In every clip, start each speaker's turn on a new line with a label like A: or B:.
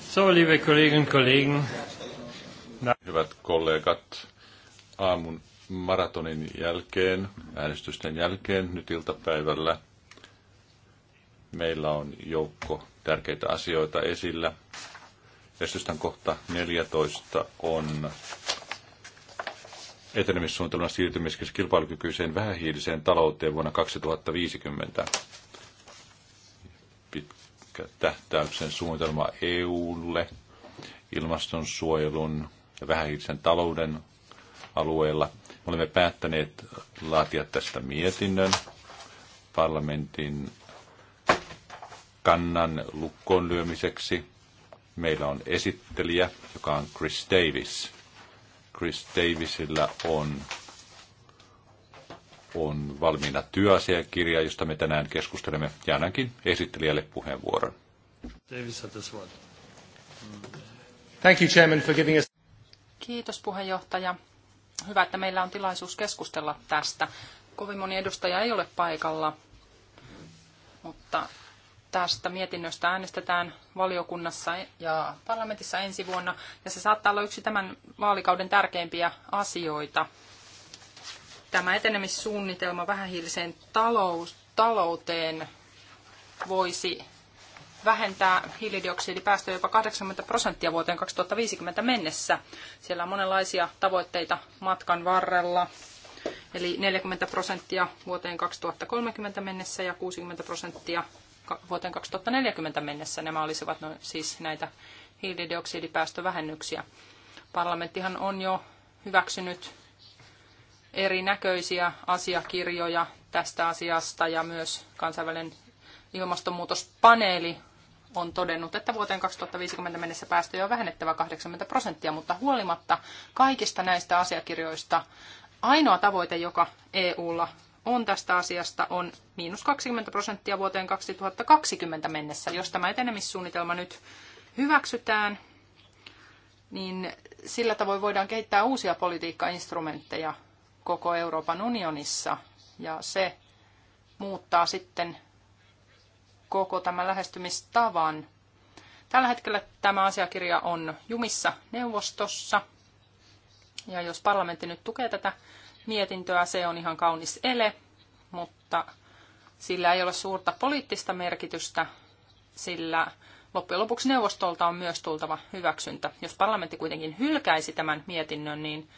A: So, liebe Kolleginnen Kollegen. Hyvät kollegat, aamun
B: maratonin jälkeen, äänestysten jälkeen, nyt iltapäivällä meillä on joukko tärkeitä asioita esillä. Esitystän kohta 14 on etenemissuunnitelman siirtymiseksi kilpailukykyiseen vähähiiliseen talouteen vuonna 2050 tähtäyksen suunnitelma EUlle ilmastonsuojelun ja vähähiilisen talouden alueella. Me olemme päättäneet laatia tästä mietinnön parlamentin kannan lukkoon lyömiseksi. Meillä on esittelijä, joka on Chris Davis. Chris Davisilla on on valmiina työasiakirja, josta me tänään keskustelemme. Ja esittelijälle puheenvuoron.
C: Thank you, Chairman, for giving us...
D: Kiitos puheenjohtaja. Hyvä, että meillä on tilaisuus keskustella tästä. Kovin moni edustaja ei ole paikalla, mutta tästä mietinnöstä äänestetään valiokunnassa ja parlamentissa ensi vuonna, ja se saattaa olla yksi tämän vaalikauden tärkeimpiä asioita tämä etenemissuunnitelma vähähiiliseen talous, talouteen voisi vähentää hiilidioksidipäästöjä jopa 80 prosenttia vuoteen 2050 mennessä. Siellä on monenlaisia tavoitteita matkan varrella, eli 40 prosenttia vuoteen 2030 mennessä ja 60 prosenttia vuoteen 2040 mennessä. Nämä olisivat no, siis näitä hiilidioksidipäästövähennyksiä. Parlamenttihan on jo hyväksynyt erinäköisiä asiakirjoja tästä asiasta ja myös kansainvälinen ilmastonmuutospaneeli on todennut, että vuoteen 2050 mennessä päästöjä on vähennettävä 80 prosenttia, mutta huolimatta kaikista näistä asiakirjoista ainoa tavoite, joka EUlla on tästä asiasta, on miinus 20 prosenttia vuoteen 2020 mennessä. Jos tämä etenemissuunnitelma nyt hyväksytään, niin sillä tavoin voidaan kehittää uusia politiikkainstrumentteja koko Euroopan unionissa ja se muuttaa sitten koko tämän lähestymistavan. Tällä hetkellä tämä asiakirja on jumissa neuvostossa ja jos parlamentti nyt tukee tätä mietintöä, se on ihan kaunis ele, mutta sillä ei ole suurta poliittista merkitystä, sillä loppujen lopuksi neuvostolta on myös tultava hyväksyntä. Jos parlamentti kuitenkin hylkäisi tämän mietinnön, niin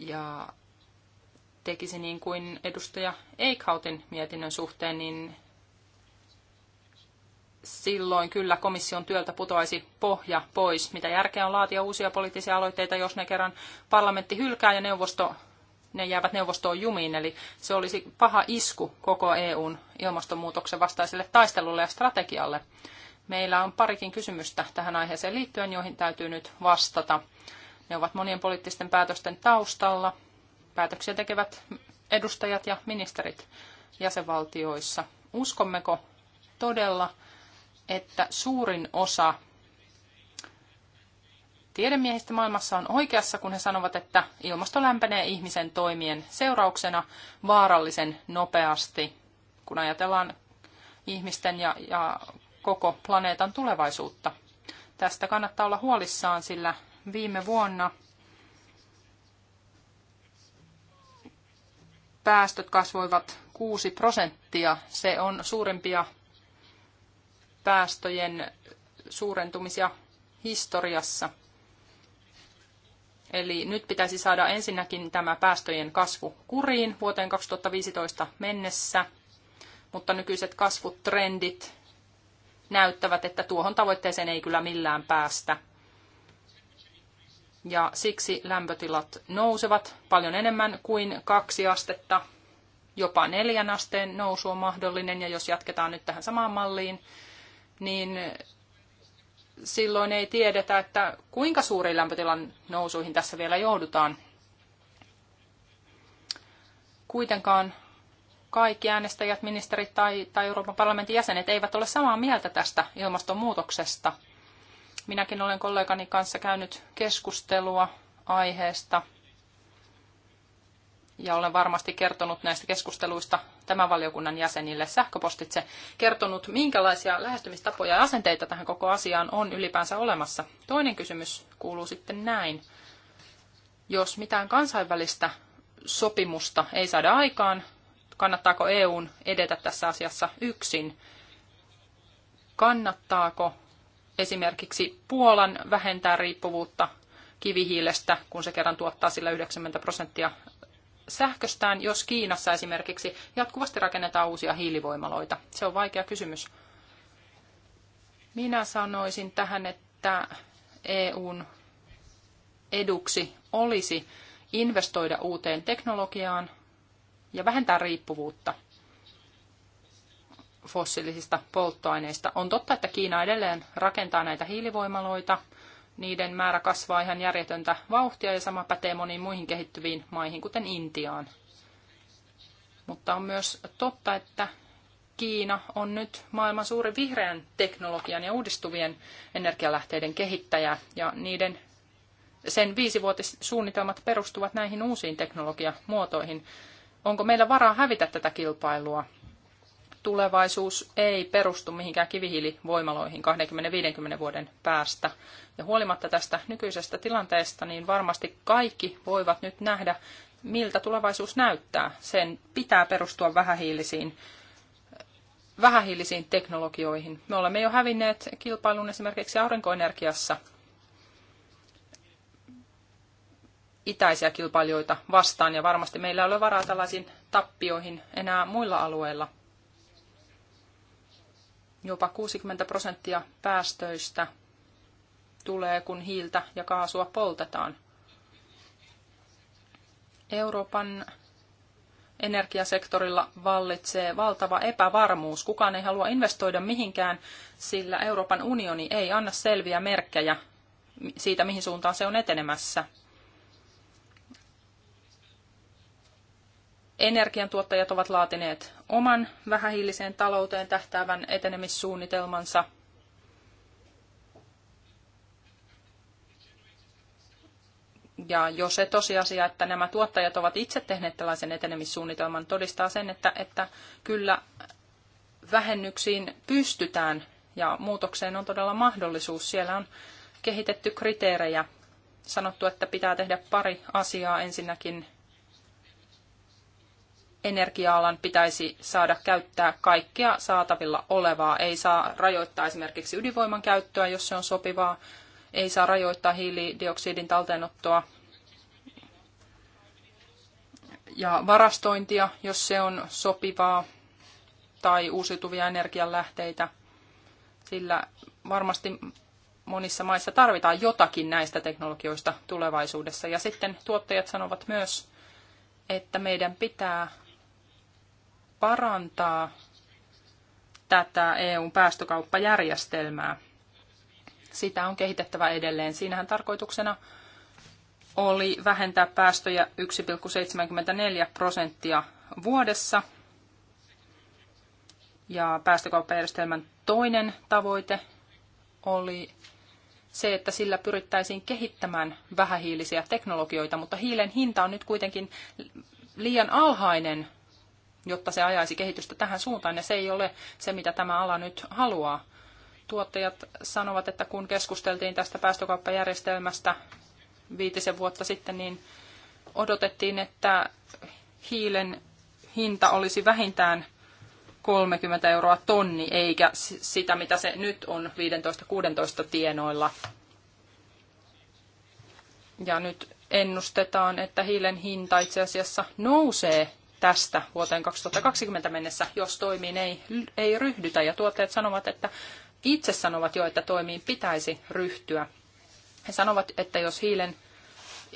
D: ja tekisi niin kuin edustaja Eikhautin mietinnön suhteen, niin silloin kyllä komission työltä putoaisi pohja pois. Mitä järkeä on laatia uusia poliittisia aloitteita, jos ne kerran parlamentti hylkää ja neuvosto, ne jäävät neuvostoon jumiin. Eli se olisi paha isku koko EUn ilmastonmuutoksen vastaiselle taistelulle ja strategialle. Meillä on parikin kysymystä tähän aiheeseen liittyen, joihin täytyy nyt vastata. Ne ovat monien poliittisten päätösten taustalla. Päätöksiä tekevät edustajat ja ministerit jäsenvaltioissa. Uskommeko todella, että suurin osa tiedemiehistä maailmassa on oikeassa, kun he sanovat, että ilmasto lämpenee ihmisen toimien seurauksena vaarallisen nopeasti, kun ajatellaan ihmisten ja, ja koko planeetan tulevaisuutta. Tästä kannattaa olla huolissaan, sillä viime vuonna päästöt kasvoivat 6 prosenttia. Se on suurempia päästöjen suurentumisia historiassa. Eli nyt pitäisi saada ensinnäkin tämä päästöjen kasvu kuriin vuoteen 2015 mennessä, mutta nykyiset kasvutrendit näyttävät, että tuohon tavoitteeseen ei kyllä millään päästä ja siksi lämpötilat nousevat paljon enemmän kuin kaksi astetta. Jopa neljän asteen nousu on mahdollinen ja jos jatketaan nyt tähän samaan malliin, niin silloin ei tiedetä, että kuinka suuriin lämpötilan nousuihin tässä vielä joudutaan. Kuitenkaan kaikki äänestäjät, ministerit tai, tai Euroopan parlamentin jäsenet eivät ole samaa mieltä tästä ilmastonmuutoksesta – Minäkin olen kollegani kanssa käynyt keskustelua aiheesta ja olen varmasti kertonut näistä keskusteluista tämän valiokunnan jäsenille sähköpostitse, kertonut minkälaisia lähestymistapoja ja asenteita tähän koko asiaan on ylipäänsä olemassa. Toinen kysymys kuuluu sitten näin. Jos mitään kansainvälistä sopimusta ei saada aikaan, kannattaako EUn edetä tässä asiassa yksin? Kannattaako esimerkiksi Puolan vähentää riippuvuutta kivihiilestä, kun se kerran tuottaa sillä 90 prosenttia sähköstään, jos Kiinassa esimerkiksi jatkuvasti rakennetaan uusia hiilivoimaloita? Se on vaikea kysymys. Minä sanoisin tähän, että EUn eduksi olisi investoida uuteen teknologiaan ja vähentää riippuvuutta – fossiilisista polttoaineista. On totta, että Kiina edelleen rakentaa näitä hiilivoimaloita. Niiden määrä kasvaa ihan järjetöntä vauhtia ja sama pätee moniin muihin kehittyviin maihin, kuten Intiaan. Mutta on myös totta, että Kiina on nyt maailman suuri vihreän teknologian ja uudistuvien energialähteiden kehittäjä ja niiden sen viisivuotissuunnitelmat perustuvat näihin uusiin teknologiamuotoihin. Onko meillä varaa hävitä tätä kilpailua? tulevaisuus ei perustu mihinkään kivihiilivoimaloihin 20-50 vuoden päästä. Ja huolimatta tästä nykyisestä tilanteesta, niin varmasti kaikki voivat nyt nähdä, miltä tulevaisuus näyttää. Sen pitää perustua vähähiilisiin, vähähiilisiin teknologioihin. Me olemme jo hävinneet kilpailun esimerkiksi aurinkoenergiassa itäisiä kilpailijoita vastaan, ja varmasti meillä ei ole varaa tällaisiin tappioihin enää muilla alueilla – Jopa 60 prosenttia päästöistä tulee, kun hiiltä ja kaasua poltetaan. Euroopan energiasektorilla vallitsee valtava epävarmuus. Kukaan ei halua investoida mihinkään, sillä Euroopan unioni ei anna selviä merkkejä siitä, mihin suuntaan se on etenemässä. energiantuottajat ovat laatineet oman vähähiiliseen talouteen tähtäävän etenemissuunnitelmansa. Ja jo se tosiasia, että nämä tuottajat ovat itse tehneet tällaisen etenemissuunnitelman, todistaa sen, että, että kyllä vähennyksiin pystytään ja muutokseen on todella mahdollisuus. Siellä on kehitetty kriteerejä, sanottu, että pitää tehdä pari asiaa. Ensinnäkin energia-alan pitäisi saada käyttää kaikkea saatavilla olevaa. Ei saa rajoittaa esimerkiksi ydinvoiman käyttöä, jos se on sopivaa. Ei saa rajoittaa hiilidioksidin talteenottoa ja varastointia, jos se on sopivaa, tai uusiutuvia energianlähteitä, sillä varmasti monissa maissa tarvitaan jotakin näistä teknologioista tulevaisuudessa. Ja sitten tuottajat sanovat myös, että meidän pitää parantaa tätä EUn päästökauppajärjestelmää. Sitä on kehitettävä edelleen. Siinähän tarkoituksena oli vähentää päästöjä 1,74 prosenttia vuodessa. Ja päästökauppajärjestelmän toinen tavoite oli se, että sillä pyrittäisiin kehittämään vähähiilisiä teknologioita, mutta hiilen hinta on nyt kuitenkin liian alhainen jotta se ajaisi kehitystä tähän suuntaan, ja se ei ole se, mitä tämä ala nyt haluaa. Tuottajat sanovat, että kun keskusteltiin tästä päästökauppajärjestelmästä viitisen vuotta sitten, niin odotettiin, että hiilen hinta olisi vähintään 30 euroa tonni, eikä sitä, mitä se nyt on 15-16 tienoilla. Ja nyt ennustetaan, että hiilen hinta itse asiassa nousee tästä vuoteen 2020 mennessä, jos toimiin ei, ei ryhdytä. Ja tuotteet sanovat, että itse sanovat jo, että toimiin pitäisi ryhtyä. He sanovat, että jos hiilen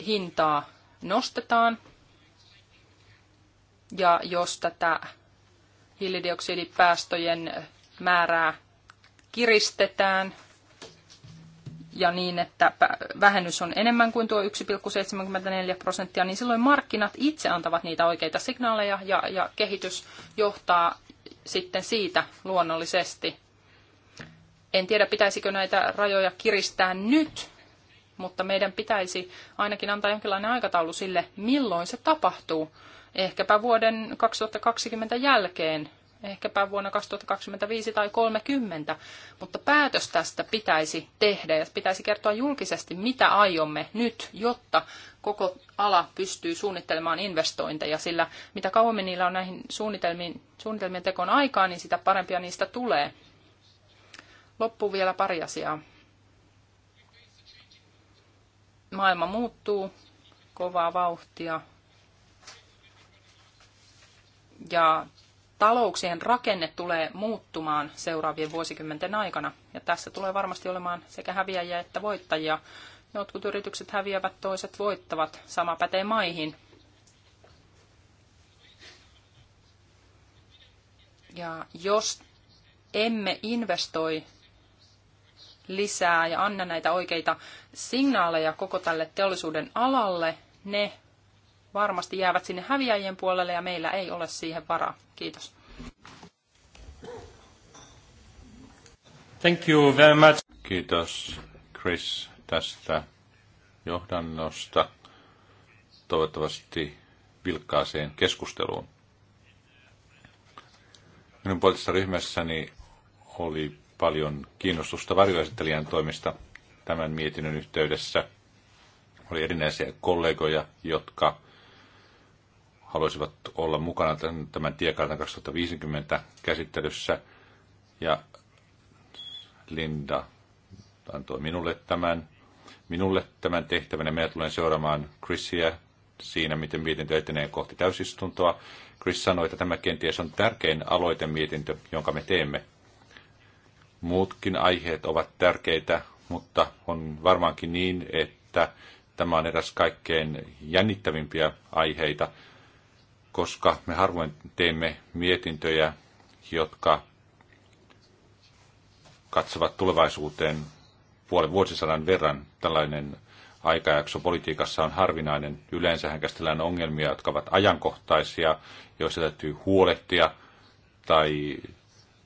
D: hintaa nostetaan ja jos tätä hiilidioksidipäästöjen määrää kiristetään, ja niin, että vähennys on enemmän kuin tuo 1,74 prosenttia, niin silloin markkinat itse antavat niitä oikeita signaaleja ja, ja kehitys johtaa sitten siitä luonnollisesti. En tiedä, pitäisikö näitä rajoja kiristää nyt, mutta meidän pitäisi ainakin antaa jonkinlainen aikataulu sille, milloin se tapahtuu. Ehkäpä vuoden 2020 jälkeen ehkäpä vuonna 2025 tai 30, mutta päätös tästä pitäisi tehdä ja pitäisi kertoa julkisesti, mitä aiomme nyt, jotta koko ala pystyy suunnittelemaan investointeja, sillä mitä kauemmin niillä on näihin suunnitelmiin, suunnitelmien tekoon aikaa, niin sitä parempia niistä tulee. Loppuun vielä pari asiaa. Maailma muuttuu kovaa vauhtia ja talouksien rakenne tulee muuttumaan seuraavien vuosikymmenten aikana. Ja tässä tulee varmasti olemaan sekä häviäjiä että voittajia. Jotkut yritykset häviävät, toiset voittavat. Sama pätee maihin. Ja jos emme investoi lisää ja anna näitä oikeita signaaleja koko tälle teollisuuden alalle, ne varmasti jäävät sinne häviäjien puolelle ja meillä ei ole siihen varaa. Kiitos.
A: Thank
B: you very much. Kiitos Chris tästä johdannosta. Toivottavasti vilkkaaseen keskusteluun. Minun poliittisessa ryhmässäni oli paljon kiinnostusta varjoesittelijän toimista tämän mietinnön yhteydessä. Oli erinäisiä kollegoja, jotka haluaisivat olla mukana tämän tiekartan 2050 käsittelyssä. Ja Linda antoi minulle tämän, minulle tämän tehtävän ja minä tulen seuraamaan Chrisia siinä, miten mietintö etenee kohti täysistuntoa. Chris sanoi, että tämä kenties on tärkein mietintö, jonka me teemme. Muutkin aiheet ovat tärkeitä, mutta on varmaankin niin, että tämä on eräs kaikkein jännittävimpiä aiheita, koska me harvoin teemme mietintöjä, jotka katsovat tulevaisuuteen puolen vuosisadan verran. Tällainen aikajakso politiikassa on harvinainen. Yleensähän käsitellään ongelmia, jotka ovat ajankohtaisia, joista täytyy huolehtia, tai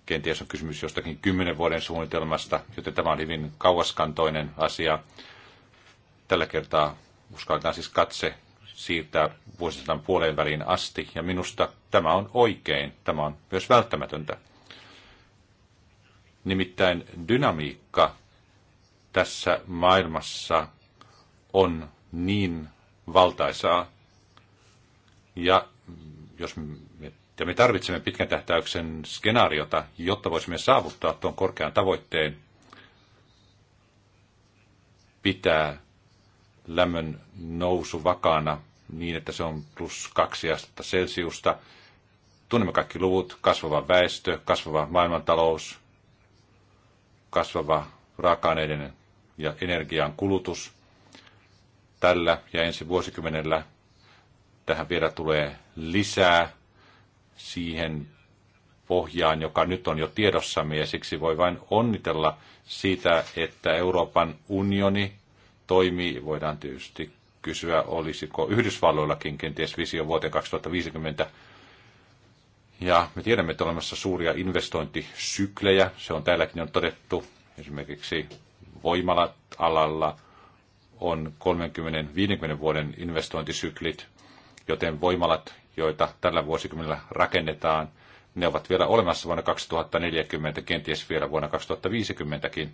B: kenties on kysymys jostakin kymmenen vuoden suunnitelmasta, joten tämä on hyvin kauaskantoinen asia. Tällä kertaa uskalletaan siis katse siirtää vuosisadan puoleen väliin asti, ja minusta tämä on oikein, tämä on myös välttämätöntä. Nimittäin dynamiikka tässä maailmassa on niin valtaisaa, ja jos me, ja me tarvitsemme pitkän tähtäyksen skenaariota, jotta voisimme saavuttaa tuon korkean tavoitteen, pitää lämmön nousu vakaana niin, että se on plus kaksi astetta Celsiusta. Tunnemme kaikki luvut, kasvava väestö, kasvava maailmantalous, kasvava raaka-aineiden ja energian kulutus. Tällä ja ensi vuosikymmenellä tähän vielä tulee lisää siihen pohjaan, joka nyt on jo tiedossamme, ja siksi voi vain onnitella siitä, että Euroopan unioni toimii, voidaan tietysti kysyä, olisiko Yhdysvalloillakin kenties visio vuoteen 2050. Ja me tiedämme, että on olemassa suuria investointisyklejä. Se on täälläkin on todettu. Esimerkiksi voimalat alalla on 30-50 vuoden investointisyklit, joten voimalat, joita tällä vuosikymmenellä rakennetaan, ne ovat vielä olemassa vuonna 2040, kenties vielä vuonna 2050kin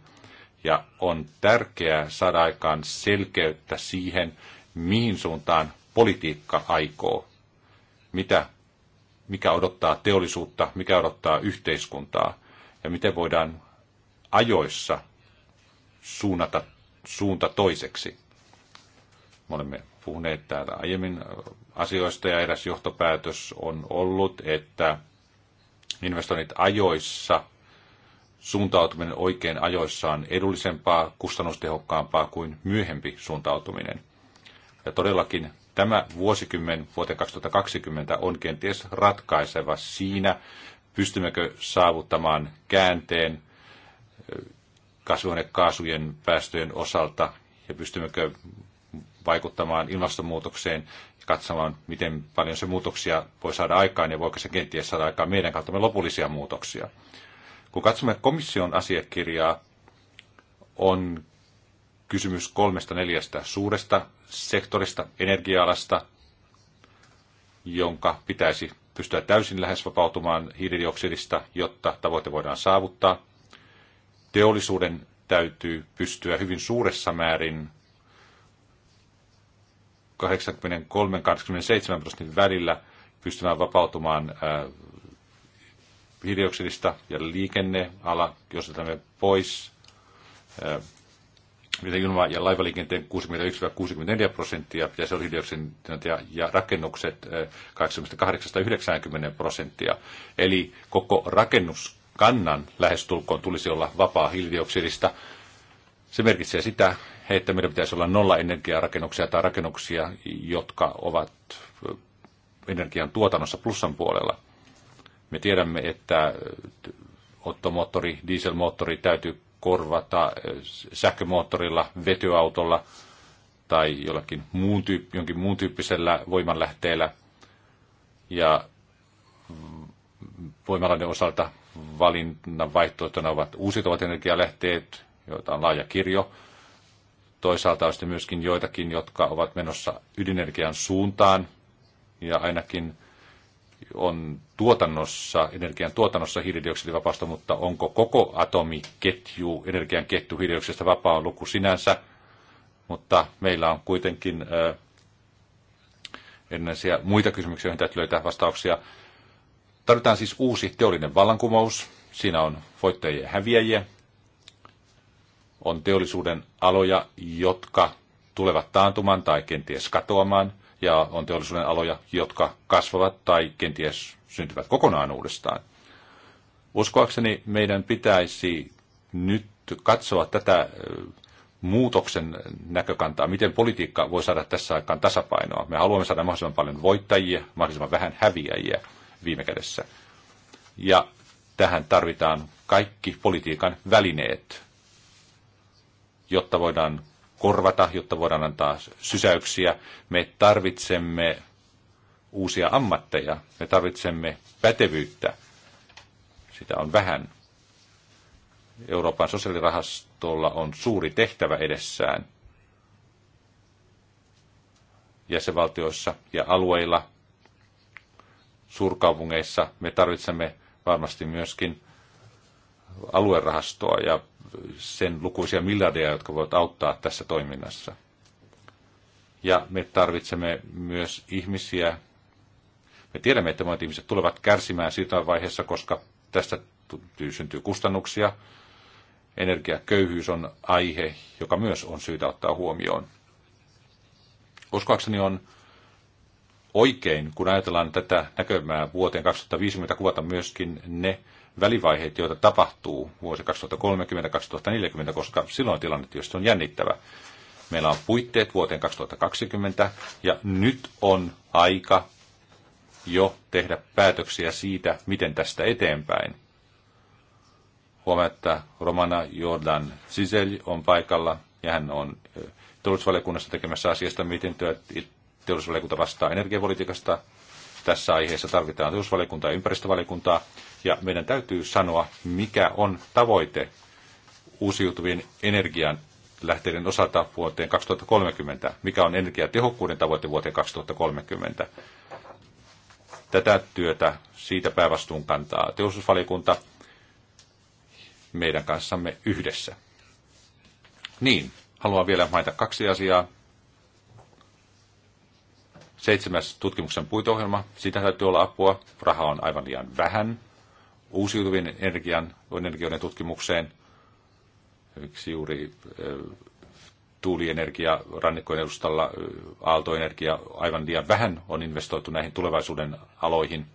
B: ja on tärkeää saada aikaan selkeyttä siihen, mihin suuntaan politiikka aikoo, mitä, mikä odottaa teollisuutta, mikä odottaa yhteiskuntaa ja miten voidaan ajoissa suunnata suunta toiseksi. Me olemme puhuneet täällä aiemmin asioista ja eräs johtopäätös on ollut, että investoinnit ajoissa suuntautuminen oikein ajoissaan edullisempaa, kustannustehokkaampaa kuin myöhempi suuntautuminen. Ja todellakin tämä vuosikymmen vuoteen 2020 on kenties ratkaiseva siinä, pystymmekö saavuttamaan käänteen kasvihuonekaasujen päästöjen osalta ja pystymmekö vaikuttamaan ilmastonmuutokseen ja katsomaan, miten paljon se muutoksia voi saada aikaan ja voiko se kenties saada aikaan meidän kautta lopullisia muutoksia. Kun katsomme komission asiakirjaa, on kysymys kolmesta neljästä suuresta sektorista, energialasta, jonka pitäisi pystyä täysin lähes vapautumaan hiilidioksidista, jotta tavoite voidaan saavuttaa. Teollisuuden täytyy pystyä hyvin suuressa määrin 83-87 prosentin välillä pystymään vapautumaan hiilidioksidista ja liikenneala, jos otamme pois ilma- ja laivaliikenteen 61-64 prosenttia, ja se oli hiilidioksidia ja rakennukset 88-90 prosenttia. Eli koko rakennuskannan lähestulkoon tulisi olla vapaa hiilidioksidista. Se merkitsee sitä, että meidän pitäisi olla nolla energiarakennuksia tai rakennuksia, jotka ovat energian tuotannossa plussan puolella. Me tiedämme, että äh, ottomoottori, dieselmoottori täytyy korvata äh, sähkömoottorilla, vetyautolla tai jollakin muun tyyppi, jonkin muun tyyppisellä voimanlähteellä. Ja mm, voimaloiden osalta valinnan vaihtoehtona ovat uusiutuvat energialähteet, joita on laaja kirjo. Toisaalta on sitten myöskin joitakin, jotka ovat menossa ydinenergian suuntaan, ja ainakin on tuotannossa, energian tuotannossa hiilidioksidivapausta, mutta onko koko atomiketju, energian ketju hiilidioksidista vapaa luku sinänsä, mutta meillä on kuitenkin erinäisiä muita kysymyksiä, joihin täytyy löytää vastauksia. Tarvitaan siis uusi teollinen vallankumous. Siinä on voittajia ja häviäjiä. On teollisuuden aloja, jotka tulevat taantumaan tai kenties katoamaan – ja on teollisuuden aloja, jotka kasvavat tai kenties syntyvät kokonaan uudestaan. Uskoakseni meidän pitäisi nyt katsoa tätä muutoksen näkökantaa, miten politiikka voi saada tässä aikaan tasapainoa. Me haluamme saada mahdollisimman paljon voittajia, mahdollisimman vähän häviäjiä viime kädessä. Ja tähän tarvitaan kaikki politiikan välineet, jotta voidaan korvata, jotta voidaan antaa sysäyksiä. Me tarvitsemme uusia ammatteja, me tarvitsemme pätevyyttä. Sitä on vähän. Euroopan sosiaalirahastolla on suuri tehtävä edessään jäsenvaltioissa ja alueilla, suurkaupungeissa. Me tarvitsemme varmasti myöskin aluerahastoa ja sen lukuisia miljardeja, jotka voivat auttaa tässä toiminnassa. Ja me tarvitsemme myös ihmisiä. Me tiedämme, että monet ihmiset tulevat kärsimään sitä vaiheessa, koska tästä syntyy kustannuksia. Energiaköyhyys on aihe, joka myös on syytä ottaa huomioon. Uskoakseni on oikein, kun ajatellaan tätä näkymää vuoteen 2050, kuvata myöskin ne välivaiheet, joita tapahtuu vuosi 2030-2040, koska silloin tilanne tietysti on jännittävä. Meillä on puitteet vuoteen 2020 ja nyt on aika jo tehdä päätöksiä siitä, miten tästä eteenpäin. että Romana Jordan Sisel on paikalla ja hän on teollisuusvaliokunnassa tekemässä asiasta miten teollisuusvaliokunta vastaa energiapolitiikasta. Tässä aiheessa tarvitaan teollisuusvaliokuntaa ja ympäristövaliokuntaa ja meidän täytyy sanoa, mikä on tavoite uusiutuvien energian lähteiden osalta vuoteen 2030, mikä on energiatehokkuuden tavoite vuoteen 2030. Tätä työtä siitä päävastuun kantaa teollisuusvaliokunta meidän kanssamme yhdessä. Niin, haluan vielä mainita kaksi asiaa. Seitsemäs tutkimuksen puitohjelma, siitä täytyy olla apua. Raha on aivan liian vähän uusiutuvien energian, energioiden tutkimukseen, yksi juuri tuulienergia rannikkojen edustalla, aaltoenergia, aivan liian vähän on investoitu näihin tulevaisuuden aloihin.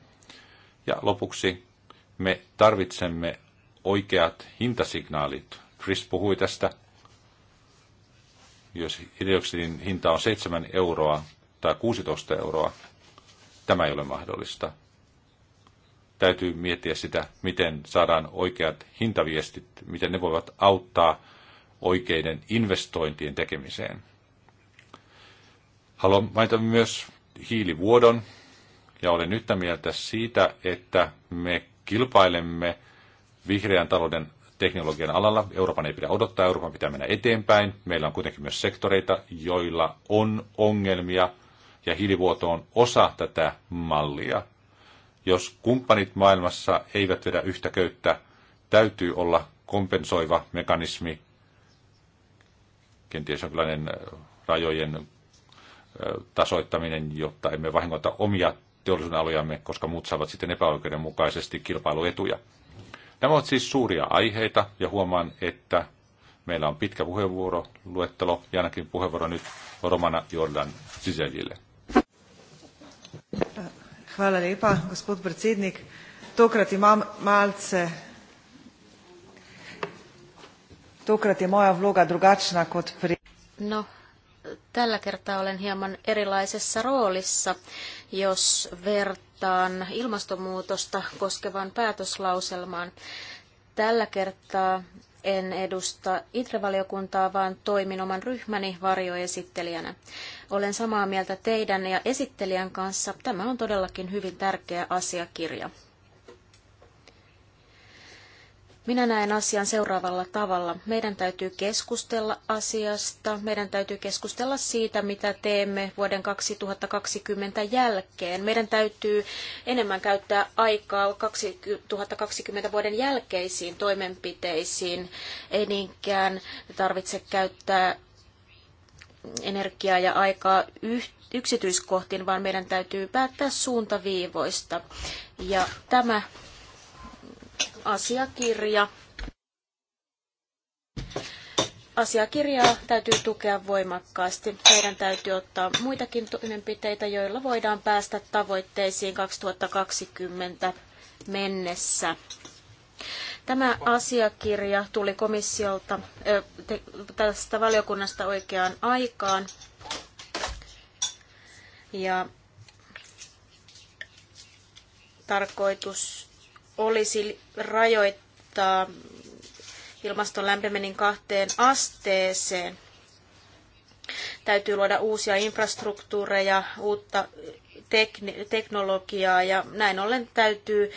B: Ja lopuksi me tarvitsemme oikeat hintasignaalit. Chris puhui tästä. Jos hiilidioksidin hinta on 7 euroa tai 16 euroa, tämä ei ole mahdollista täytyy miettiä sitä, miten saadaan oikeat hintaviestit, miten ne voivat auttaa oikeiden investointien tekemiseen. Haluan mainita myös hiilivuodon, ja olen yhtä mieltä siitä, että me kilpailemme vihreän talouden teknologian alalla. Euroopan ei pidä odottaa, Euroopan pitää mennä eteenpäin. Meillä on kuitenkin myös sektoreita, joilla on ongelmia, ja hiilivuoto on osa tätä mallia. Jos kumppanit maailmassa eivät vedä yhtä köyttä, täytyy olla kompensoiva mekanismi, kenties jonkinlainen rajojen tasoittaminen, jotta emme vahingoita omia teollisuuden alojamme, koska muut saavat sitten epäoikeudenmukaisesti kilpailuetuja. Nämä ovat siis suuria aiheita ja huomaan, että meillä on pitkä luettelo ja ainakin puheenvuoro nyt Romana Jordan Siselille.
A: Hvala lepa, gospod predsednik. Tokrat imam malce, tokrat je moja vloga drugačna kot pri...
C: No, tällä kertaa olen hieman erilaisessa roolissa, jos vertaan ilmastonmuutosta koskevaan päätöslauselmaan. Tällä kertaa en edusta ITRE-valiokuntaa, vaan toimin oman ryhmäni varjoesittelijänä. Olen samaa mieltä teidän ja esittelijän kanssa. Tämä on todellakin hyvin tärkeä asiakirja. Minä näen asian seuraavalla tavalla. Meidän täytyy keskustella asiasta, meidän täytyy keskustella siitä, mitä teemme vuoden 2020 jälkeen. Meidän täytyy enemmän käyttää aikaa 2020 vuoden jälkeisiin toimenpiteisiin, ei niinkään tarvitse käyttää energiaa ja aikaa yksityiskohtiin, vaan meidän täytyy päättää suuntaviivoista. Ja tämä asiakirja. Asiakirjaa täytyy tukea voimakkaasti. Meidän täytyy ottaa muitakin toimenpiteitä, joilla voidaan päästä tavoitteisiin 2020 mennessä. Tämä asiakirja tuli komissiolta tästä valiokunnasta oikeaan aikaan. Ja tarkoitus olisi rajoittaa ilmaston lämpenemisen kahteen asteeseen. Täytyy luoda uusia infrastruktuureja, uutta teknologiaa ja näin ollen täytyy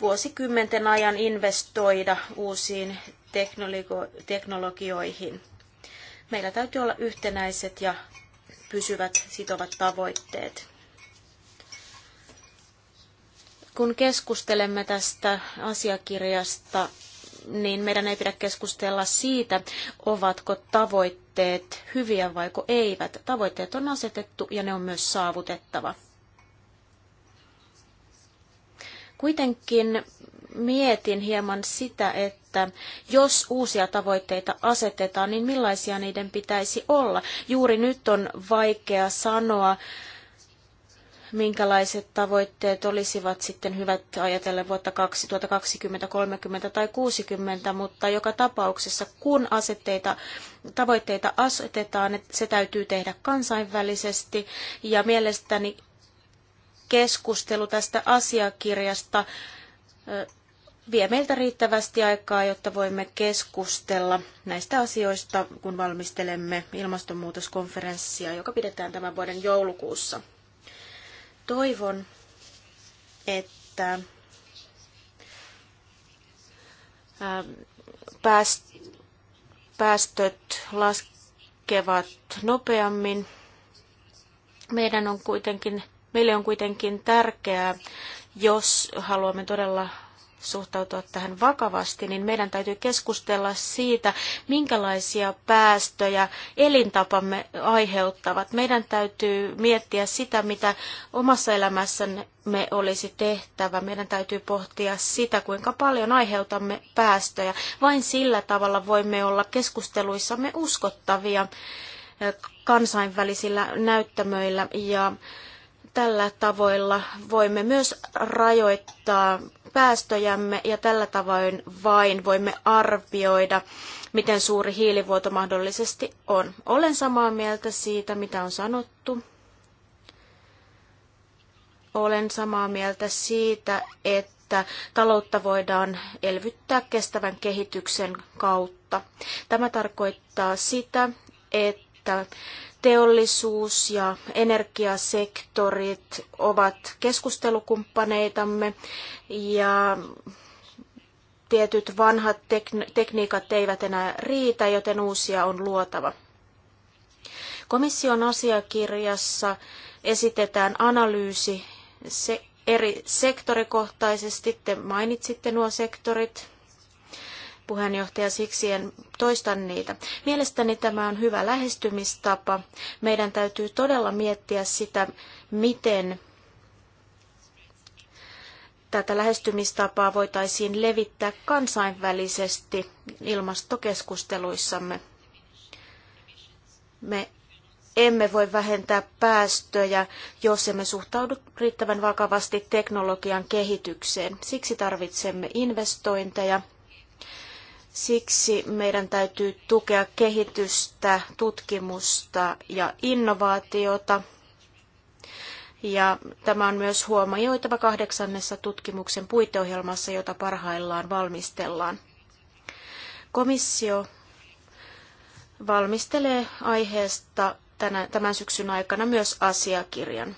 C: vuosikymmenten ajan investoida uusiin teknologioihin. Meillä täytyy olla yhtenäiset ja pysyvät sitovat tavoitteet. Kun keskustelemme tästä asiakirjasta, niin meidän ei pidä keskustella siitä, ovatko tavoitteet hyviä vai eivät. Tavoitteet on asetettu ja ne on myös saavutettava. Kuitenkin mietin hieman sitä, että jos uusia tavoitteita asetetaan, niin millaisia niiden pitäisi olla. Juuri nyt on vaikea sanoa, minkälaiset tavoitteet olisivat sitten hyvät ajatellen vuotta 2020, 30 tai 60, mutta joka tapauksessa kun asetteita, tavoitteita asetetaan, se täytyy tehdä kansainvälisesti ja mielestäni keskustelu tästä asiakirjasta vie meiltä riittävästi aikaa, jotta voimme keskustella näistä asioista, kun valmistelemme ilmastonmuutoskonferenssia, joka pidetään tämän vuoden joulukuussa. Toivon, että päästöt laskevat nopeammin. Meidän on kuitenkin, meille on kuitenkin tärkeää, jos haluamme todella suhtautua tähän vakavasti, niin meidän täytyy keskustella siitä, minkälaisia päästöjä elintapamme aiheuttavat. Meidän täytyy miettiä sitä, mitä omassa elämässämme olisi tehtävä. Meidän täytyy pohtia sitä, kuinka paljon aiheutamme päästöjä. Vain sillä tavalla voimme olla keskusteluissamme uskottavia eh, kansainvälisillä näyttämöillä ja tällä tavoilla voimme myös rajoittaa päästöjämme ja tällä tavoin vain voimme arvioida, miten suuri hiilivuoto mahdollisesti on. Olen samaa mieltä siitä, mitä on sanottu. Olen samaa mieltä siitä, että taloutta voidaan elvyttää kestävän kehityksen kautta. Tämä tarkoittaa sitä, että teollisuus- ja energiasektorit ovat keskustelukumppaneitamme ja tietyt vanhat tek- tekniikat eivät enää riitä, joten uusia on luotava. Komission asiakirjassa esitetään analyysi se eri sektorikohtaisesti. Te mainitsitte nuo sektorit puheenjohtaja, siksi en toista niitä. Mielestäni tämä on hyvä lähestymistapa. Meidän täytyy todella miettiä sitä, miten tätä lähestymistapaa voitaisiin levittää kansainvälisesti ilmastokeskusteluissamme. Me emme voi vähentää päästöjä, jos emme suhtaudu riittävän vakavasti teknologian kehitykseen. Siksi tarvitsemme investointeja Siksi meidän täytyy tukea kehitystä, tutkimusta ja innovaatiota. Ja tämä on myös huomioitava kahdeksannessa tutkimuksen puiteohjelmassa, jota parhaillaan valmistellaan. Komissio valmistelee aiheesta tänä, tämän syksyn aikana myös asiakirjan.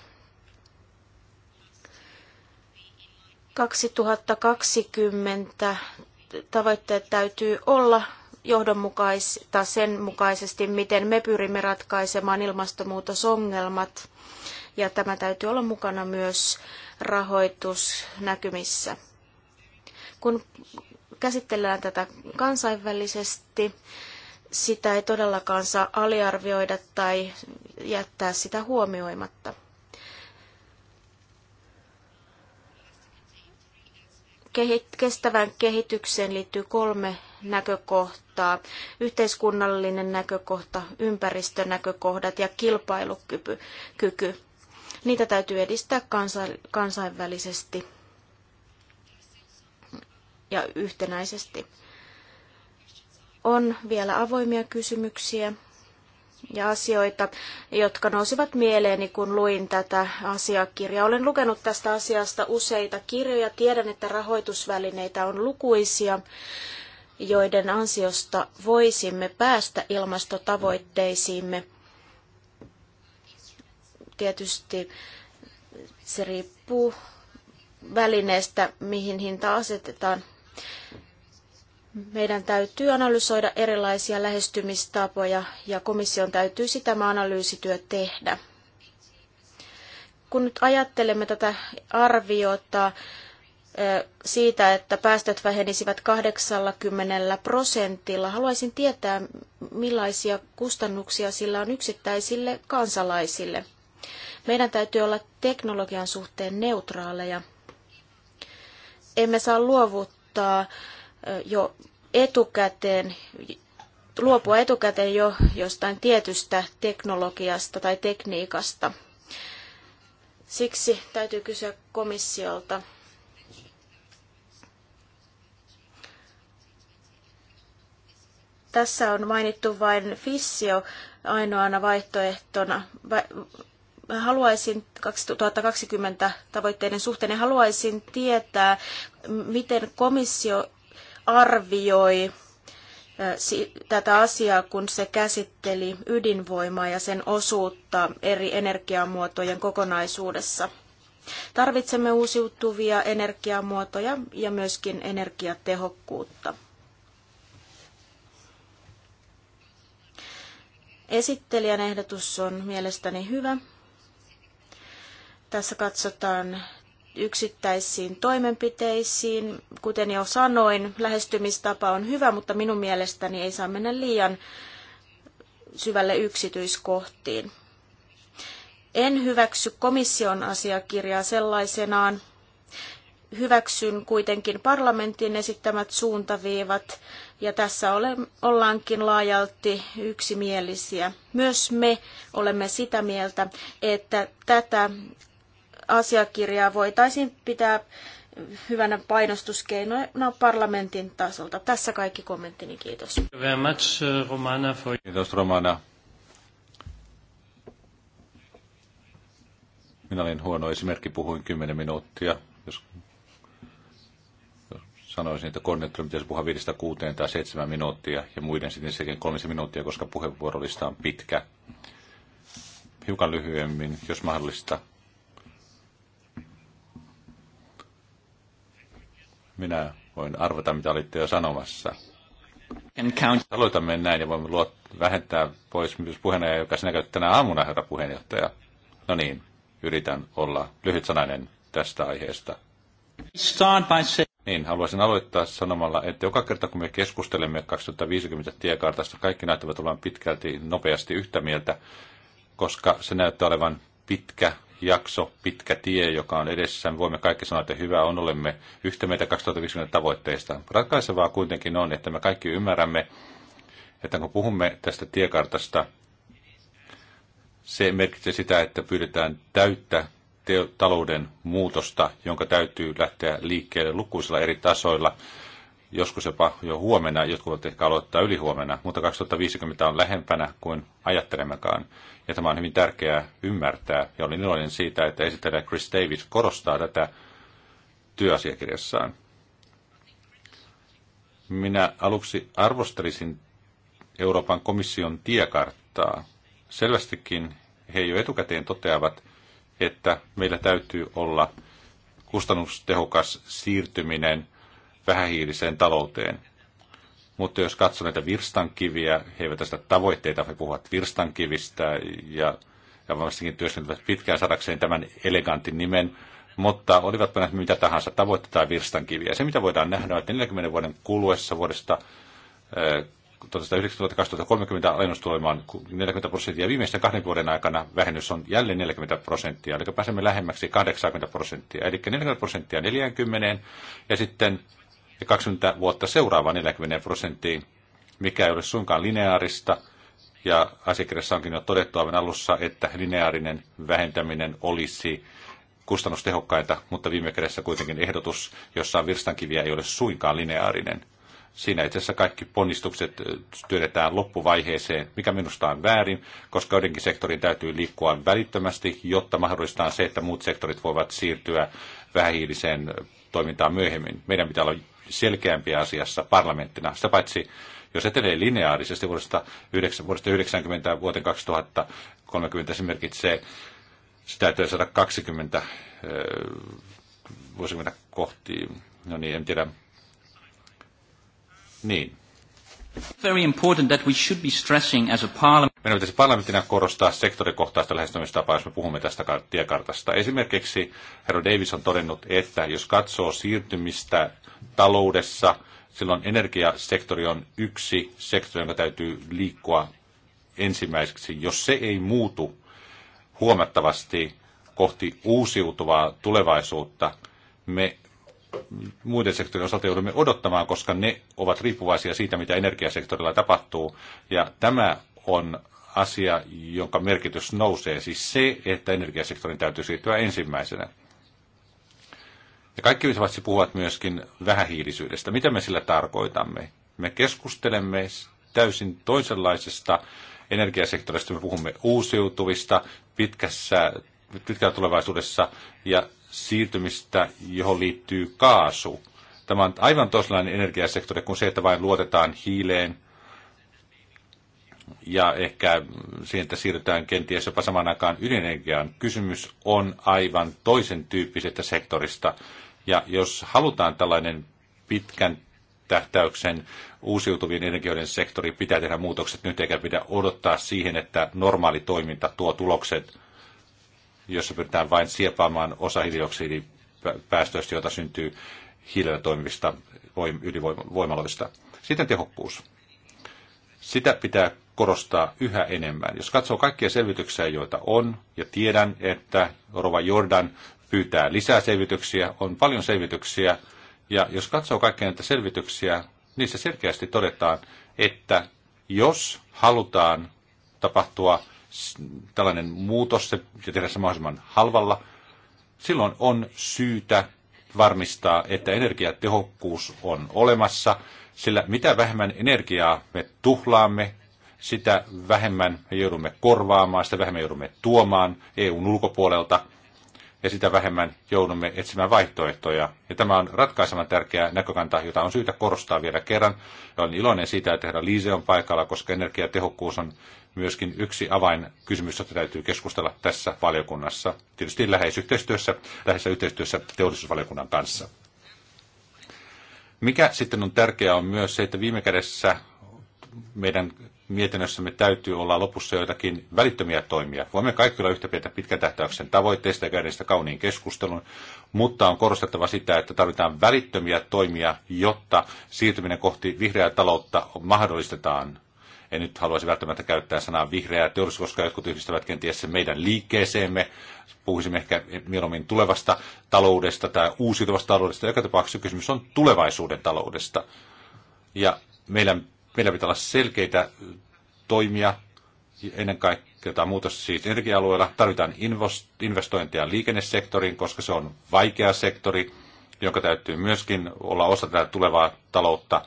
C: 2020 tavoitteet täytyy olla johdonmukaista sen mukaisesti, miten me pyrimme ratkaisemaan ilmastonmuutosongelmat. Ja tämä täytyy olla mukana myös rahoitusnäkymissä. Kun käsitellään tätä kansainvälisesti, sitä ei todellakaan saa aliarvioida tai jättää sitä huomioimatta. kestävään kehitykseen liittyy kolme näkökohtaa. Yhteiskunnallinen näkökohta, ympäristönäkökohdat ja kilpailukyky. Niitä täytyy edistää kansainvälisesti ja yhtenäisesti. On vielä avoimia kysymyksiä, ja asioita, jotka nousivat mieleeni, kun luin tätä asiakirjaa. Olen lukenut tästä asiasta useita kirjoja. Tiedän, että rahoitusvälineitä on lukuisia, joiden ansiosta voisimme päästä ilmastotavoitteisiimme. Tietysti se riippuu välineestä, mihin hinta asetetaan meidän täytyy analysoida erilaisia lähestymistapoja ja komission täytyy tämä analyysityö tehdä. Kun nyt ajattelemme tätä arviota eh, siitä, että päästöt vähenisivät 80 prosentilla, haluaisin tietää, millaisia kustannuksia sillä on yksittäisille kansalaisille. Meidän täytyy olla teknologian suhteen neutraaleja. Emme saa luovuttaa eh, jo etukäteen, luopua etukäteen jo jostain tietystä teknologiasta tai tekniikasta. Siksi täytyy kysyä komissiolta, tässä on mainittu vain fissio ainoana vaihtoehtona. Haluaisin 2020 tavoitteiden suhteen haluaisin tietää, miten komissio arvioi tätä asiaa, kun se käsitteli ydinvoimaa ja sen osuutta eri energiamuotojen kokonaisuudessa. Tarvitsemme uusiutuvia energiamuotoja ja myöskin energiatehokkuutta. Esittelijän ehdotus on mielestäni hyvä. Tässä katsotaan yksittäisiin toimenpiteisiin. Kuten jo sanoin, lähestymistapa on hyvä, mutta minun mielestäni ei saa mennä liian syvälle yksityiskohtiin. En hyväksy komission asiakirjaa sellaisenaan. Hyväksyn kuitenkin parlamentin esittämät suuntaviivat, ja tässä ole, ollaankin laajalti yksimielisiä. Myös me olemme sitä mieltä, että tätä asiakirjaa voitaisiin pitää hyvänä painostuskeinona parlamentin tasolta. Tässä kaikki kommenttini, kiitos.
A: Uh, kiitos Romana.
B: Minä olin huono esimerkki, puhuin 10 minuuttia. Jos sanoisin, että koordinaattori pitäisi puhua 5 kuuteen tai 7 minuuttia ja muiden sitten sekin 3 minuuttia, koska puheenvuorolista on pitkä. Hiukan lyhyemmin, jos mahdollista. Minä voin arvata, mitä olitte jo sanomassa. Aloitamme näin ja voimme luot, vähentää pois myös puheenjohtaja, joka sinä käytät tänä aamuna, herra puheenjohtaja. No niin, yritän olla lyhytsanainen tästä aiheesta. Niin, haluaisin aloittaa sanomalla, että joka kerta kun me keskustelemme 2050 tiekartasta, kaikki näyttävät olevan pitkälti nopeasti yhtä mieltä, koska se näyttää olevan pitkä jakso, pitkä tie, joka on edessä. Me voimme kaikki sanoa, että hyvä on, olemme yhtä meitä 2050 tavoitteista. Ratkaisevaa kuitenkin on, että me kaikki ymmärrämme, että kun puhumme tästä tiekartasta, se merkitsee sitä, että pyydetään täyttä talouden muutosta, jonka täytyy lähteä liikkeelle lukuisilla eri tasoilla joskus jopa jo huomenna, jotkut voivat ehkä aloittaa yli huomenna, mutta 2050 on lähempänä kuin ajattelemmekaan. Ja tämä on hyvin tärkeää ymmärtää, ja olin iloinen siitä, että esittelijä Chris Davis korostaa tätä työasiakirjassaan. Minä aluksi arvostelisin Euroopan komission tiekarttaa. Selvästikin he jo etukäteen toteavat, että meillä täytyy olla kustannustehokas siirtyminen – vähähiiliseen talouteen. Mutta jos katsoo näitä virstankiviä, he eivät tästä tavoitteita, he puhuvat virstankivistä ja, ja varmastikin työskentelevät pitkään sadakseen tämän elegantin nimen, mutta olivat näitä mitä tahansa tavoitteita tai virstankiviä. Se, mitä voidaan nähdä, on, että 40 vuoden kuluessa vuodesta 1930 alennus tulemaan 40 prosenttia. Viimeisten kahden vuoden aikana vähennys on jälleen 40 prosenttia, eli pääsemme lähemmäksi 80 prosenttia. Eli 40 prosenttia 40 ja sitten ja 20 vuotta seuraavaan 40 prosenttiin, mikä ei ole suinkaan lineaarista. Ja asiakirjassa onkin jo todettu aivan alussa, että lineaarinen vähentäminen olisi kustannustehokkaita, mutta viime kädessä kuitenkin ehdotus, jossa virstankiviä ei ole suinkaan lineaarinen. Siinä itse asiassa kaikki ponnistukset työnnetään loppuvaiheeseen, mikä minusta on väärin, koska joidenkin sektorin täytyy liikkua välittömästi, jotta mahdollistaa se, että muut sektorit voivat siirtyä vähähiiliseen toimintaan myöhemmin. Meidän pitää olla selkeämpiä asiassa parlamenttina. Sitä paitsi, jos etenee lineaarisesti vuodesta 1990 vuoteen 2030, se merkitsee sitä, että 120 vuosikymmentä kohti, no niin, en tiedä. Niin,
D: Very important that we
B: should be stressing as a parliament. Meidän pitäisi parlamenttina korostaa sektorikohtaista lähestymistapaa, jos me puhumme tästä tiekartasta. Esimerkiksi herra Davis on todennut, että jos katsoo siirtymistä taloudessa, silloin energiasektori on yksi sektori, jonka täytyy liikkua ensimmäiseksi. Jos se ei muutu huomattavasti kohti uusiutuvaa tulevaisuutta, me muiden sektorien osalta joudumme odottamaan, koska ne ovat riippuvaisia siitä, mitä energiasektorilla tapahtuu. Ja tämä on asia, jonka merkitys nousee, siis se, että energiasektorin täytyy siirtyä ensimmäisenä. Ja kaikki paitsi puhuvat myöskin vähähiilisyydestä. Mitä me sillä tarkoitamme? Me keskustelemme täysin toisenlaisesta energiasektorista. Me puhumme uusiutuvista pitkässä, pitkällä tulevaisuudessa ja siirtymistä, johon liittyy kaasu. Tämä on aivan toisenlainen energiasektori kuin se, että vain luotetaan hiileen ja ehkä siihen, että siirrytään kenties jopa samaan aikaan ydinenergiaan. Kysymys on aivan toisen tyyppisestä sektorista. Ja jos halutaan tällainen pitkän tähtäyksen uusiutuvien energioiden sektori, pitää tehdä muutokset nyt eikä pidä odottaa siihen, että normaali toiminta tuo tulokset jossa pyritään vain siepaamaan osa hiilidioksidipäästöistä, joita syntyy hiilellä toimivista ydinvoimaloista. Sitten tehokkuus. Sitä pitää korostaa yhä enemmän. Jos katsoo kaikkia selvityksiä, joita on, ja tiedän, että Rova Jordan pyytää lisää selvityksiä, on paljon selvityksiä, ja jos katsoo kaikkia näitä selvityksiä, niin se selkeästi todetaan, että jos halutaan tapahtua tällainen muutos ja tehdä se mahdollisimman halvalla, silloin on syytä varmistaa, että energiatehokkuus on olemassa, sillä mitä vähemmän energiaa me tuhlaamme, sitä vähemmän me joudumme korvaamaan, sitä vähemmän joudumme tuomaan EUn ulkopuolelta ja sitä vähemmän joudumme etsimään vaihtoehtoja. Ja tämä on ratkaisevan tärkeä näkökanta, jota on syytä korostaa vielä kerran. Ja olen iloinen siitä, että herra Liise on paikalla, koska energiatehokkuus on myöskin yksi avainkysymys, jota täytyy keskustella tässä valiokunnassa, tietysti läheisyhteistyössä, läheisessä yhteistyössä teollisuusvaliokunnan kanssa. Mikä sitten on tärkeää on myös se, että viime kädessä meidän mietinnössämme täytyy olla lopussa joitakin välittömiä toimia. Voimme kaikki olla yhtä pientä pitkän tähtäyksen tavoitteista ja käydä sitä kauniin keskustelun, mutta on korostettava sitä, että tarvitaan välittömiä toimia, jotta siirtyminen kohti vihreää taloutta mahdollistetaan en nyt haluaisi välttämättä käyttää sanaa vihreää teollisuus, koska jotkut yhdistävät kenties sen meidän liikkeeseemme. Puhuisimme ehkä mieluummin tulevasta taloudesta tai uusiutuvasta taloudesta. Joka tapauksessa kysymys on tulevaisuuden taloudesta. Ja meillä, meillä pitää olla selkeitä toimia, ennen kaikkea tämä muutos siis energia-alueella. Tarvitaan investointeja liikennesektoriin, koska se on vaikea sektori, jonka täytyy myöskin olla osa tätä tulevaa taloutta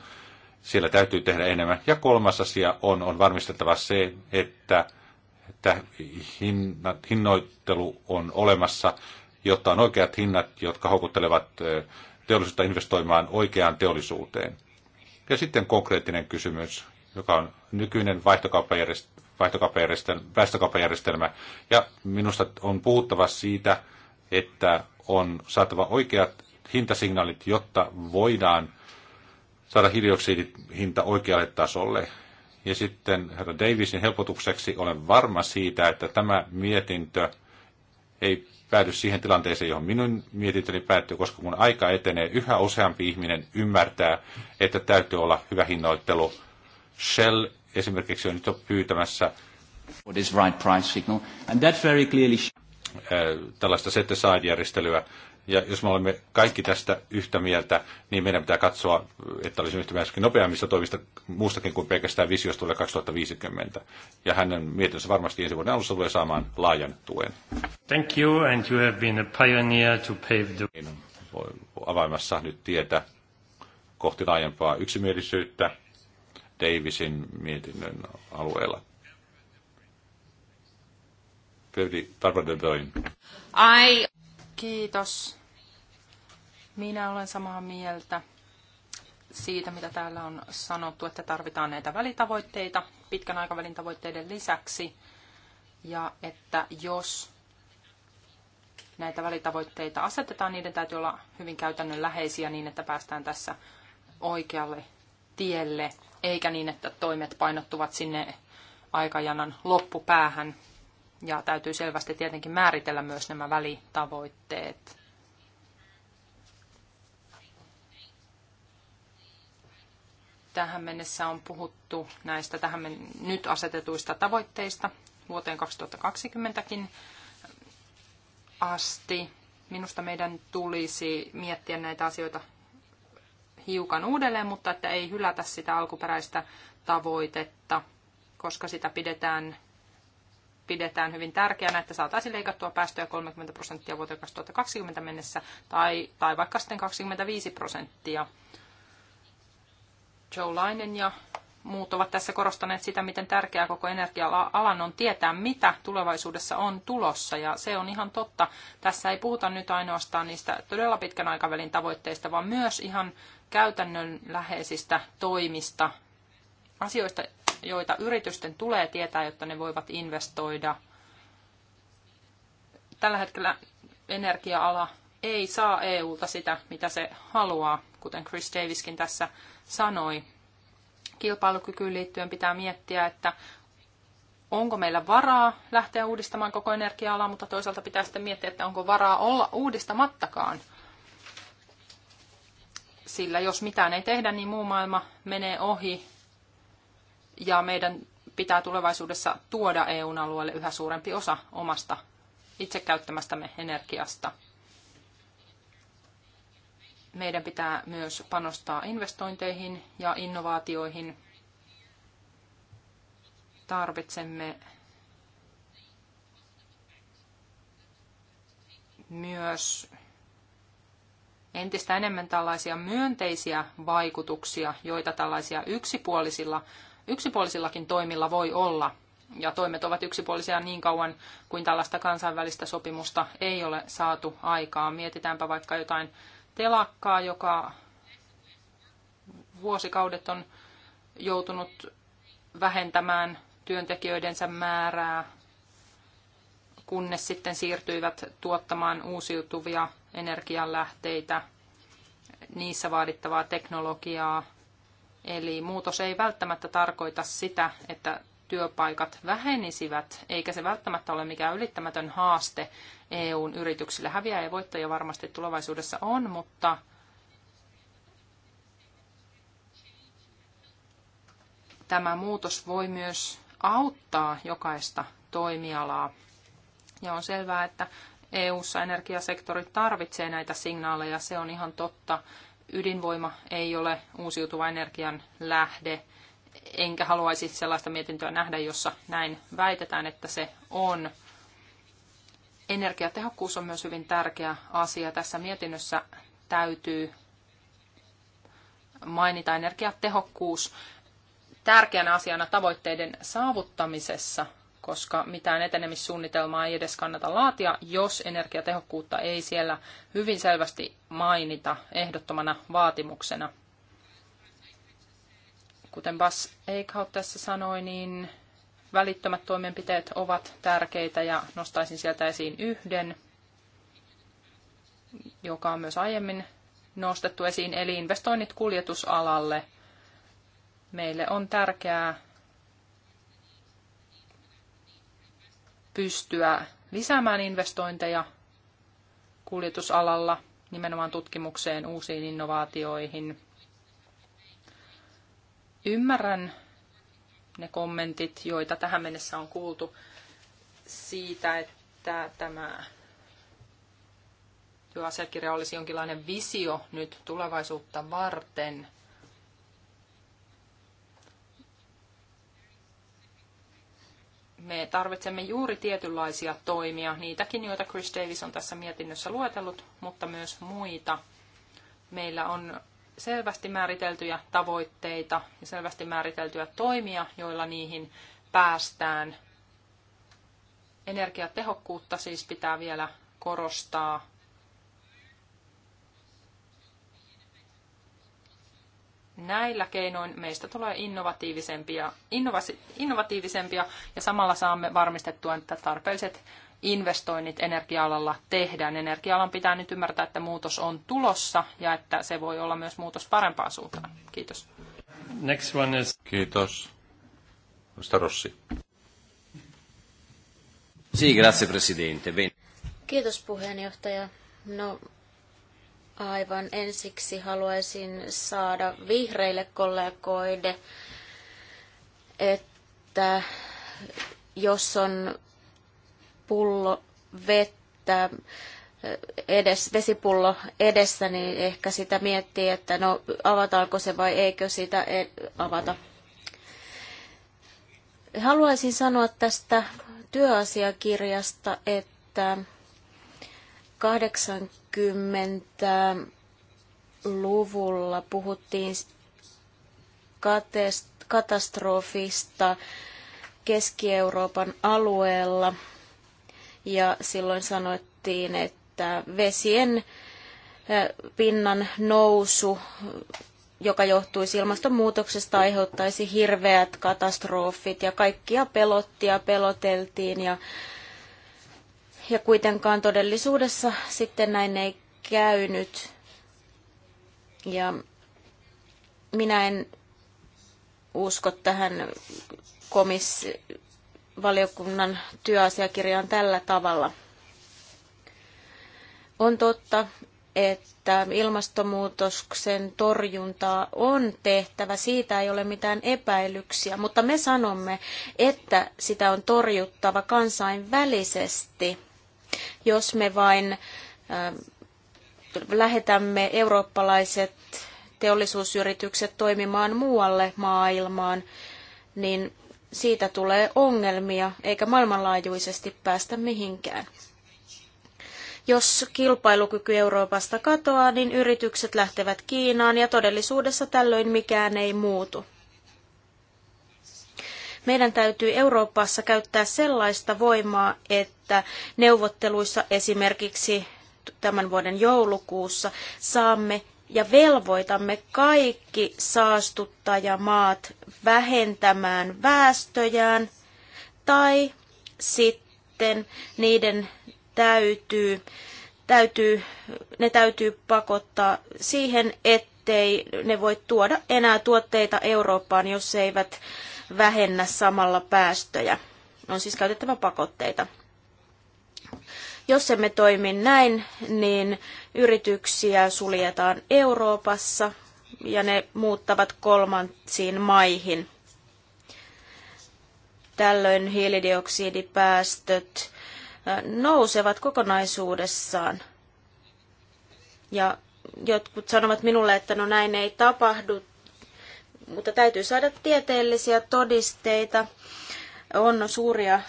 B: siellä täytyy tehdä enemmän. Ja kolmas asia on, on varmistettava se, että, että hinnat, hinnoittelu on olemassa, jotta on oikeat hinnat, jotka houkuttelevat teollisuutta investoimaan oikeaan teollisuuteen. Ja sitten konkreettinen kysymys, joka on nykyinen vaihtokauppajärjestelmä, Ja minusta on puhuttava siitä, että on saatava oikeat hintasignaalit, jotta voidaan saada hinta oikealle tasolle. Ja sitten herra Davisin helpotukseksi olen varma siitä, että tämä mietintö ei päädy siihen tilanteeseen, johon minun mietintöni päättyy, koska kun aika etenee, yhä useampi ihminen ymmärtää, että täytyy olla hyvä hinnoittelu. Shell esimerkiksi on nyt jo pyytämässä what is right price signal, and that very clearly eh, tällaista set aside-järjestelyä, ja jos me olemme kaikki tästä yhtä mieltä, niin meidän pitää katsoa, että olisi yhtä mieltä nopeammista toimista muustakin kuin pelkästään visiosta tulee 2050. Ja hänen mietintönsä varmasti ensi vuoden alussa tulee saamaan laajan tuen. Thank
A: you, and you have been a pioneer to pave the... Niin,
B: avaimassa nyt tietä kohti laajempaa yksimielisyyttä Davisin mietinnön alueella. Pöydi Barbara
D: I... Kiitos. Minä olen samaa mieltä siitä, mitä täällä on sanottu, että tarvitaan näitä välitavoitteita pitkän aikavälin tavoitteiden lisäksi. Ja että jos näitä välitavoitteita asetetaan, niiden täytyy olla hyvin käytännönläheisiä niin, että päästään tässä oikealle tielle, eikä niin, että toimet painottuvat sinne aikajanan loppupäähän ja täytyy selvästi tietenkin määritellä myös nämä välitavoitteet. Tähän mennessä on puhuttu näistä tähän nyt asetetuista tavoitteista vuoteen 2020kin asti. Minusta meidän tulisi miettiä näitä asioita hiukan uudelleen, mutta että ei hylätä sitä alkuperäistä tavoitetta, koska sitä pidetään pidetään hyvin tärkeänä, että saataisiin leikattua päästöjä 30 prosenttia vuoteen 2020 mennessä tai, tai vaikka sitten 25 prosenttia. Joe Lainen ja muut ovat tässä korostaneet sitä, miten tärkeää koko energia-alan on tietää, mitä tulevaisuudessa on tulossa. Ja se on ihan totta. Tässä ei puhuta nyt ainoastaan niistä todella pitkän aikavälin tavoitteista, vaan myös ihan käytännönläheisistä toimista, asioista, joita yritysten tulee tietää, jotta ne voivat investoida. Tällä hetkellä energia-ala ei saa EUlta sitä, mitä se haluaa, kuten Chris Daviskin tässä sanoi. Kilpailukykyyn liittyen pitää miettiä, että onko meillä varaa lähteä uudistamaan koko energia-alaa, mutta toisaalta pitää sitten miettiä, että onko varaa olla uudistamattakaan. Sillä jos mitään ei tehdä, niin muu maailma menee ohi ja meidän pitää tulevaisuudessa tuoda EUn alueelle yhä suurempi osa omasta itse käyttämästämme energiasta. Meidän pitää myös panostaa investointeihin ja innovaatioihin. Tarvitsemme myös entistä enemmän tällaisia myönteisiä vaikutuksia, joita tällaisia yksipuolisilla yksipuolisillakin toimilla voi olla, ja toimet ovat yksipuolisia niin kauan kuin tällaista kansainvälistä sopimusta ei ole saatu aikaan. Mietitäänpä vaikka jotain telakkaa, joka vuosikaudet on joutunut vähentämään työntekijöidensä määrää, kunnes sitten siirtyivät tuottamaan uusiutuvia energianlähteitä, niissä vaadittavaa teknologiaa Eli muutos ei välttämättä tarkoita sitä, että työpaikat vähenisivät, eikä se välttämättä ole mikään ylittämätön haaste EUn yrityksille. Häviä ja voittoja varmasti tulevaisuudessa on, mutta tämä muutos voi myös auttaa jokaista toimialaa. Ja on selvää, että EU-ssa energiasektori tarvitsee näitä signaaleja, se on ihan totta ydinvoima ei ole uusiutuva energian lähde, enkä haluaisi sellaista mietintöä nähdä, jossa näin väitetään, että se on. Energiatehokkuus on myös hyvin tärkeä asia. Tässä mietinnössä täytyy mainita energiatehokkuus tärkeänä asiana tavoitteiden saavuttamisessa – koska mitään etenemissuunnitelmaa ei edes kannata laatia, jos energiatehokkuutta ei siellä hyvin selvästi mainita ehdottomana vaatimuksena. Kuten Bas Eichhout tässä sanoi, niin välittömät toimenpiteet ovat tärkeitä ja nostaisin sieltä esiin yhden, joka on myös aiemmin nostettu esiin, eli investoinnit kuljetusalalle. Meille on tärkeää pystyä lisäämään investointeja kuljetusalalla, nimenomaan tutkimukseen, uusiin innovaatioihin. Ymmärrän ne kommentit, joita tähän mennessä on kuultu siitä, että tämä työasiakirja olisi jonkinlainen visio nyt tulevaisuutta varten – me tarvitsemme juuri tietynlaisia toimia, niitäkin, joita Chris Davis on tässä mietinnössä luetellut, mutta myös muita. Meillä on selvästi määriteltyjä tavoitteita ja selvästi määriteltyjä toimia, joilla niihin päästään. Energiatehokkuutta siis pitää vielä korostaa Näillä keinoin meistä tulee innovatiivisempia, innovasi, innovatiivisempia ja samalla saamme varmistettua, että tarpeelliset investoinnit energia-alalla tehdään. Energia-alan pitää nyt ymmärtää, että muutos on tulossa ja että se voi olla myös muutos parempaan suuntaan. Kiitos.
A: Next one is... Kiitos. Mr. Rossi. Sì, grazie Presidente.
C: Kiitos puheenjohtaja. No, Aivan ensiksi haluaisin saada vihreille kollegoille, että jos on pullo vettä, edes, vesipullo edessä, niin ehkä sitä miettii, että no avataanko se vai eikö sitä avata. Haluaisin sanoa tästä työasiakirjasta, että 80-luvulla puhuttiin katastrofista Keski-Euroopan alueella ja silloin sanottiin, että vesien pinnan nousu, joka johtuisi ilmastonmuutoksesta, aiheuttaisi hirveät katastrofit ja kaikkia pelotti ja peloteltiin ja ja kuitenkaan todellisuudessa sitten näin ei käynyt. Ja minä en usko tähän komisvaliokunnan työasiakirjaan tällä tavalla. On totta, että ilmastonmuutoksen torjuntaa on tehtävä, siitä ei ole mitään epäilyksiä, mutta me sanomme, että sitä on torjuttava kansainvälisesti jos me vain äh, lähetämme eurooppalaiset teollisuusyritykset toimimaan muualle maailmaan, niin siitä tulee ongelmia, eikä maailmanlaajuisesti päästä mihinkään. Jos kilpailukyky Euroopasta katoaa, niin yritykset lähtevät Kiinaan ja todellisuudessa tällöin mikään ei muutu. Meidän täytyy Euroopassa käyttää sellaista voimaa, että neuvotteluissa esimerkiksi tämän vuoden joulukuussa saamme ja velvoitamme kaikki saastuttajamaat vähentämään väestöjään tai sitten niiden täytyy, täytyy, ne täytyy pakottaa siihen, ettei ne voi tuoda enää tuotteita Eurooppaan, jos eivät vähennä samalla päästöjä. On siis käytettävä pakotteita. Jos emme toimi näin, niin yrityksiä suljetaan Euroopassa ja ne muuttavat kolmansiin maihin. Tällöin hiilidioksidipäästöt äh, nousevat kokonaisuudessaan. Ja jotkut sanovat minulle, että no näin ei tapahdu mutta täytyy saada tieteellisiä todisteita. On suuria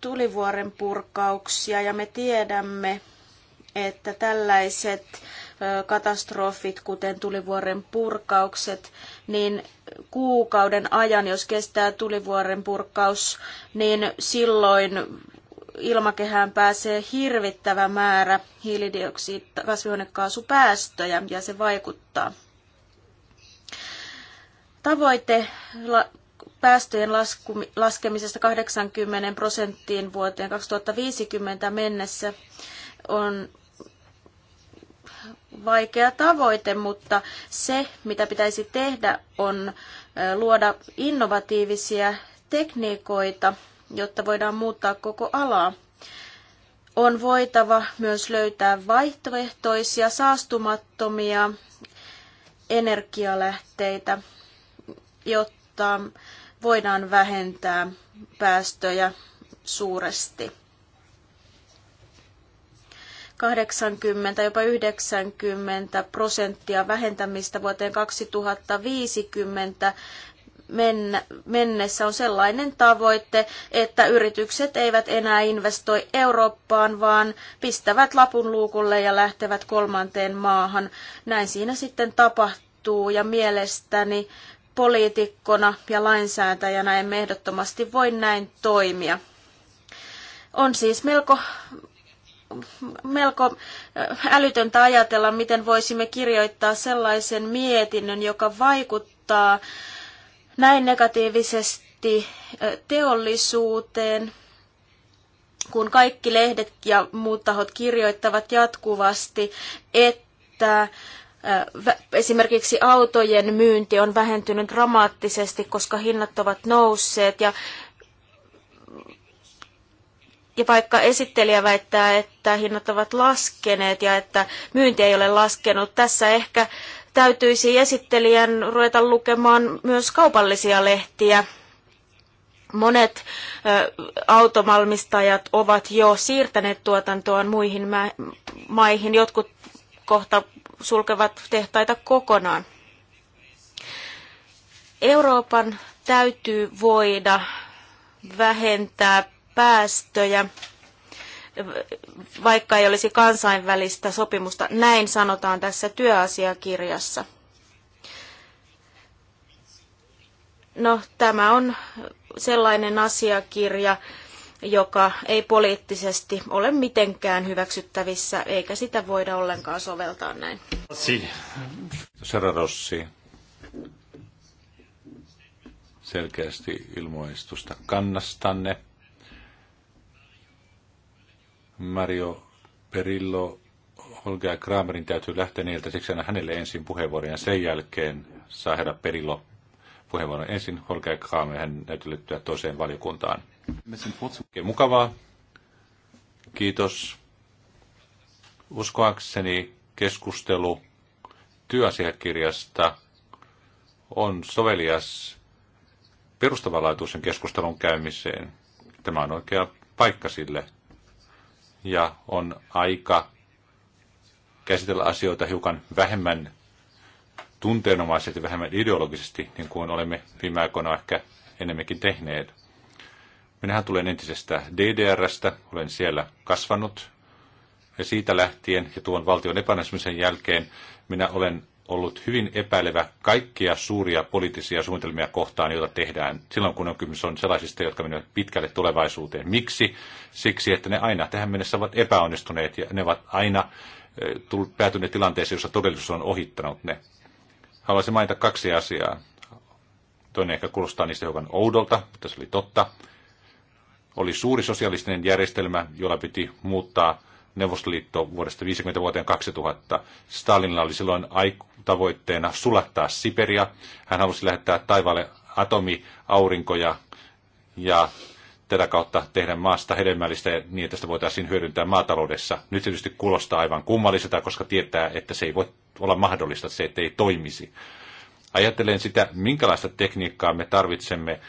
C: tulivuoren purkauksia ja me tiedämme, että tällaiset katastrofit, kuten tulivuoren purkaukset, niin kuukauden ajan, jos kestää tulivuoren purkaus, niin silloin ilmakehään pääsee hirvittävä määrä hiilidioksidikasvihuonekaasupäästöjä ja se vaikuttaa Tavoite päästöjen laskemisesta 80 prosenttiin vuoteen 2050 mennessä on vaikea tavoite, mutta se, mitä pitäisi tehdä, on luoda innovatiivisia tekniikoita, jotta voidaan muuttaa koko alaa. On voitava myös löytää vaihtoehtoisia, saastumattomia energialähteitä jotta voidaan vähentää päästöjä suuresti. 80, jopa 90 prosenttia vähentämistä vuoteen 2050 mennessä on sellainen tavoite, että yritykset eivät enää investoi Eurooppaan, vaan pistävät lapun luukulle ja lähtevät kolmanteen maahan. Näin siinä sitten tapahtuu ja mielestäni poliitikkona ja lainsäätäjänä emme ehdottomasti voi näin toimia. On siis melko, melko äh, älytöntä ajatella, miten voisimme kirjoittaa sellaisen mietinnön, joka vaikuttaa näin negatiivisesti äh, teollisuuteen, kun kaikki lehdet ja muut tahot kirjoittavat jatkuvasti, että Esimerkiksi autojen myynti on vähentynyt dramaattisesti, koska hinnat ovat nousseet ja ja vaikka esittelijä väittää, että hinnat ovat laskeneet ja että myynti ei ole laskenut, tässä ehkä täytyisi esittelijän ruveta lukemaan myös kaupallisia lehtiä. Monet automalmistajat ovat jo siirtäneet tuotantoa muihin maihin. Jotkut kohta sulkevat tehtaita kokonaan. Euroopan täytyy voida vähentää päästöjä, vaikka ei olisi kansainvälistä sopimusta. Näin sanotaan tässä työasiakirjassa. No, tämä on sellainen asiakirja, joka ei poliittisesti ole mitenkään hyväksyttävissä, eikä sitä voida ollenkaan soveltaa näin.
A: Si, Sara Rossi.
B: Selkeästi ilmoistusta kannastanne. Mario Perillo, Olga Kramerin täytyy lähteä niiltä, siksi aina hänelle ensin puheenvuoron ja sen jälkeen saa herra Perillo puheenvuoron ensin. Olga Kramer, hän täytyy liittyä toiseen valiokuntaan. Mukavaa. Kiitos. Uskoakseni keskustelu työasiakirjasta on sovelias perustavanlaatuisen keskustelun käymiseen. Tämä on oikea paikka sille. Ja on aika käsitellä asioita hiukan vähemmän tunteenomaisesti, vähemmän ideologisesti, niin kuin olemme viime aikoina ehkä enemmänkin tehneet. Minähän tulen entisestä DDRstä, olen siellä kasvanut ja siitä lähtien ja tuon valtion epäonnistumisen jälkeen minä olen ollut hyvin epäilevä kaikkia suuria poliittisia suunnitelmia kohtaan, joita tehdään silloin, kun on kysymys on sellaisista, jotka menevät pitkälle tulevaisuuteen. Miksi? Siksi, että ne aina tähän mennessä ovat epäonnistuneet ja ne ovat aina eh, päätyneet tilanteeseen, jossa todellisuus on ohittanut ne. Haluaisin mainita kaksi asiaa. Toinen ehkä kuulostaa niistä hiukan oudolta, mutta se oli totta oli suuri sosialistinen järjestelmä, jolla piti muuttaa Neuvostoliitto vuodesta 50 vuoteen 2000. Stalinilla oli silloin tavoitteena sulattaa Siperia. Hän halusi lähettää taivaalle atomiaurinkoja ja tätä kautta tehdä maasta hedelmällistä ja niin, että sitä voitaisiin hyödyntää maataloudessa. Nyt se tietysti kuulostaa aivan kummalliselta, koska tietää, että se ei voi olla mahdollista, että se ei toimisi. Ajattelen sitä, minkälaista tekniikkaa me tarvitsemme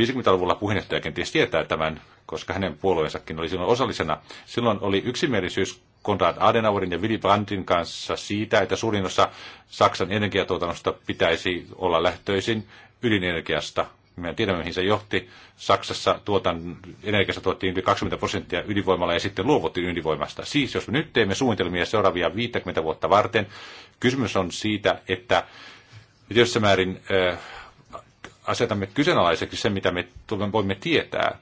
B: 50-luvulla puheenjohtaja kenties tietää tämän, koska hänen puolueensakin oli silloin osallisena. Silloin oli yksimielisyys Konrad Adenauerin ja Willy Brandtin kanssa siitä, että suurin osa Saksan energiatuotannosta pitäisi olla lähtöisin ydinenergiasta. Me tiedämme, mihin se johti. Saksassa tuotan, energiasta tuottiin yli 20 prosenttia ydinvoimalla ja sitten luovuttiin ydinvoimasta. Siis jos me nyt teemme suunnitelmia seuraavia 50 vuotta varten, kysymys on siitä, että jossain määrin äh, asetamme kyseenalaiseksi sen, mitä me voimme tietää.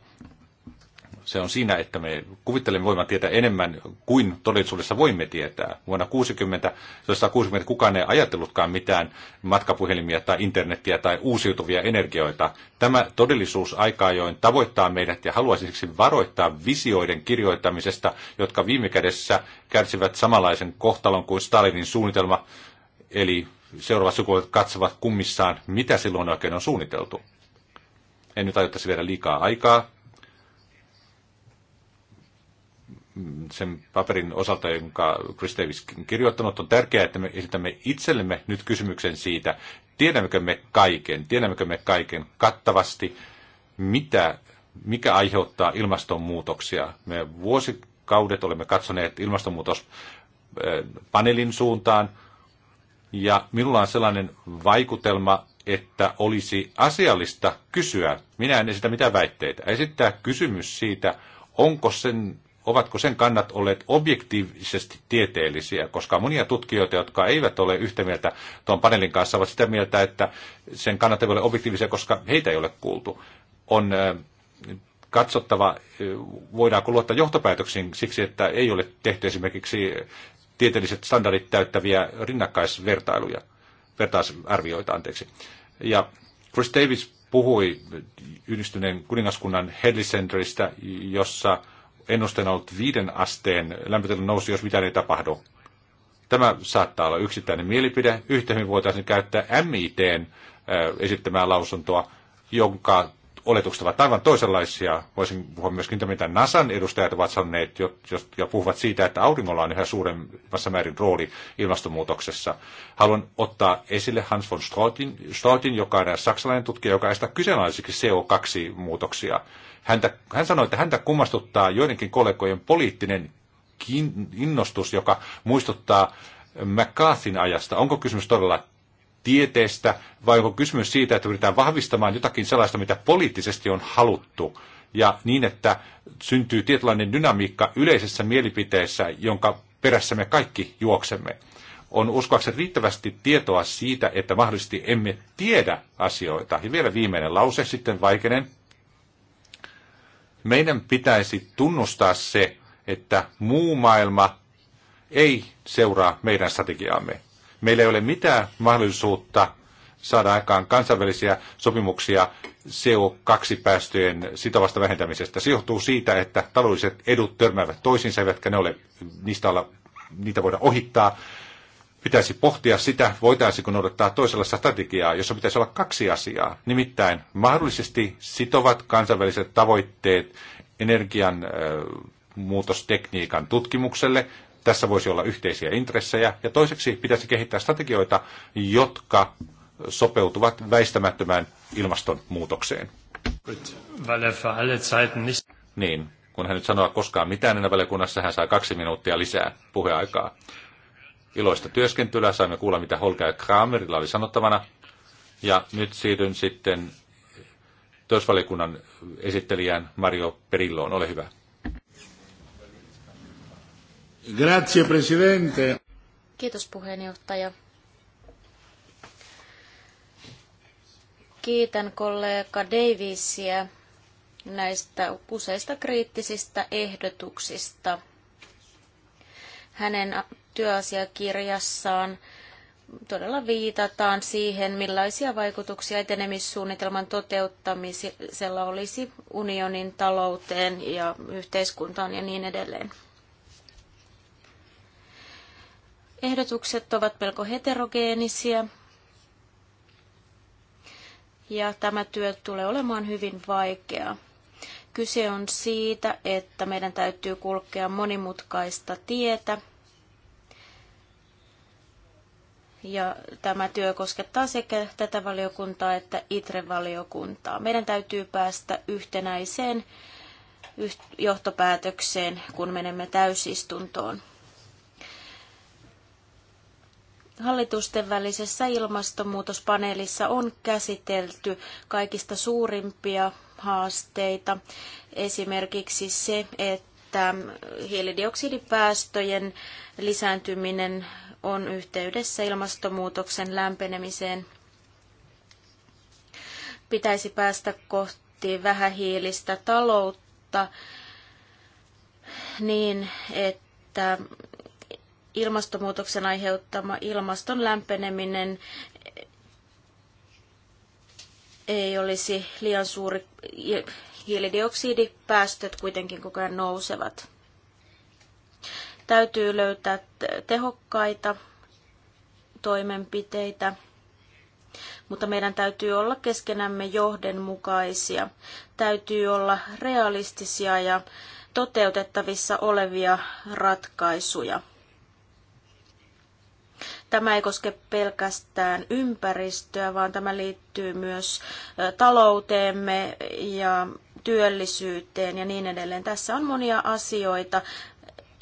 B: Se on siinä, että me kuvittelemme voimaan tietää enemmän kuin todellisuudessa voimme tietää. Vuonna 60, 1960 kukaan ei ajatellutkaan mitään matkapuhelimia tai internettiä tai uusiutuvia energioita. Tämä todellisuus aika ajoin tavoittaa meidät ja haluaisin siksi varoittaa visioiden kirjoittamisesta, jotka viime kädessä kärsivät samanlaisen kohtalon kuin Stalinin suunnitelma, eli seuraavat sukupolvet katsovat kummissaan, mitä silloin oikein on suunniteltu. En nyt aiottaisi vielä liikaa aikaa. Sen paperin osalta, jonka Chris Davis kirjoittanut, on tärkeää, että me esitämme itsellemme nyt kysymyksen siitä, tiedämmekö me kaiken, tiedämmekö me kaiken kattavasti, mitä, mikä aiheuttaa ilmastonmuutoksia. Me vuosikaudet olemme katsoneet ilmastonmuutospaneelin suuntaan, ja minulla on sellainen vaikutelma, että olisi asiallista kysyä, minä en esitä mitään väitteitä, esittää kysymys siitä, onko sen, ovatko sen kannat olleet objektiivisesti tieteellisiä, koska monia tutkijoita, jotka eivät ole yhtä mieltä tuon paneelin kanssa, ovat sitä mieltä, että sen kannat eivät ole objektiivisia, koska heitä ei ole kuultu. On katsottava, voidaanko luottaa johtopäätöksiin siksi, että ei ole tehty esimerkiksi tieteelliset standardit täyttäviä rinnakkaisvertailuja, vertaisarvioita, anteeksi. Ja Chris Davis puhui yhdistyneen kuningaskunnan Headley Centeristä, jossa ennusteena ollut viiden asteen lämpötilan nousu, jos mitään ei tapahdu. Tämä saattaa olla yksittäinen mielipide. Yhtä hyvin voitaisiin käyttää MITn esittämää lausuntoa, jonka oletukset ovat aivan toisenlaisia. Voisin puhua myöskin mitä, mitä NASAn edustajat ovat sanoneet ja puhuvat siitä, että auringolla on yhä suuremmassa määrin rooli ilmastonmuutoksessa. Haluan ottaa esille Hans von Strautin, Strautin joka on saksalainen tutkija, joka estää kyseenalaisiksi CO2-muutoksia. Häntä, hän sanoi, että häntä kummastuttaa joidenkin kollegojen poliittinen innostus, joka muistuttaa McCarthyn ajasta. Onko kysymys todella tieteestä, vai onko kysymys siitä, että pyritään vahvistamaan jotakin sellaista, mitä poliittisesti on haluttu, ja niin, että syntyy tietynlainen dynamiikka yleisessä mielipiteessä, jonka perässä me kaikki juoksemme. On uskoakseni riittävästi tietoa siitä, että mahdollisesti emme tiedä asioita. Ja vielä viimeinen lause sitten vaikeinen: Meidän pitäisi tunnustaa se, että muu maailma ei seuraa meidän strategiaamme. Meillä ei ole mitään mahdollisuutta saada aikaan kansainvälisiä sopimuksia CO2-päästöjen sitovasta vähentämisestä. Se johtuu siitä, että taloudelliset edut törmäävät toisiinsa, eivätkä ne ole, niistä olla, niitä voida ohittaa. Pitäisi pohtia sitä, voitaisiinko noudattaa toisella strategiaa, jossa pitäisi olla kaksi asiaa. Nimittäin mahdollisesti sitovat kansainväliset tavoitteet energian muutostekniikan tutkimukselle tässä voisi olla yhteisiä intressejä. Ja toiseksi pitäisi kehittää strategioita, jotka sopeutuvat väistämättömään ilmastonmuutokseen. Er niin, kun hän nyt sanoo koskaan mitään enää valiokunnassa, hän saa kaksi minuuttia lisää puheaikaa. Iloista työskentelyä, saimme kuulla mitä Holger Kramerilla oli sanottavana. Ja nyt siirryn sitten toisvaliokunnan esittelijään Mario Perilloon. Ole hyvä. Grazie,
A: presidente.
C: Kiitos puheenjohtaja. Kiitän kollega Davisia näistä useista kriittisistä ehdotuksista. Hänen työasiakirjassaan todella viitataan siihen, millaisia vaikutuksia etenemissuunnitelman toteuttamisella olisi unionin talouteen ja yhteiskuntaan ja niin edelleen. Ehdotukset ovat melko heterogeenisiä ja tämä työ tulee olemaan hyvin vaikeaa. Kyse on siitä, että meidän täytyy kulkea monimutkaista tietä. Ja tämä työ koskettaa sekä tätä valiokuntaa että ITRE-valiokuntaa. Meidän täytyy päästä yhtenäiseen johtopäätökseen, kun menemme täysistuntoon. Hallitusten välisessä ilmastonmuutospaneelissa on käsitelty kaikista suurimpia haasteita, esimerkiksi se, että hiilidioksidipäästöjen lisääntyminen on yhteydessä ilmastonmuutoksen lämpenemiseen. Pitäisi päästä kohti vähähiilistä taloutta niin, että ilmastonmuutoksen aiheuttama ilmaston lämpeneminen ei olisi liian suuri. Hiilidioksidipäästöt kuitenkin koko ajan nousevat. Täytyy löytää tehokkaita toimenpiteitä, mutta meidän täytyy olla keskenämme johdenmukaisia. Täytyy olla realistisia ja toteutettavissa olevia ratkaisuja. Tämä ei koske pelkästään ympäristöä, vaan tämä liittyy myös talouteemme ja työllisyyteen ja niin edelleen. Tässä on monia asioita,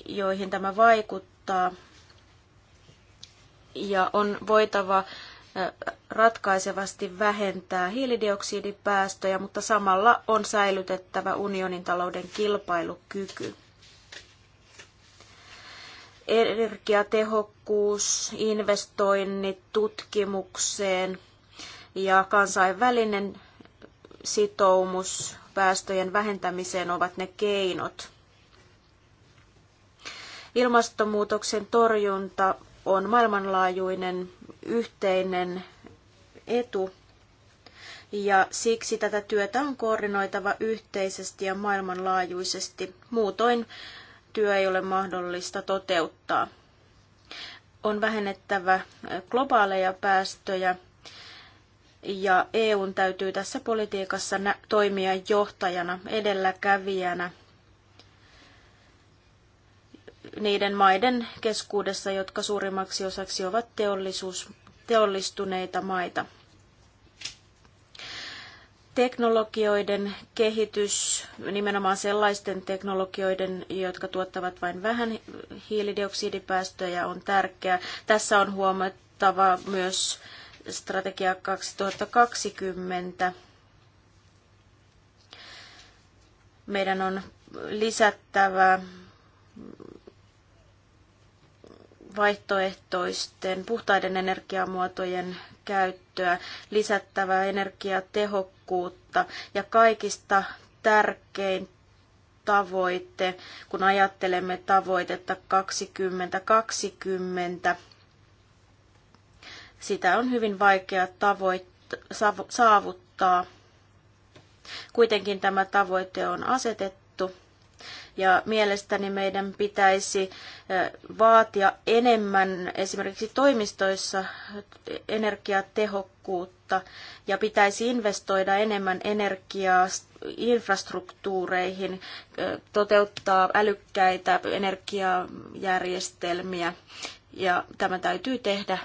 C: joihin tämä vaikuttaa ja on voitava ratkaisevasti vähentää hiilidioksidipäästöjä, mutta samalla on säilytettävä unionin talouden kilpailukyky energiatehokkuus, investoinnit tutkimukseen ja kansainvälinen sitoumus päästöjen vähentämiseen ovat ne keinot. Ilmastonmuutoksen torjunta on maailmanlaajuinen yhteinen etu ja siksi tätä työtä on koordinoitava yhteisesti ja maailmanlaajuisesti. Muutoin työ ei ole mahdollista toteuttaa. On vähennettävä globaaleja päästöjä ja EUn täytyy tässä politiikassa toimia johtajana, edelläkävijänä niiden maiden keskuudessa, jotka suurimmaksi osaksi ovat teollisuus, teollistuneita maita teknologioiden kehitys, nimenomaan sellaisten teknologioiden, jotka tuottavat vain vähän hiilidioksidipäästöjä, on tärkeää. Tässä on huomattava myös strategia 2020. Meidän on lisättävä vaihtoehtoisten puhtaiden energiamuotojen käyttöä käyttöä, lisättävää energiatehokkuutta ja kaikista tärkein tavoite, kun ajattelemme tavoitetta 2020, sitä on hyvin vaikea tavoit- saavuttaa. Kuitenkin tämä tavoite on asetettu ja mielestäni meidän pitäisi vaatia enemmän esimerkiksi toimistoissa energiatehokkuutta ja pitäisi investoida enemmän energiaa infrastruktuureihin, toteuttaa älykkäitä energiajärjestelmiä ja tämä täytyy tehdä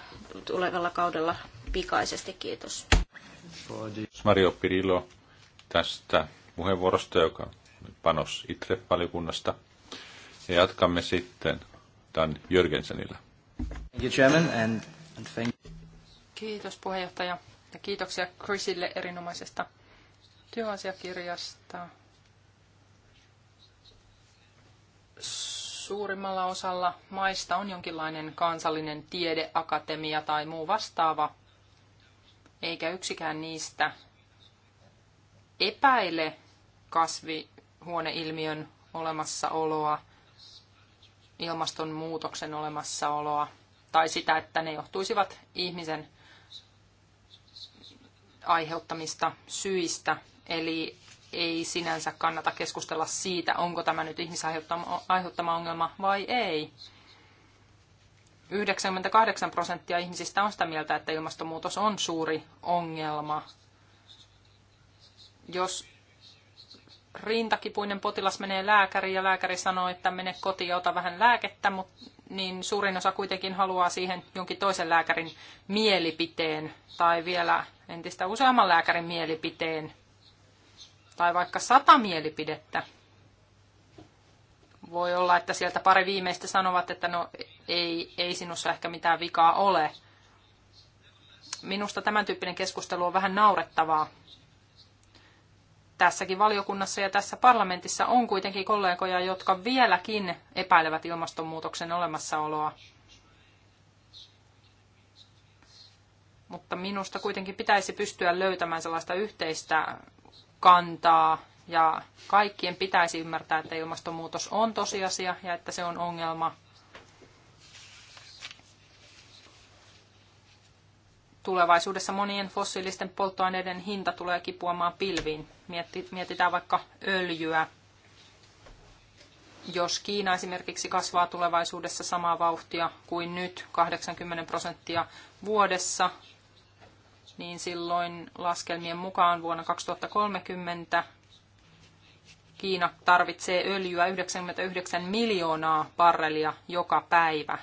C: tulevalla kaudella pikaisesti. Kiitos.
B: Mario Pirillo tästä puheenvuorosta, joka panos itse valiokunnasta Ja jatkamme sitten Dan Jörgensenillä.
D: Kiitos puheenjohtaja ja kiitoksia Chrisille erinomaisesta työasiakirjasta. Suurimmalla osalla maista on jonkinlainen kansallinen tiedeakatemia tai muu vastaava, eikä yksikään niistä epäile kasvi- huoneilmiön olemassaoloa, ilmastonmuutoksen olemassaoloa tai sitä, että ne johtuisivat ihmisen aiheuttamista syistä. Eli ei sinänsä kannata keskustella siitä, onko tämä nyt ihmisaiheuttamä ongelma vai ei. 98 prosenttia ihmisistä on sitä mieltä, että ilmastonmuutos on suuri ongelma. Jos rintakipuinen potilas menee lääkäriin ja lääkäri sanoo, että mene kotiin ja ota vähän lääkettä, mutta niin suurin osa kuitenkin haluaa siihen jonkin toisen lääkärin mielipiteen tai vielä entistä useamman lääkärin mielipiteen tai vaikka sata mielipidettä. Voi olla, että sieltä pari viimeistä sanovat, että no ei, ei sinussa ehkä mitään vikaa ole. Minusta tämän tyyppinen keskustelu on vähän naurettavaa tässäkin valiokunnassa ja tässä parlamentissa on kuitenkin kollegoja, jotka vieläkin epäilevät ilmastonmuutoksen olemassaoloa. Mutta minusta kuitenkin pitäisi pystyä löytämään sellaista yhteistä kantaa ja kaikkien pitäisi ymmärtää, että ilmastonmuutos on tosiasia ja että se on ongelma – tulevaisuudessa monien fossiilisten polttoaineiden hinta tulee kipuamaan pilviin. Mietitään vaikka öljyä. Jos Kiina esimerkiksi kasvaa tulevaisuudessa samaa vauhtia kuin nyt, 80 prosenttia vuodessa, niin silloin laskelmien mukaan vuonna 2030 Kiina tarvitsee öljyä 99 miljoonaa barrelia joka päivä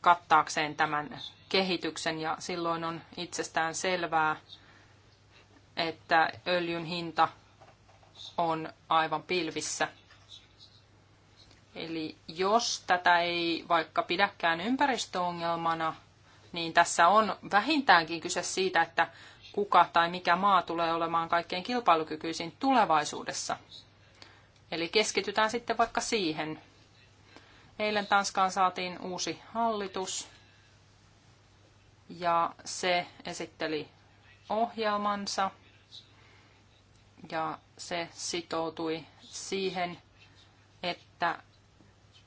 D: kattaakseen tämän kehityksen ja silloin on itsestään selvää, että öljyn hinta on aivan pilvissä. Eli jos tätä ei vaikka pidäkään ympäristöongelmana, niin tässä on vähintäänkin kyse siitä, että kuka tai mikä maa tulee olemaan kaikkein kilpailukykyisin tulevaisuudessa. Eli keskitytään sitten vaikka siihen. Eilen Tanskaan saatiin uusi hallitus ja se esitteli ohjelmansa ja se sitoutui siihen, että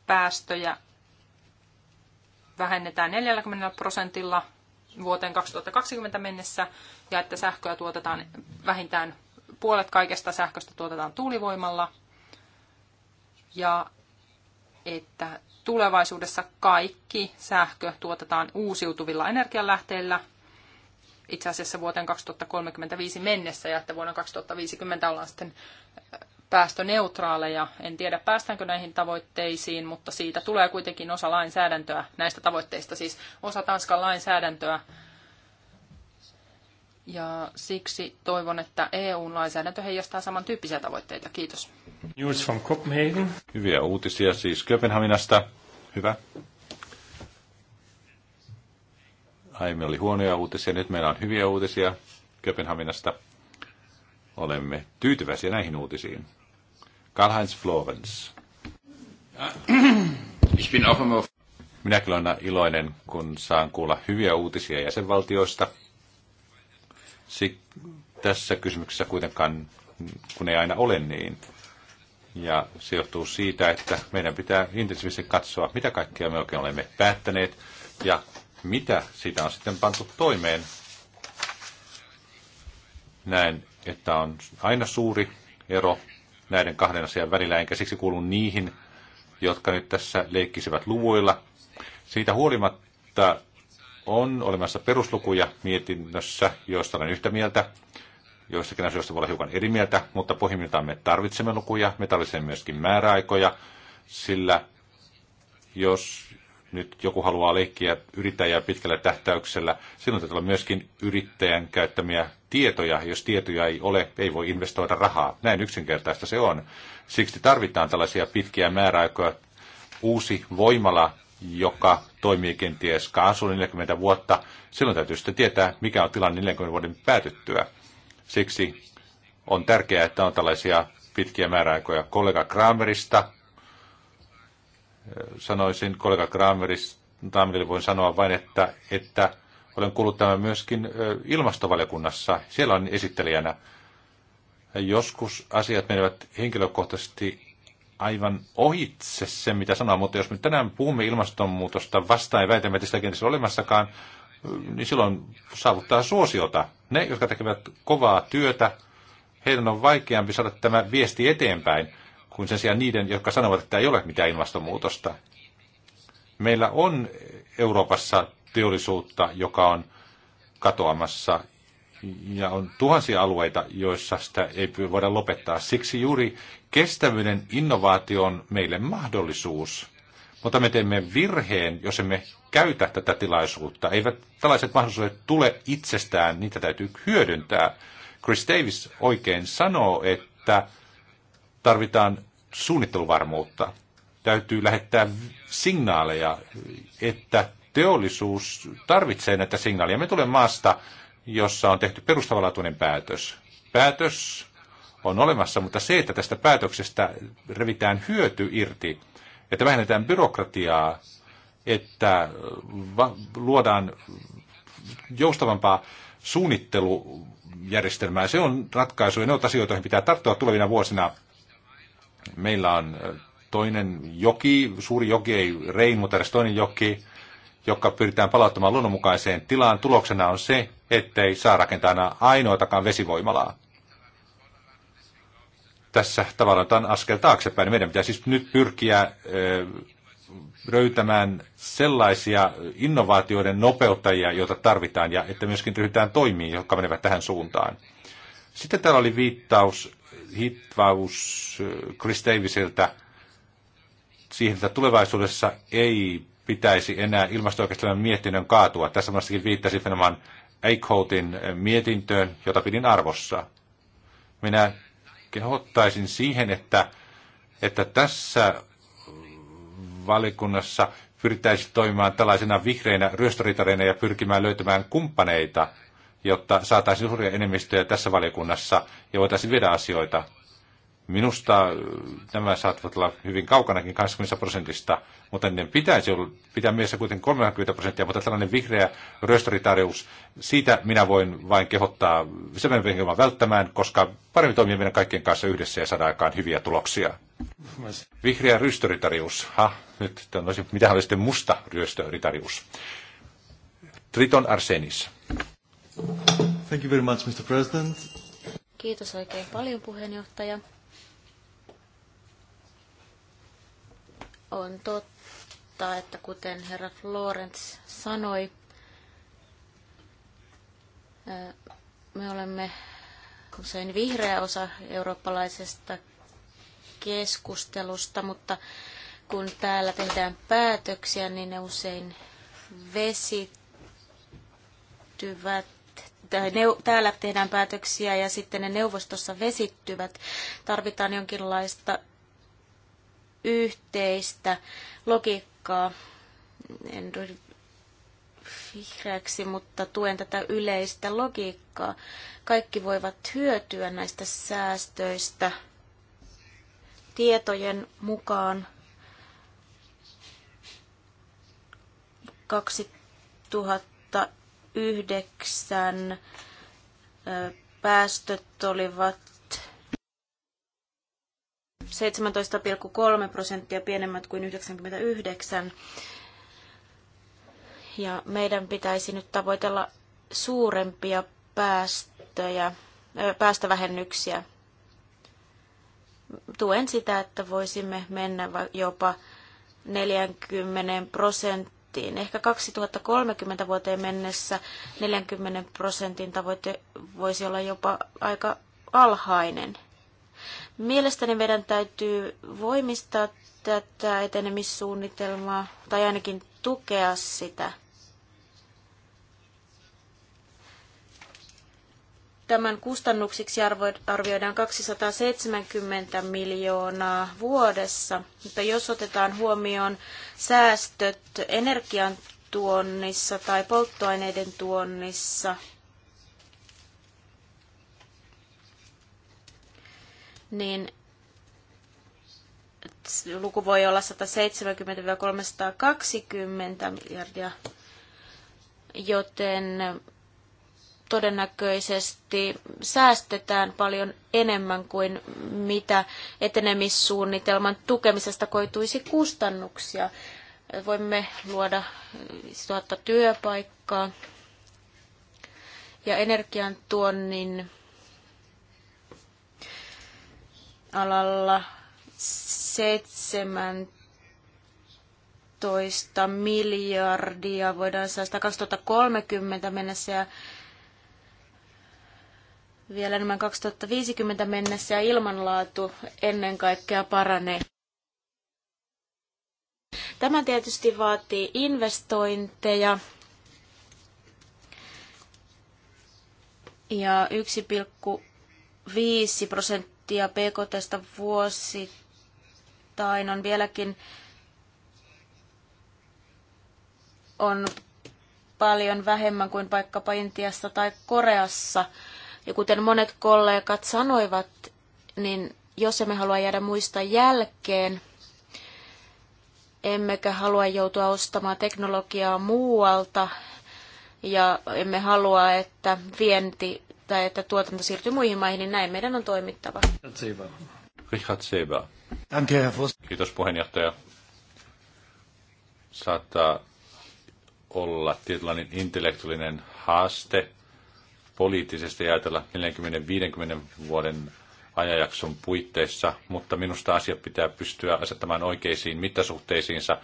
D: päästöjä vähennetään 40 prosentilla vuoteen 2020 mennessä ja että sähköä tuotetaan vähintään puolet kaikesta sähköstä tuotetaan tuulivoimalla ja että tulevaisuudessa kaikki sähkö tuotetaan uusiutuvilla energialähteillä itse asiassa vuoteen 2035 mennessä ja että vuonna 2050 ollaan sitten päästöneutraaleja. En tiedä päästäänkö näihin tavoitteisiin, mutta siitä tulee kuitenkin osa lainsäädäntöä, näistä tavoitteista siis osa Tanskan lainsäädäntöä ja siksi toivon, että EU-lainsäädäntö heijastaa samantyyppisiä tavoitteita. Kiitos. News from Copenhagen.
B: Hyviä uutisia siis Kööpenhaminasta. Hyvä. Aiemmin oli huonoja uutisia, nyt meillä on hyviä uutisia Kööpenhaminasta. Olemme tyytyväisiä näihin uutisiin. Karl-Heinz Florens. Ich bin auch immer... Minä kyllä olen iloinen, kun saan kuulla hyviä uutisia jäsenvaltioista – Siksi tässä kysymyksessä kuitenkaan, kun ei aina ole niin. Ja se johtuu siitä, että meidän pitää intensiivisesti katsoa, mitä kaikkea me oikein olemme päättäneet ja mitä siitä on sitten pantu toimeen. Näen, että on aina suuri ero näiden kahden asian välillä, enkä siksi kuulu niihin, jotka nyt tässä leikkisivät luvuilla. Siitä huolimatta on olemassa peruslukuja mietinnössä, joista olen yhtä mieltä. Joistakin asioista voi olla hiukan eri mieltä, mutta pohjimmiltaan me tarvitsemme lukuja, me tarvitsemme myöskin määräaikoja, sillä jos nyt joku haluaa leikkiä yrittäjää pitkällä tähtäyksellä, silloin täytyy olla myöskin yrittäjän käyttämiä tietoja. Jos tietoja ei ole, ei voi investoida rahaa. Näin yksinkertaista se on. Siksi tarvitaan tällaisia pitkiä määräaikoja. Uusi voimala joka toimii kenties kaasulla 40 vuotta, silloin täytyy sitten tietää, mikä on tilanne 40 vuoden päätyttyä. Siksi on tärkeää, että on tällaisia pitkiä määräaikoja. Kollega Kramerista, eh, sanoisin kollega Kramerista, voin sanoa vain, että, että olen kuullut tämän myöskin eh, ilmastovaliokunnassa. Siellä on esittelijänä. Joskus asiat menevät henkilökohtaisesti aivan ohitse se, mitä sanoo, mutta jos me tänään puhumme ilmastonmuutosta vastaan ja väitämme, että sitä ei ole olemassakaan, niin silloin saavuttaa suosiota. Ne, jotka tekevät kovaa työtä, heidän on vaikeampi saada tämä viesti eteenpäin kuin sen sijaan niiden, jotka sanovat, että ei ole mitään ilmastonmuutosta. Meillä on Euroopassa teollisuutta, joka on katoamassa ja on tuhansia alueita, joissa sitä ei voida lopettaa. Siksi juuri kestävyyden innovaatio on meille mahdollisuus. Mutta me teemme virheen, jos emme käytä tätä tilaisuutta. Eivät tällaiset mahdollisuudet tule itsestään, niitä täytyy hyödyntää. Chris Davis oikein sanoo, että tarvitaan suunnitteluvarmuutta. Täytyy lähettää signaaleja, että teollisuus tarvitsee näitä signaaleja. Me tulemme maasta, jossa on tehty perustavanlaatuinen päätös. Päätös on olemassa, mutta se, että tästä päätöksestä revitään hyöty irti, että vähennetään byrokratiaa, että luodaan joustavampaa suunnittelujärjestelmää, se on ratkaisu ja ne on asioita, joihin pitää tarttua tulevina vuosina. Meillä on toinen joki, suuri joki, ei Rein, mutta edes toinen joki, joka pyritään palauttamaan luonnonmukaiseen tilaan, tuloksena on se, ettei saa rakentaa enää ainoatakaan vesivoimalaa. Tässä tavallaan otan askel taaksepäin. Meidän pitää siis nyt pyrkiä löytämään sellaisia innovaatioiden nopeuttajia, joita tarvitaan, ja että myöskin ryhdytään toimiin, jotka menevät tähän suuntaan. Sitten täällä oli viittaus, hitvaus Chris Davisiltä siihen, että tulevaisuudessa ei pitäisi enää ilmasto mietinnön kaatua. Tässä myöskin viittasi Fenoman Eichhoutin mietintöön, jota pidin arvossa. Minä kehottaisin siihen, että, että tässä valikunnassa pyrittäisiin toimimaan tällaisena vihreinä ryöstöritareina ja pyrkimään löytämään kumppaneita, jotta saataisiin suuria enemmistöjä tässä valiokunnassa ja voitaisiin viedä asioita Minusta äh, nämä saattavat olla hyvin kaukanakin 20 prosentista, mutta ne pitäisi olla, pitää mielessä kuitenkin 30 prosenttia, mutta tällainen vihreä röstoritarjous, siitä minä voin vain kehottaa sen vihreän välttämään, koska paremmin toimia meidän kaikkien kanssa yhdessä ja saada aikaan hyviä tuloksia. Vihreä röstoritarjous, ha, nyt tämmöisen, mitä oli sitten musta röstoritarjous? Triton Arsenis.
A: Thank you very much, Mr. President.
C: Kiitos oikein paljon puheenjohtaja. On totta, että kuten herra Florence sanoi, me olemme usein vihreä osa eurooppalaisesta keskustelusta, mutta kun täällä tehdään päätöksiä, niin ne usein vesittyvät. Tai täällä tehdään päätöksiä ja sitten ne neuvostossa vesittyvät. Tarvitaan jonkinlaista yhteistä logiikkaa. En vihreäksi, mutta tuen tätä yleistä logiikkaa. Kaikki voivat hyötyä näistä säästöistä tietojen mukaan 2009 päästöt olivat 17,3 prosenttia pienemmät kuin 99. Ja meidän pitäisi nyt tavoitella suurempia päästöjä, päästövähennyksiä. Tuen sitä, että voisimme mennä jopa 40 prosenttiin. Ehkä 2030 vuoteen mennessä 40 prosentin tavoite voisi olla jopa aika alhainen. Mielestäni meidän täytyy voimistaa tätä etenemissuunnitelmaa tai ainakin tukea sitä. Tämän kustannuksiksi arvioidaan 270 miljoonaa vuodessa, mutta jos otetaan huomioon säästöt energiantuonnissa tai polttoaineiden tuonnissa, niin luku voi olla 170-320 miljardia, joten todennäköisesti säästetään paljon enemmän kuin mitä etenemissuunnitelman tukemisesta koituisi kustannuksia. Voimme luoda 1000 työpaikkaa ja energiantuonnin alalla 17 miljardia voidaan saada 2030 mennessä ja vielä enemmän 2050 mennessä ja ilmanlaatu ennen kaikkea paranee. Tämä tietysti vaatii investointeja ja 1,5 prosenttia prosenttia BKTstä vuosittain on vieläkin on paljon vähemmän kuin vaikkapa Intiassa tai Koreassa. Ja kuten monet kollegat sanoivat, niin jos emme halua jäädä muista jälkeen, emmekä halua joutua ostamaan teknologiaa muualta ja emme halua, että vienti tai että tuotanto siirtyy muihin maihin, niin näin meidän on toimittava.
B: Richard Seba. Kiitos puheenjohtaja. Saattaa olla tietynlainen intellektuaalinen haaste poliittisesti ajatella 40-50 vuoden ajanjakson puitteissa, mutta minusta asia pitää pystyä asettamaan oikeisiin mittasuhteisiinsa.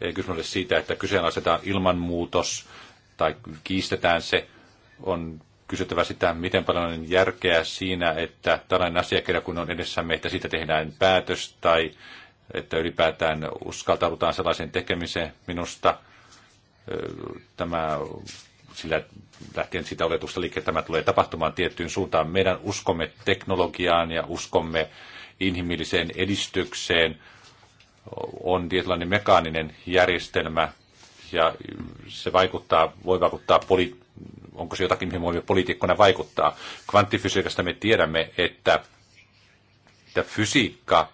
B: Ei kysymys ole siitä, että kyseenalaistetaan ilmanmuutos tai kiistetään se. On kysyttävä sitä, miten paljon on järkeä siinä, että tällainen asiakirja, kun on edessämme, että siitä tehdään päätös tai että ylipäätään uskaltaudutaan sellaisen tekemiseen minusta. Tämä, sillä lähtien siitä oletusta liikkeelle tämä tulee tapahtumaan tiettyyn suuntaan. Meidän uskomme teknologiaan ja uskomme inhimilliseen edistykseen on tietynlainen mekaaninen järjestelmä, ja se vaikuttaa, voi vaikuttaa poli- onko se jotakin, mihin voimme poliitikkona vaikuttaa. Kvanttifysiikasta me tiedämme, että, että fysiikka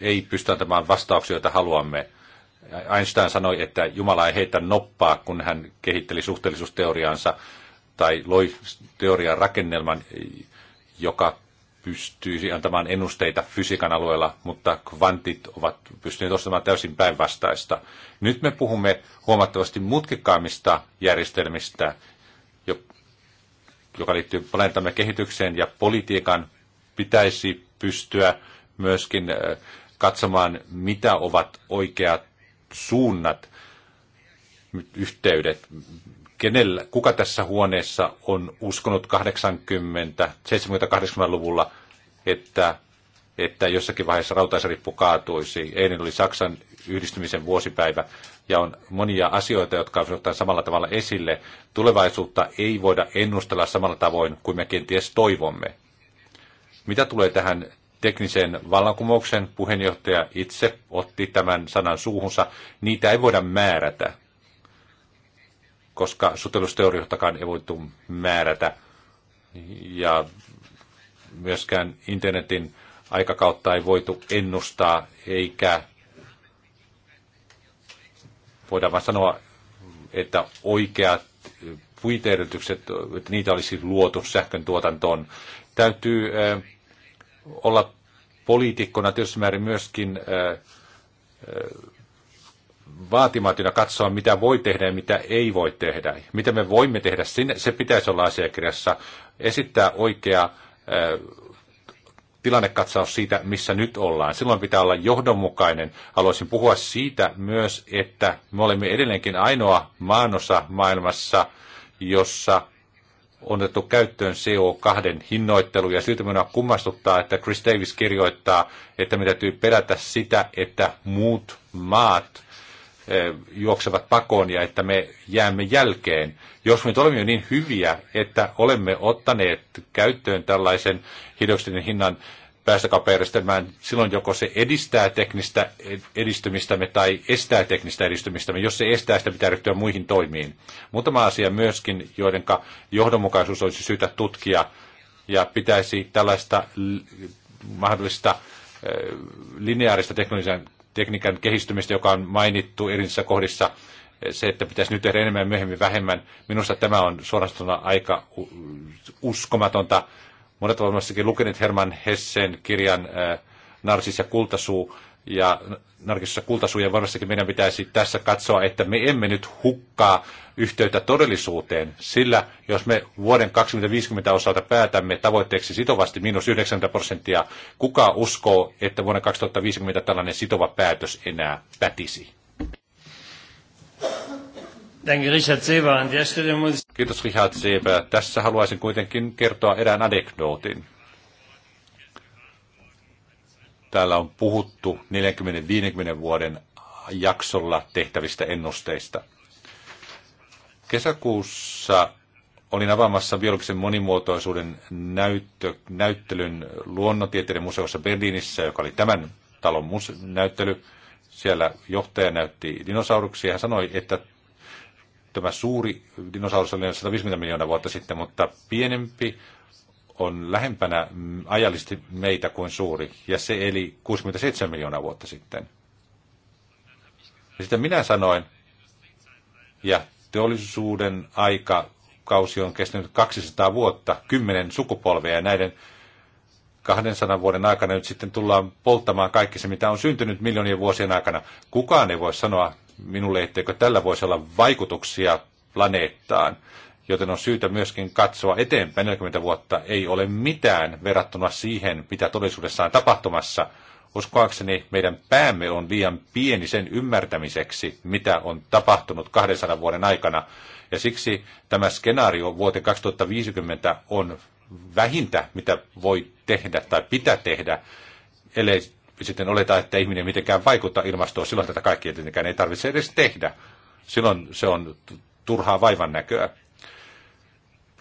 B: ei pysty antamaan vastauksia, joita haluamme. Einstein sanoi, että Jumala ei heitä noppaa, kun hän kehitteli suhteellisuusteoriaansa tai loi teorian rakennelman, joka pystyisi antamaan ennusteita fysiikan alueella, mutta kvantit ovat pystyneet ostamaan täysin päinvastaista. Nyt me puhumme huomattavasti mutkikkaammista järjestelmistä, joka liittyy planeettamme kehitykseen ja politiikan pitäisi pystyä myöskin katsomaan, mitä ovat oikeat suunnat, yhteydet kenellä, kuka tässä huoneessa on uskonut 80, 70-80-luvulla, että, että jossakin vaiheessa rautaisarippu kaatuisi. Eilen oli Saksan yhdistymisen vuosipäivä ja on monia asioita, jotka on samalla tavalla esille. Tulevaisuutta ei voida ennustella samalla tavoin kuin me kenties toivomme. Mitä tulee tähän teknisen vallankumouksen puheenjohtaja itse otti tämän sanan suuhunsa, niitä ei voida määrätä koska suhteellisuusteoriotakaan ei voitu määrätä. Ja myöskään internetin aikakautta ei voitu ennustaa, eikä voidaan vain sanoa, että oikeat puiteedellytykset, että niitä olisi luotu sähkön tuotantoon. Täytyy äh, olla poliitikkona tietysti määrin myöskin äh, äh, vaatimatina katsoa, mitä voi tehdä ja mitä ei voi tehdä. Mitä me voimme tehdä, se pitäisi olla asiakirjassa. Esittää oikea tilannekatsaus siitä, missä nyt ollaan. Silloin pitää olla johdonmukainen. Haluaisin puhua siitä myös, että me olemme edelleenkin ainoa maanosa maailmassa, jossa on otettu käyttöön CO2 hinnoittelu, ja siltä minua kummastuttaa, että Chris Davis kirjoittaa, että me täytyy pelätä sitä, että muut maat juoksevat pakoon ja että me jäämme jälkeen. Jos me nyt olemme jo niin hyviä, että olemme ottaneet käyttöön tällaisen hidoksidin hinnan päästökauppajärjestelmään silloin joko se edistää teknistä edistymistämme tai estää teknistä edistymistämme. Jos se estää, sitä pitää ryhtyä muihin toimiin. Muutama asia myöskin, joiden johdonmukaisuus olisi syytä tutkia ja pitäisi tällaista mahdollista lineaarista teknologian tekniikan kehistymistä, joka on mainittu erillisissä kohdissa, eh, se, että pitäisi nyt tehdä enemmän ja myöhemmin vähemmän. Minusta tämä on suorastaan aika uskomatonta. Monet ovat lukeneet Herman Hessen kirjan eh, Narsis ja kultasuu, ja narkissa kultasuojan varmassakin meidän pitäisi tässä katsoa, että me emme nyt hukkaa yhteyttä todellisuuteen, sillä jos me vuoden 2050 osalta päätämme tavoitteeksi sitovasti miinus 90 prosenttia, kuka uskoo, että vuonna 2050 tällainen sitova päätös enää pätisi? Kiitos Richard Seber. Tässä haluaisin kuitenkin kertoa erään anekdootin. Täällä on puhuttu 40-50 vuoden jaksolla tehtävistä ennusteista. Kesäkuussa olin avaamassa biologisen monimuotoisuuden näyttö, näyttelyn luonnontieteiden museossa Berliinissä, joka oli tämän talon näyttely. Siellä johtaja näytti dinosauruksia ja hän sanoi, että tämä suuri dinosaurus oli 150 miljoonaa vuotta sitten, mutta pienempi on lähempänä ajallisesti meitä kuin suuri, ja se eli 67 miljoonaa vuotta sitten. Ja sitten minä sanoin, ja teollisuuden aika kausi on kestänyt 200 vuotta, 10 sukupolvea, ja näiden 200 vuoden aikana nyt sitten tullaan polttamaan kaikki se, mitä on syntynyt miljoonien vuosien aikana. Kukaan ei voi sanoa minulle, etteikö tällä voisi olla vaikutuksia planeettaan joten on syytä myöskin katsoa eteenpäin 40 vuotta. Ei ole mitään verrattuna siihen, mitä todellisuudessa on tapahtumassa. Uskoakseni meidän päämme on liian pieni sen ymmärtämiseksi, mitä on tapahtunut 200 vuoden aikana. Ja siksi tämä skenaario vuoteen 2050 on vähintä, mitä voi tehdä tai pitää tehdä, ellei sitten oleta, että ihminen mitenkään vaikuttaa ilmastoon. Silloin tätä kaikkea tietenkään ei tarvitse edes tehdä. Silloin se on turhaa vaivan näköä.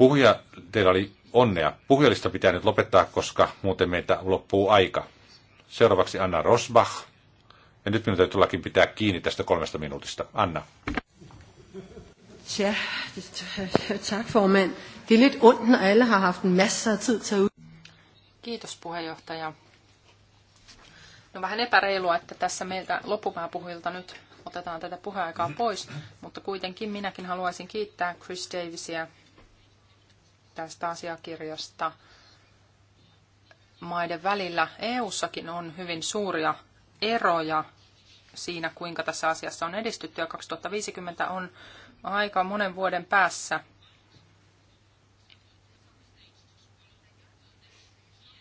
B: Puhuja, teillä oli onnea. Puhujalista pitää nyt lopettaa, koska muuten meitä loppuu aika. Seuraavaksi Anna Rosbach. Ja nyt minun täytyy tullakin pitää kiinni tästä kolmesta minuutista. Anna.
C: Er
D: Kiitos puheenjohtaja. No vähän epäreilua, että tässä meiltä puhujilta nyt otetaan tätä puheaikaa pois, mutta kuitenkin minäkin haluaisin kiittää Chris Davisia tästä asiakirjasta maiden välillä. EUssakin on hyvin suuria eroja siinä, kuinka tässä asiassa on edistytty, ja 2050 on aika monen vuoden päässä.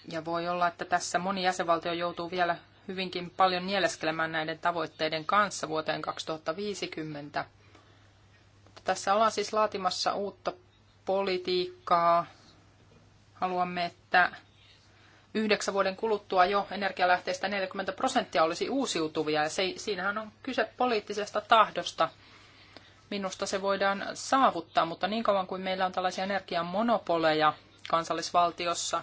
D: Ja voi olla, että tässä moni jäsenvaltio joutuu vielä hyvinkin paljon nieleskelemään näiden tavoitteiden kanssa vuoteen 2050. Mutta tässä ollaan siis laatimassa uutta politiikkaa. Haluamme, että yhdeksän vuoden kuluttua jo energialähteistä 40 prosenttia olisi uusiutuvia. Ja se, siinähän on kyse poliittisesta tahdosta. Minusta se voidaan saavuttaa, mutta niin kauan kuin meillä on tällaisia energian monopoleja kansallisvaltiossa,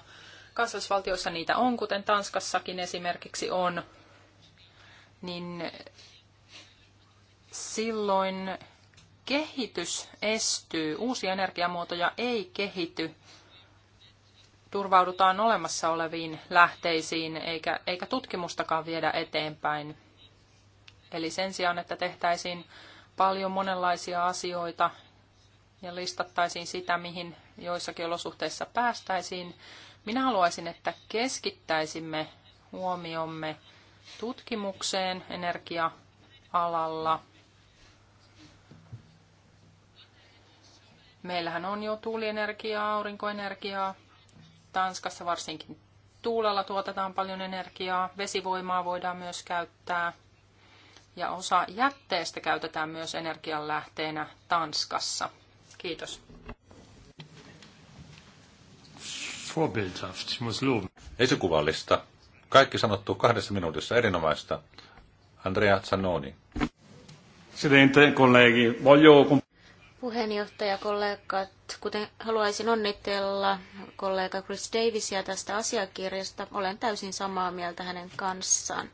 D: kansallisvaltiossa niitä on, kuten Tanskassakin esimerkiksi on, niin silloin kehitys estyy, uusia energiamuotoja ei kehity, turvaudutaan olemassa oleviin lähteisiin eikä, eikä tutkimustakaan viedä eteenpäin. Eli sen sijaan, että tehtäisiin paljon monenlaisia asioita ja listattaisiin sitä, mihin joissakin olosuhteissa päästäisiin, minä haluaisin, että keskittäisimme huomiomme tutkimukseen energia-alalla – Meillähän on jo tuulienergiaa, aurinkoenergiaa. Tanskassa varsinkin tuulella tuotetaan paljon energiaa. Vesivoimaa voidaan myös käyttää. Ja osa jätteestä käytetään myös energianlähteenä Tanskassa. Kiitos.
B: Vorbildhaft, ich muss loben. Esikuvallista. Kaikki sanottu kahdessa minuutissa erinomaista. Andrea Zanoni. Presidente,
A: colleghi, voglio
C: puheenjohtaja, kollegat, kuten haluaisin onnitella kollega Chris Davisia tästä asiakirjasta, olen täysin samaa mieltä hänen kanssaan.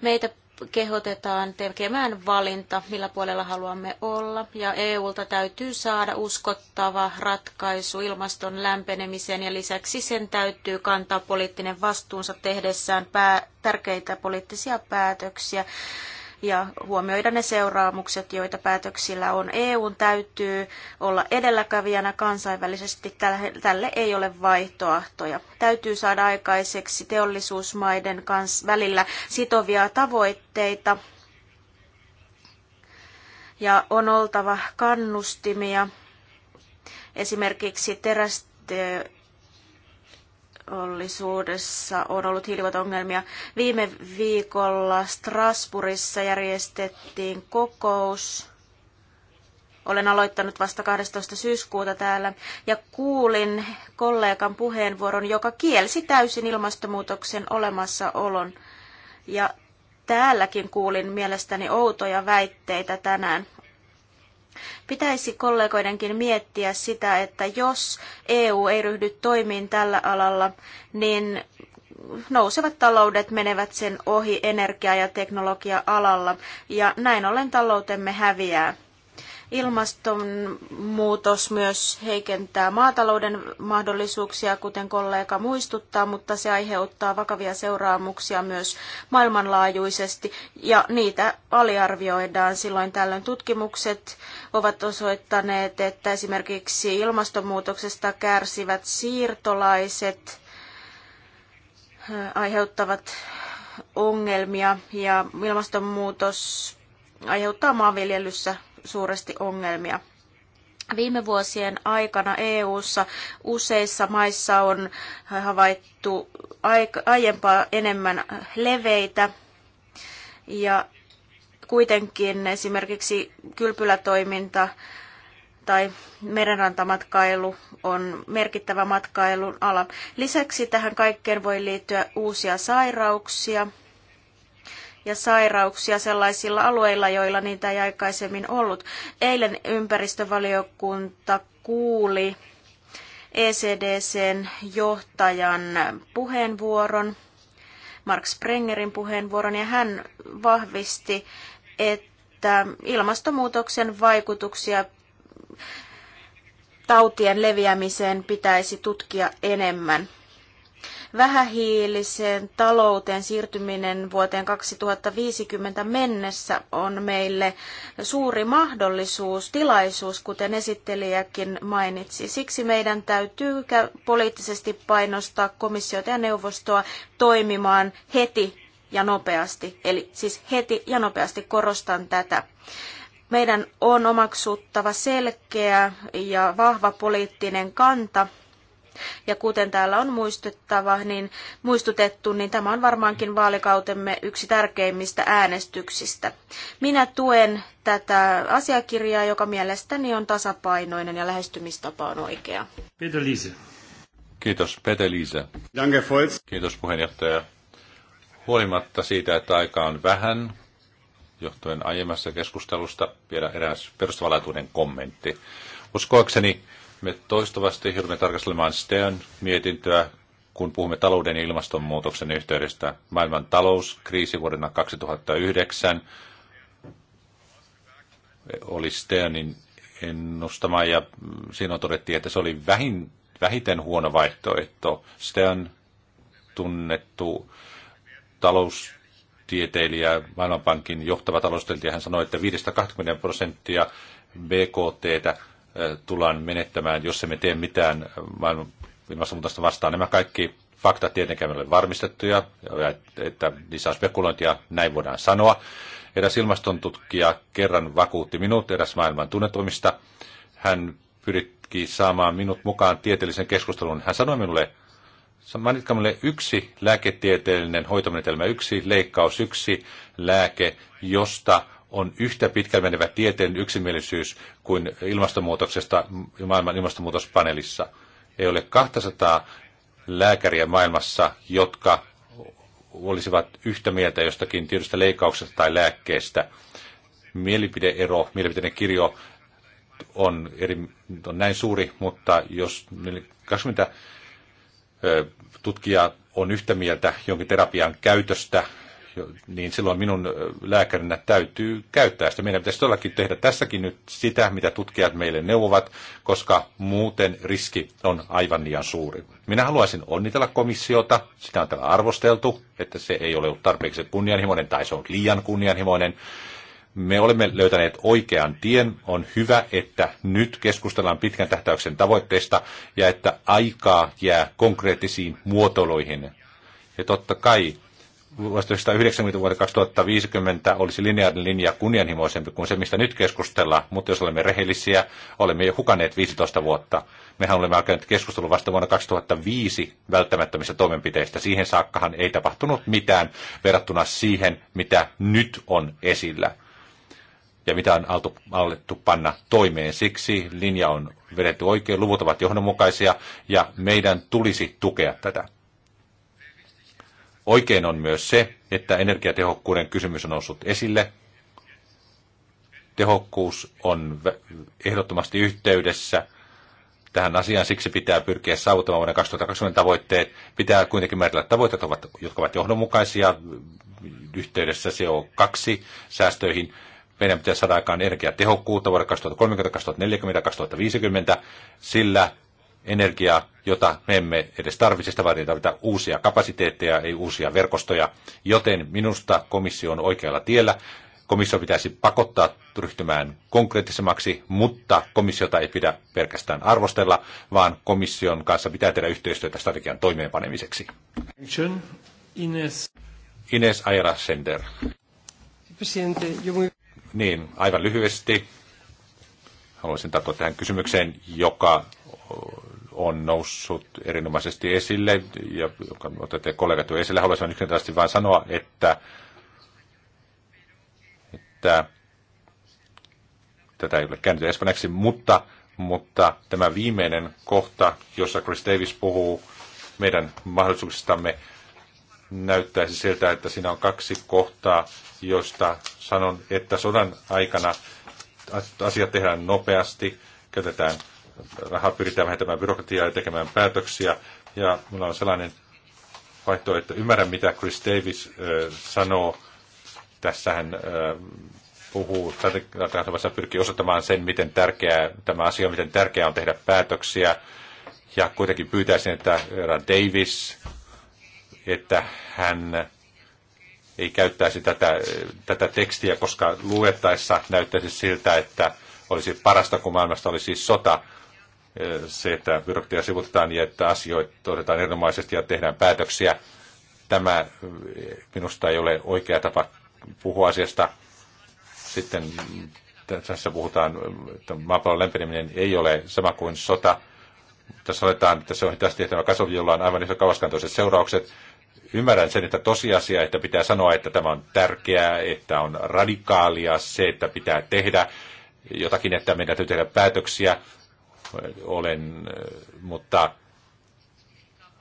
C: Meitä kehotetaan tekemään valinta, millä puolella haluamme olla, ja EUlta täytyy saada uskottava ratkaisu ilmaston lämpenemiseen, ja lisäksi sen täytyy kantaa poliittinen vastuunsa tehdessään tärkeitä poliittisia päätöksiä ja huomioida ne seuraamukset, joita päätöksillä on. EUn täytyy olla edelläkävijänä kansainvälisesti. Tälle ei ole vaihtoehtoja. Täytyy saada aikaiseksi teollisuusmaiden kanssa välillä sitovia tavoitteita ja on oltava kannustimia esimerkiksi teräste, teollisuudessa on ollut hiilivuoto-ongelmia. Viime viikolla Strasbourgissa järjestettiin kokous. Olen aloittanut vasta 12. syyskuuta täällä ja kuulin kollegan puheenvuoron, joka kielsi täysin ilmastonmuutoksen olemassaolon. Ja täälläkin kuulin mielestäni outoja väitteitä tänään. Pitäisi kollegoidenkin miettiä sitä, että jos EU ei ryhdy toimiin tällä alalla, niin nousevat taloudet menevät sen ohi energia- ja teknologia-alalla, ja näin ollen taloutemme häviää. Ilmastonmuutos myös heikentää maatalouden mahdollisuuksia, kuten kollega muistuttaa, mutta se aiheuttaa vakavia seuraamuksia myös maailmanlaajuisesti, ja niitä aliarvioidaan silloin tällöin. Tutkimukset ovat osoittaneet, että esimerkiksi ilmastonmuutoksesta kärsivät siirtolaiset äh, aiheuttavat ongelmia ja ilmastonmuutos aiheuttaa maanviljelyssä suuresti ongelmia. Viime vuosien aikana EU:ssa useissa maissa on havaittu aiempaa enemmän leveitä ja kuitenkin esimerkiksi kylpylätoiminta tai merenrantamatkailu on merkittävä matkailun ala. Lisäksi tähän kaikkeen voi liittyä uusia sairauksia, ja sairauksia sellaisilla alueilla, joilla niitä ei aikaisemmin ollut. Eilen ympäristövaliokunta kuuli ECDCn johtajan puheenvuoron, Mark Sprengerin puheenvuoron, ja hän vahvisti, että ilmastonmuutoksen vaikutuksia tautien leviämiseen pitäisi tutkia enemmän vähähiiliseen talouteen siirtyminen vuoteen 2050 mennessä on meille suuri mahdollisuus, tilaisuus, kuten esittelijäkin mainitsi. Siksi meidän täytyy poliittisesti painostaa komissiota ja neuvostoa toimimaan heti ja nopeasti. Eli siis heti ja nopeasti korostan tätä. Meidän on omaksuttava selkeä ja vahva poliittinen kanta ja kuten täällä on muistettava, niin muistutettu, niin tämä on varmaankin vaalikautemme yksi tärkeimmistä äänestyksistä. Minä tuen tätä asiakirjaa, joka mielestäni on tasapainoinen ja lähestymistapa on oikea.
B: Peter Liese. Kiitos, Peter Liese. Danke, Kiitos puheenjohtaja. Huolimatta siitä, että aika on vähän, johtuen aiemmasta keskustelusta vielä eräs perustavanlaatuinen kommentti. Uskoakseni me toistuvasti joudumme tarkastelemaan Stern mietintöä, kun puhumme talouden ja ilmastonmuutoksen yhteydestä. Maailman talouskriisi vuodena 2009 oli Sternin ennustama ja siinä todettiin, että se oli vähin, vähiten huono vaihtoehto. Stern tunnettu taloustieteilijä, Maailmanpankin johtava taloustieteilijä, hän sanoi, että 5-20 prosenttia BKT tullaan menettämään, jos emme tee mitään ilmastonmuutosta vastaan. Nämä kaikki faktat tietenkään ole varmistettuja, että niissä on spekulointia, näin voidaan sanoa. Eräs ilmastontutkija kerran vakuutti minut, eräs maailman tunnetumista. Hän pyrki saamaan minut mukaan tieteellisen keskustelun. Hän sanoi minulle, mainitkaa minulle yksi lääketieteellinen hoitomenetelmä, yksi leikkaus, yksi lääke, josta on yhtä pitkälle menevä tieteen yksimielisyys kuin ilmastonmuutoksesta maailman ilmastonmuutospaneelissa. Ei ole 200 lääkäriä maailmassa, jotka olisivat yhtä mieltä jostakin tietystä leikkauksesta tai lääkkeestä. Mielipideero, mielipiteiden kirjo on, eri, on näin suuri, mutta jos 20 tutkijaa on yhtä mieltä jonkin terapian käytöstä, niin silloin minun lääkärinä täytyy käyttää sitä. Meidän pitäisi todellakin tehdä tässäkin nyt sitä, mitä tutkijat meille neuvovat, koska muuten riski on aivan liian suuri. Minä haluaisin onnitella komissiota. Sitä on täällä arvosteltu, että se ei ole ollut tarpeeksi kunnianhimoinen tai se on liian kunnianhimoinen. Me olemme löytäneet oikean tien. On hyvä, että nyt keskustellaan pitkän tähtäyksen tavoitteista ja että aikaa jää konkreettisiin muotoiluihin. Ja totta kai vuodesta 1990 vuoteen 2050 olisi lineaarinen linja kunnianhimoisempi kuin se, mistä nyt keskustellaan, mutta jos olemme rehellisiä, olemme jo hukaneet 15 vuotta. Mehän olemme alkaneet keskustelua vasta vuonna 2005 välttämättömistä toimenpiteistä. Siihen saakkahan ei tapahtunut mitään verrattuna siihen, mitä nyt on esillä ja mitä on altu, alettu panna toimeen. Siksi linja on vedetty oikein, luvut ovat johdonmukaisia ja meidän tulisi tukea tätä. Oikein on myös se, että energiatehokkuuden kysymys on noussut esille. Tehokkuus on ehdottomasti yhteydessä tähän asiaan, siksi pitää pyrkiä saavuttamaan vuoden 2020 tavoitteet. Pitää kuitenkin määritellä tavoitteet, jotka ovat johdonmukaisia yhteydessä CO2-säästöihin. Meidän pitää saada aikaan energiatehokkuutta vuoden 2030, 2040, 2050, sillä energiaa, jota me emme edes tarvitse, sitä vaan tarvita uusia kapasiteetteja, ei uusia verkostoja. Joten minusta komissio on oikealla tiellä. Komissio pitäisi pakottaa ryhtymään konkreettisemmaksi, mutta komissiota ei pidä pelkästään arvostella, vaan komission kanssa pitää tehdä yhteistyötä strategian toimeenpanemiseksi. Ines. Ines Aira Sender. Niin, aivan lyhyesti. Haluaisin tarttua tähän kysymykseen, joka on noussut erinomaisesti esille, ja joka otatte kollegat jo esille, haluaisin yksinkertaisesti vain sanoa, että, että tätä ei ole käännetty espanjaksi, mutta, mutta tämä viimeinen kohta, jossa Chris Davis puhuu meidän mahdollisuuksistamme, näyttäisi siltä, että siinä on kaksi kohtaa, joista sanon, että sodan aikana asiat tehdään nopeasti, käytetään rahaa pyritään vähentämään byrokratiaa ja tekemään päätöksiä. Ja minulla on sellainen vaihtoehto, että ymmärrän mitä Chris Davis äh, sanoo. hän äh, puhuu, tässä pyrkii osoittamaan sen, miten tärkeää tämä asia, on, miten tärkeää on tehdä päätöksiä. Ja kuitenkin pyytäisin, että Davis, että hän ei käyttäisi tätä, tätä tekstiä, koska luettaessa näyttäisi siltä, että olisi parasta, kun maailmasta olisi siis sota se, että byrokratia sivutetaan ja että asioita todetaan erinomaisesti ja tehdään päätöksiä. Tämä eh, minusta ei ole oikea tapa puhua asiasta. Sitten tässä puhutaan, että maapallon lämpeneminen ei ole sama kuin sota. Tässä sanotaan, että se on hitaasti tehtävä kasvu, jolla on aivan yhtä kauaskantoiset seuraukset. Ymmärrän sen, että tosiasia, että pitää sanoa, että tämä on tärkeää, että on radikaalia se, että pitää tehdä jotakin, että meidän täytyy tehdä päätöksiä, olen, mutta,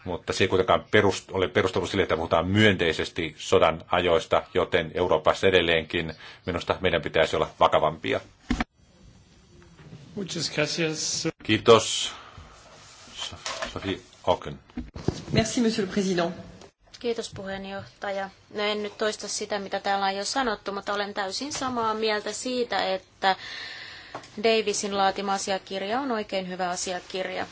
B: mutta se ei kuitenkaan perust, ole perustunut sille, että puhutaan myönteisesti sodan ajoista, joten Euroopassa edelleenkin minusta meidän pitäisi olla vakavampia.
A: Kiitos. Sophie Hawken.
D: Merci, monsieur le président.
C: Kiitos puheenjohtaja. No en nyt toista sitä, mitä täällä on jo sanottu, mutta olen täysin samaa mieltä siitä, että Davisin laatima asiakirja on oikein hyvä asiakirja.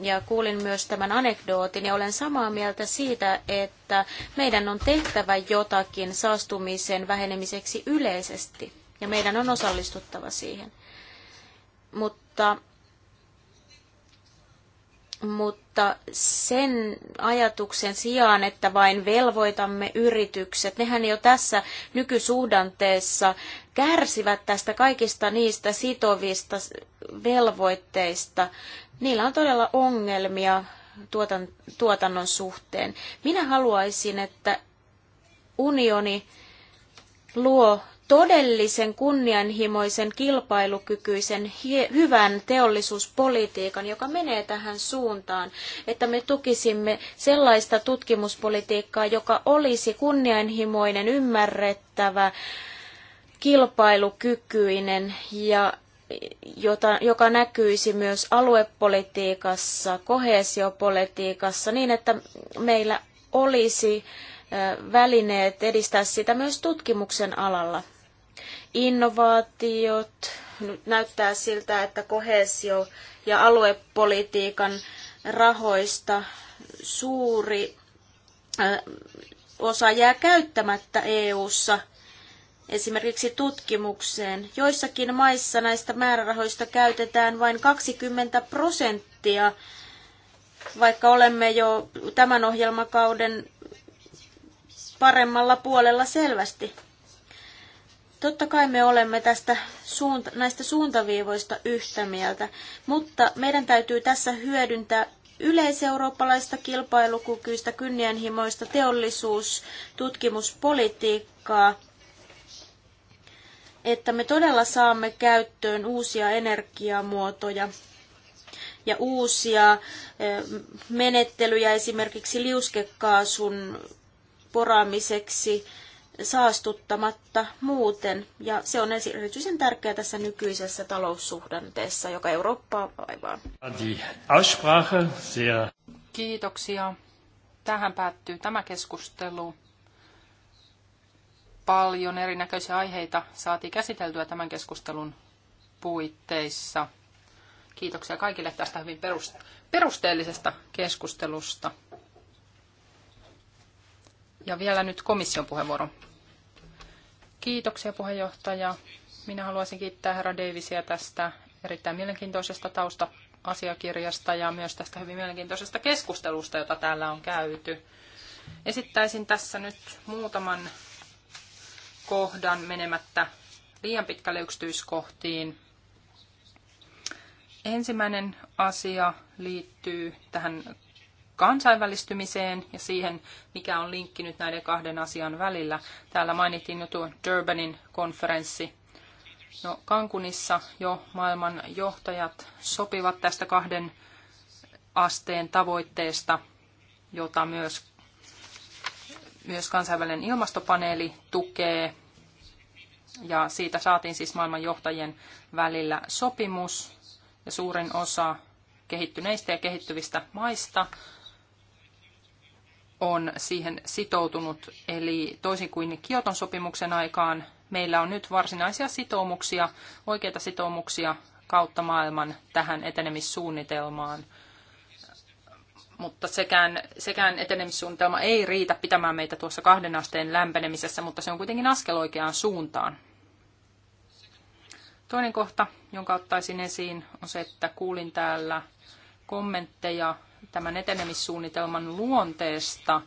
C: Ja kuulin myös tämän anekdootin ja olen samaa mieltä siitä, että meidän on tehtävä jotakin saastumisen vähenemiseksi yleisesti ja meidän on osallistuttava siihen. Mutta mutta sen ajatuksen sijaan, että vain velvoitamme yritykset, nehän jo tässä nykysuhdanteessa kärsivät tästä kaikista niistä sitovista velvoitteista. Niillä on todella ongelmia tuotan, tuotannon suhteen. Minä haluaisin, että unioni luo todellisen kunnianhimoisen, kilpailukykyisen, hyvän teollisuuspolitiikan, joka menee tähän suuntaan, että me tukisimme sellaista tutkimuspolitiikkaa, joka olisi kunnianhimoinen, ymmärrettävä, kilpailukykyinen ja jota, joka näkyisi myös aluepolitiikassa, koheesiopolitiikassa, niin, että meillä olisi välineet edistää sitä myös tutkimuksen alalla innovaatiot. Nyt näyttää siltä, että kohesio- ja aluepolitiikan rahoista suuri osa jää käyttämättä EU:ssa esimerkiksi tutkimukseen. Joissakin maissa näistä määrärahoista käytetään vain 20 prosenttia, vaikka olemme jo tämän ohjelmakauden paremmalla puolella selvästi. Totta kai me olemme tästä suunta, näistä suuntaviivoista yhtä mieltä, mutta meidän täytyy tässä hyödyntää yleiseurooppalaista kilpailukykyistä, kunnianhimoista teollisuus, tutkimuspolitiikkaa, että me todella saamme käyttöön uusia energiamuotoja ja uusia eh, menettelyjä esimerkiksi liuskekaasun poraamiseksi saastuttamatta muuten, ja se on erityisen tärkeää tässä nykyisessä taloussuhdanteessa, joka Eurooppaa vaivaa.
D: Kiitoksia. Tähän päättyy tämä keskustelu. Paljon erinäköisiä aiheita saatiin käsiteltyä tämän keskustelun puitteissa. Kiitoksia kaikille tästä hyvin perusteellisesta keskustelusta. Ja vielä nyt komission puheenvuoro. Kiitoksia puheenjohtaja. Minä haluaisin kiittää herra Davisia tästä erittäin mielenkiintoisesta tausta-asiakirjasta ja myös tästä hyvin mielenkiintoisesta keskustelusta, jota täällä on käyty. Esittäisin tässä nyt muutaman kohdan menemättä liian pitkälle yksityiskohtiin. Ensimmäinen asia liittyy tähän kansainvälistymiseen ja siihen, mikä on linkki nyt näiden kahden asian välillä. Täällä mainittiin jo tuo Durbanin konferenssi. No, Kankunissa jo maailman johtajat sopivat tästä kahden asteen tavoitteesta, jota myös, myös kansainvälinen ilmastopaneeli tukee. Ja siitä saatiin siis maailman johtajien välillä sopimus, ja suurin osa kehittyneistä ja kehittyvistä maista on siihen sitoutunut. Eli toisin kuin Kioton sopimuksen aikaan, meillä on nyt varsinaisia sitoumuksia, oikeita sitoumuksia kautta maailman tähän etenemissuunnitelmaan. Mutta sekään, sekään etenemissuunnitelma ei riitä pitämään meitä tuossa kahden asteen lämpenemisessä, mutta se on kuitenkin askel oikeaan suuntaan. Toinen kohta, jonka ottaisin esiin, on se, että kuulin täällä kommentteja tämän etenemissuunnitelman luonteesta.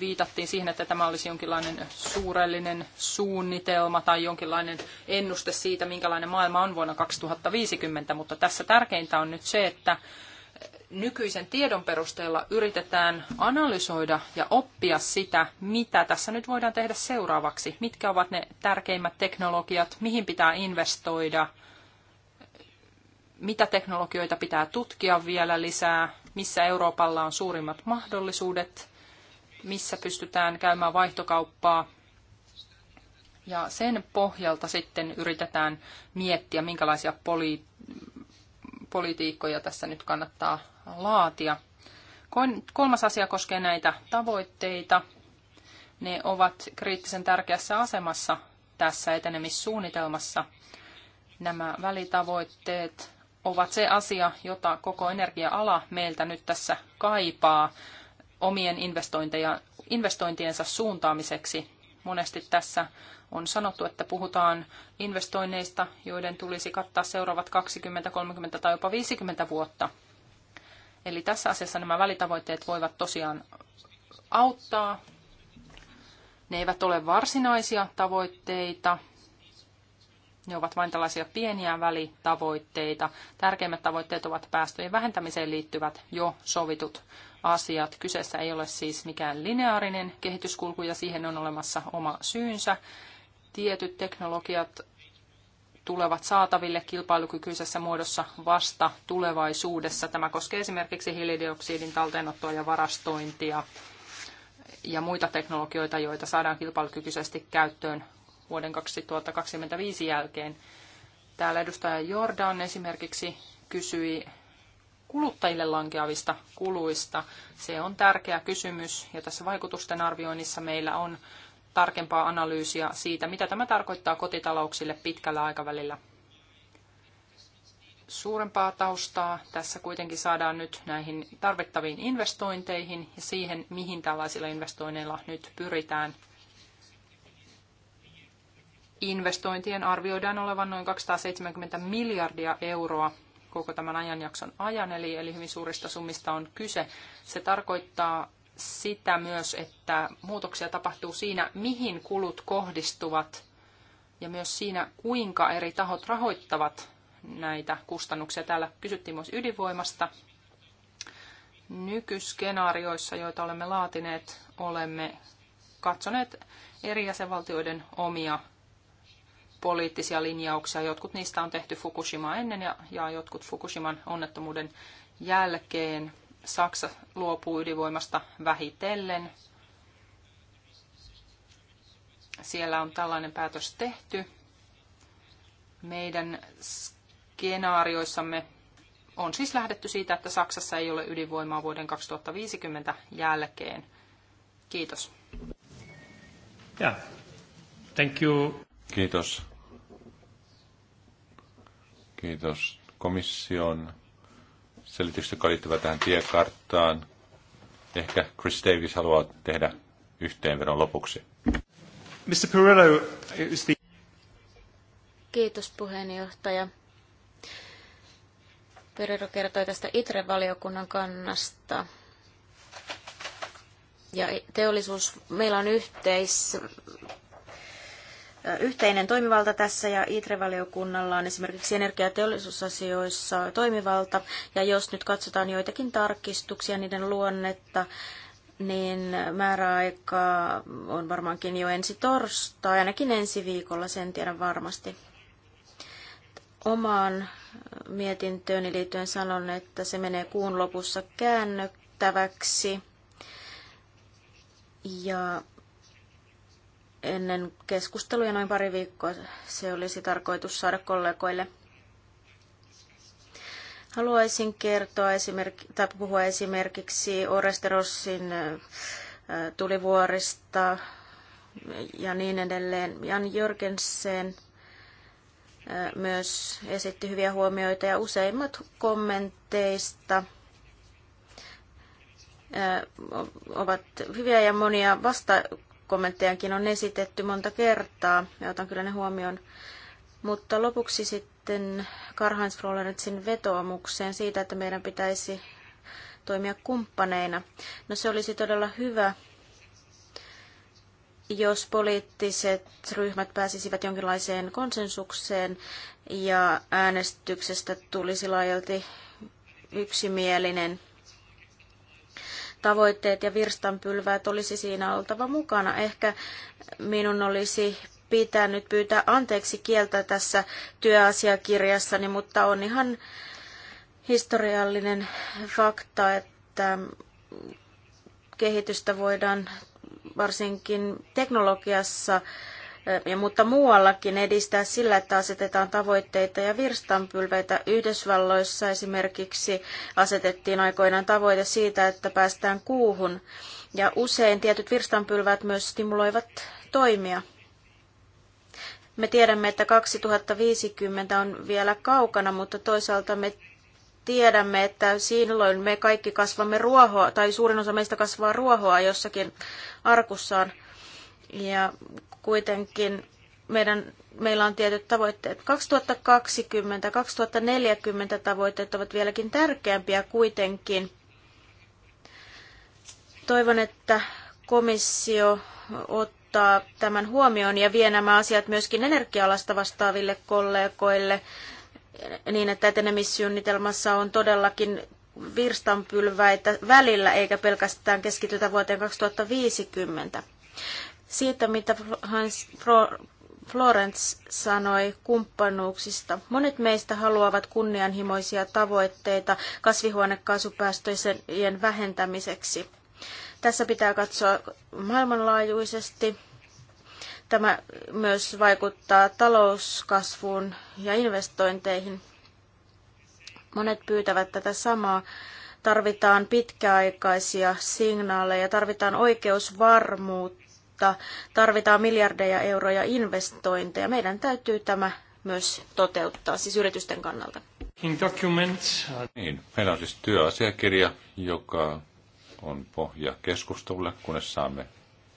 D: Viitattiin siihen, että tämä olisi jonkinlainen suurellinen suunnitelma tai jonkinlainen ennuste siitä, minkälainen maailma on vuonna 2050, mutta tässä tärkeintä on nyt se, että nykyisen tiedon perusteella yritetään analysoida ja oppia sitä, mitä tässä nyt voidaan tehdä seuraavaksi, mitkä ovat ne tärkeimmät teknologiat, mihin pitää investoida – mitä teknologioita pitää tutkia vielä lisää, missä Euroopalla on suurimmat mahdollisuudet, missä pystytään käymään vaihtokauppaa. Ja sen pohjalta sitten yritetään miettiä, minkälaisia poli- politiikkoja tässä nyt kannattaa laatia. Kolmas asia koskee näitä tavoitteita. Ne ovat kriittisen tärkeässä asemassa tässä etenemissuunnitelmassa. Nämä välitavoitteet ovat se asia, jota koko energia-ala meiltä nyt tässä kaipaa omien investointiensa suuntaamiseksi. Monesti tässä on sanottu, että puhutaan investoinneista, joiden tulisi kattaa seuraavat 20, 30 tai jopa 50 vuotta. Eli tässä asiassa nämä välitavoitteet voivat tosiaan auttaa. Ne eivät ole varsinaisia tavoitteita, ne ovat vain tällaisia pieniä välitavoitteita. Tärkeimmät tavoitteet ovat päästöjen vähentämiseen liittyvät jo sovitut asiat. Kyseessä ei ole siis mikään lineaarinen kehityskulku ja siihen on olemassa oma syynsä. Tietyt teknologiat tulevat saataville kilpailukykyisessä muodossa vasta tulevaisuudessa. Tämä koskee esimerkiksi hiilidioksidin talteenottoa ja varastointia ja muita teknologioita, joita saadaan kilpailukykyisesti käyttöön vuoden 2025 jälkeen. Täällä edustaja Jordan esimerkiksi kysyi kuluttajille lankeavista kuluista. Se on tärkeä kysymys ja tässä vaikutusten arvioinnissa meillä on tarkempaa analyysiä siitä, mitä tämä tarkoittaa kotitalouksille pitkällä aikavälillä. Suurempaa taustaa tässä kuitenkin saadaan nyt näihin tarvittaviin investointeihin ja siihen, mihin tällaisilla investoinneilla nyt pyritään – investointien arvioidaan olevan noin 270 miljardia euroa koko tämän ajanjakson ajan, eli, eli hyvin suurista summista on kyse. Se tarkoittaa sitä myös, että muutoksia tapahtuu siinä, mihin kulut kohdistuvat ja myös siinä, kuinka eri tahot rahoittavat näitä kustannuksia. Täällä kysyttiin myös ydinvoimasta. Nykyskenaarioissa, joita olemme laatineet, olemme katsoneet eri jäsenvaltioiden omia poliittisia linjauksia. Jotkut niistä on tehty Fukushima ennen ja, ja jotkut Fukushiman onnettomuuden jälkeen. Saksa luopuu ydinvoimasta vähitellen. Siellä on tällainen päätös tehty. Meidän skenaarioissamme on siis lähdetty siitä, että Saksassa ei ole ydinvoimaa vuoden 2050 jälkeen. Kiitos.
A: Ja, thank you. Kiitos.
B: Kiitos komission selitykset, jotka liittyvät tähän tiekarttaan. Ehkä Chris Davis haluaa tehdä yhteenvedon lopuksi.
A: Mr. Perillo, the...
C: Kiitos puheenjohtaja. Perillo kertoi tästä ITRE-valiokunnan kannasta. Ja teollisuus, meillä on yhteis yhteinen toimivalta tässä ja ITRE-valiokunnalla on esimerkiksi energia- ja teollisuusasioissa toimivalta. Ja jos nyt katsotaan joitakin tarkistuksia, niiden luonnetta, niin määräaika on varmaankin jo ensi torstai, ainakin ensi viikolla, sen tiedän varmasti. Omaan mietintööni liittyen sanon, että se menee kuun lopussa käännöttäväksi. Ja ennen keskusteluja noin pari viikkoa se olisi tarkoitus saada kollegoille. Haluaisin kertoa esimerk- tai puhua esimerkiksi Oresterossin tulivuorista ja niin edelleen. Jan Jörgensen myös esitti hyviä huomioita ja useimmat kommenteista ovat hyviä ja monia vasta kommenttejakin on esitetty monta kertaa ja otan kyllä ne huomioon. Mutta lopuksi sitten Karhans Florentzin vetoomukseen siitä, että meidän pitäisi toimia kumppaneina. No se olisi todella hyvä, jos poliittiset ryhmät pääsisivät jonkinlaiseen konsensukseen ja äänestyksestä tulisi laajalti yksimielinen tavoitteet ja virstanpylväät olisi siinä oltava mukana. Ehkä minun olisi pitänyt pyytää anteeksi kieltä tässä työasiakirjassani, mutta on ihan historiallinen fakta, että kehitystä voidaan varsinkin teknologiassa mutta muuallakin edistää sillä, että asetetaan tavoitteita ja virstanpylveitä. Yhdysvalloissa esimerkiksi asetettiin aikoinaan tavoite siitä, että päästään kuuhun. Ja usein tietyt virstanpylvät myös stimuloivat toimia. Me tiedämme, että 2050 on vielä kaukana, mutta toisaalta me tiedämme, että silloin me kaikki kasvamme ruohoa, tai suurin osa meistä kasvaa ruohoa jossakin arkussaan. Ja kuitenkin meidän, meillä on tietyt tavoitteet. 2020, 2040 tavoitteet ovat vieläkin tärkeämpiä kuitenkin. Toivon, että komissio ottaa tämän huomioon ja vie nämä asiat myöskin energialasta vastaaville kollegoille niin, että etenemissuunnitelmassa on todellakin virstanpylväitä välillä eikä pelkästään keskitytä vuoteen 2050 siitä, mitä Hans Florence sanoi kumppanuuksista. Monet meistä haluavat kunnianhimoisia tavoitteita kasvihuonekaasupäästöjen vähentämiseksi. Tässä pitää katsoa maailmanlaajuisesti. Tämä myös vaikuttaa talouskasvuun ja investointeihin. Monet pyytävät tätä samaa. Tarvitaan pitkäaikaisia signaaleja, tarvitaan oikeusvarmuutta mutta tarvitaan miljardeja euroja investointeja. Meidän täytyy tämä myös toteuttaa, siis yritysten kannalta.
B: Niin, meillä on siis työasiakirja, joka on pohja keskustelulle, kunnes saamme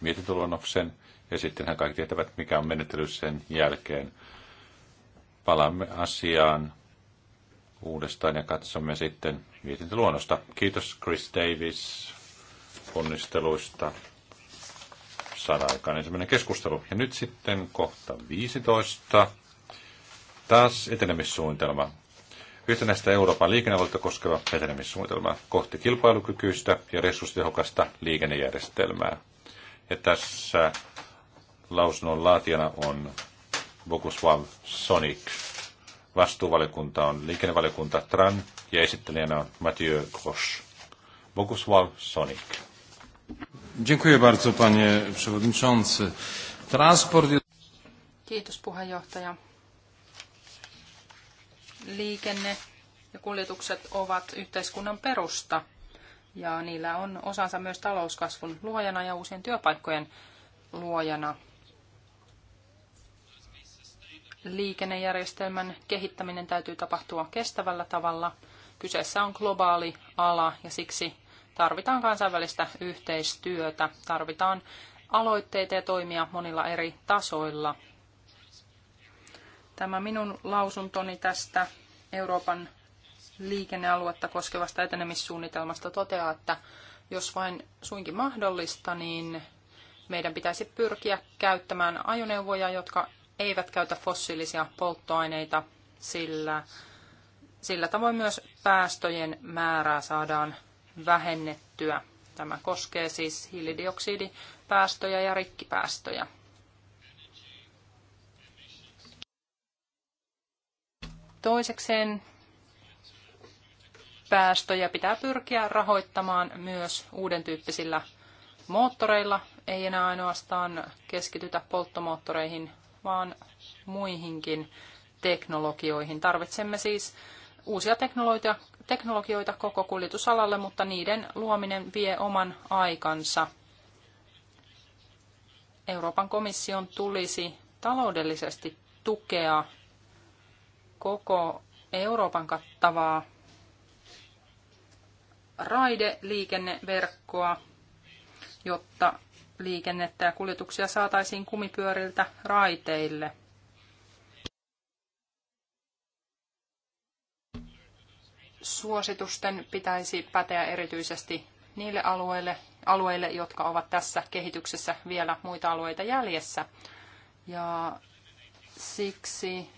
B: mietintöluonnoksen. Ja sittenhän kaikki tietävät, mikä on menettely sen jälkeen. Palaamme asiaan uudestaan ja katsomme sitten mietintöluonnosta. Kiitos Chris Davis onnisteluista saada aikaan ensimmäinen keskustelu. Ja nyt sitten kohta 15. Taas etenemissuunnitelma. Yhtenäistä Euroopan liikennevalta koskeva etenemissuunnitelma kohti kilpailukykyistä ja resurssitehokasta liikennejärjestelmää. Ja tässä lausunnon laatijana on Boguslav Sonic. Vastuuvaliokunta on liikennevaliokunta TRAN ja esittelijänä on Mathieu Grosch.
A: Boguslav Sonic. Dziękuję bardzo, panie przewodniczący. Transport...
D: Kiitos puheenjohtaja. Liikenne ja kuljetukset ovat yhteiskunnan perusta ja niillä on osansa myös talouskasvun luojana ja uusien työpaikkojen luojana. Liikennejärjestelmän kehittäminen täytyy tapahtua kestävällä tavalla. Kyseessä on globaali ala ja siksi tarvitaan kansainvälistä yhteistyötä, tarvitaan aloitteita ja toimia monilla eri tasoilla. Tämä minun lausuntoni tästä Euroopan liikennealuetta koskevasta etenemissuunnitelmasta toteaa, että jos vain suinkin mahdollista, niin meidän pitäisi pyrkiä käyttämään ajoneuvoja, jotka eivät käytä fossiilisia polttoaineita, sillä, sillä tavoin myös päästöjen määrää saadaan vähennettyä. Tämä koskee siis hiilidioksidipäästöjä ja rikkipäästöjä. Toisekseen päästöjä pitää pyrkiä rahoittamaan myös uuden tyyppisillä moottoreilla. Ei enää ainoastaan keskitytä polttomoottoreihin, vaan muihinkin teknologioihin. Tarvitsemme siis uusia teknologioita, teknologioita koko kuljetusalalle, mutta niiden luominen vie oman aikansa. Euroopan komission tulisi taloudellisesti tukea koko Euroopan kattavaa raideliikenneverkkoa, jotta liikennettä ja kuljetuksia saataisiin kumipyöriltä raiteille – suositusten pitäisi päteä erityisesti niille alueille, alueille, jotka ovat tässä kehityksessä vielä muita alueita jäljessä. Ja siksi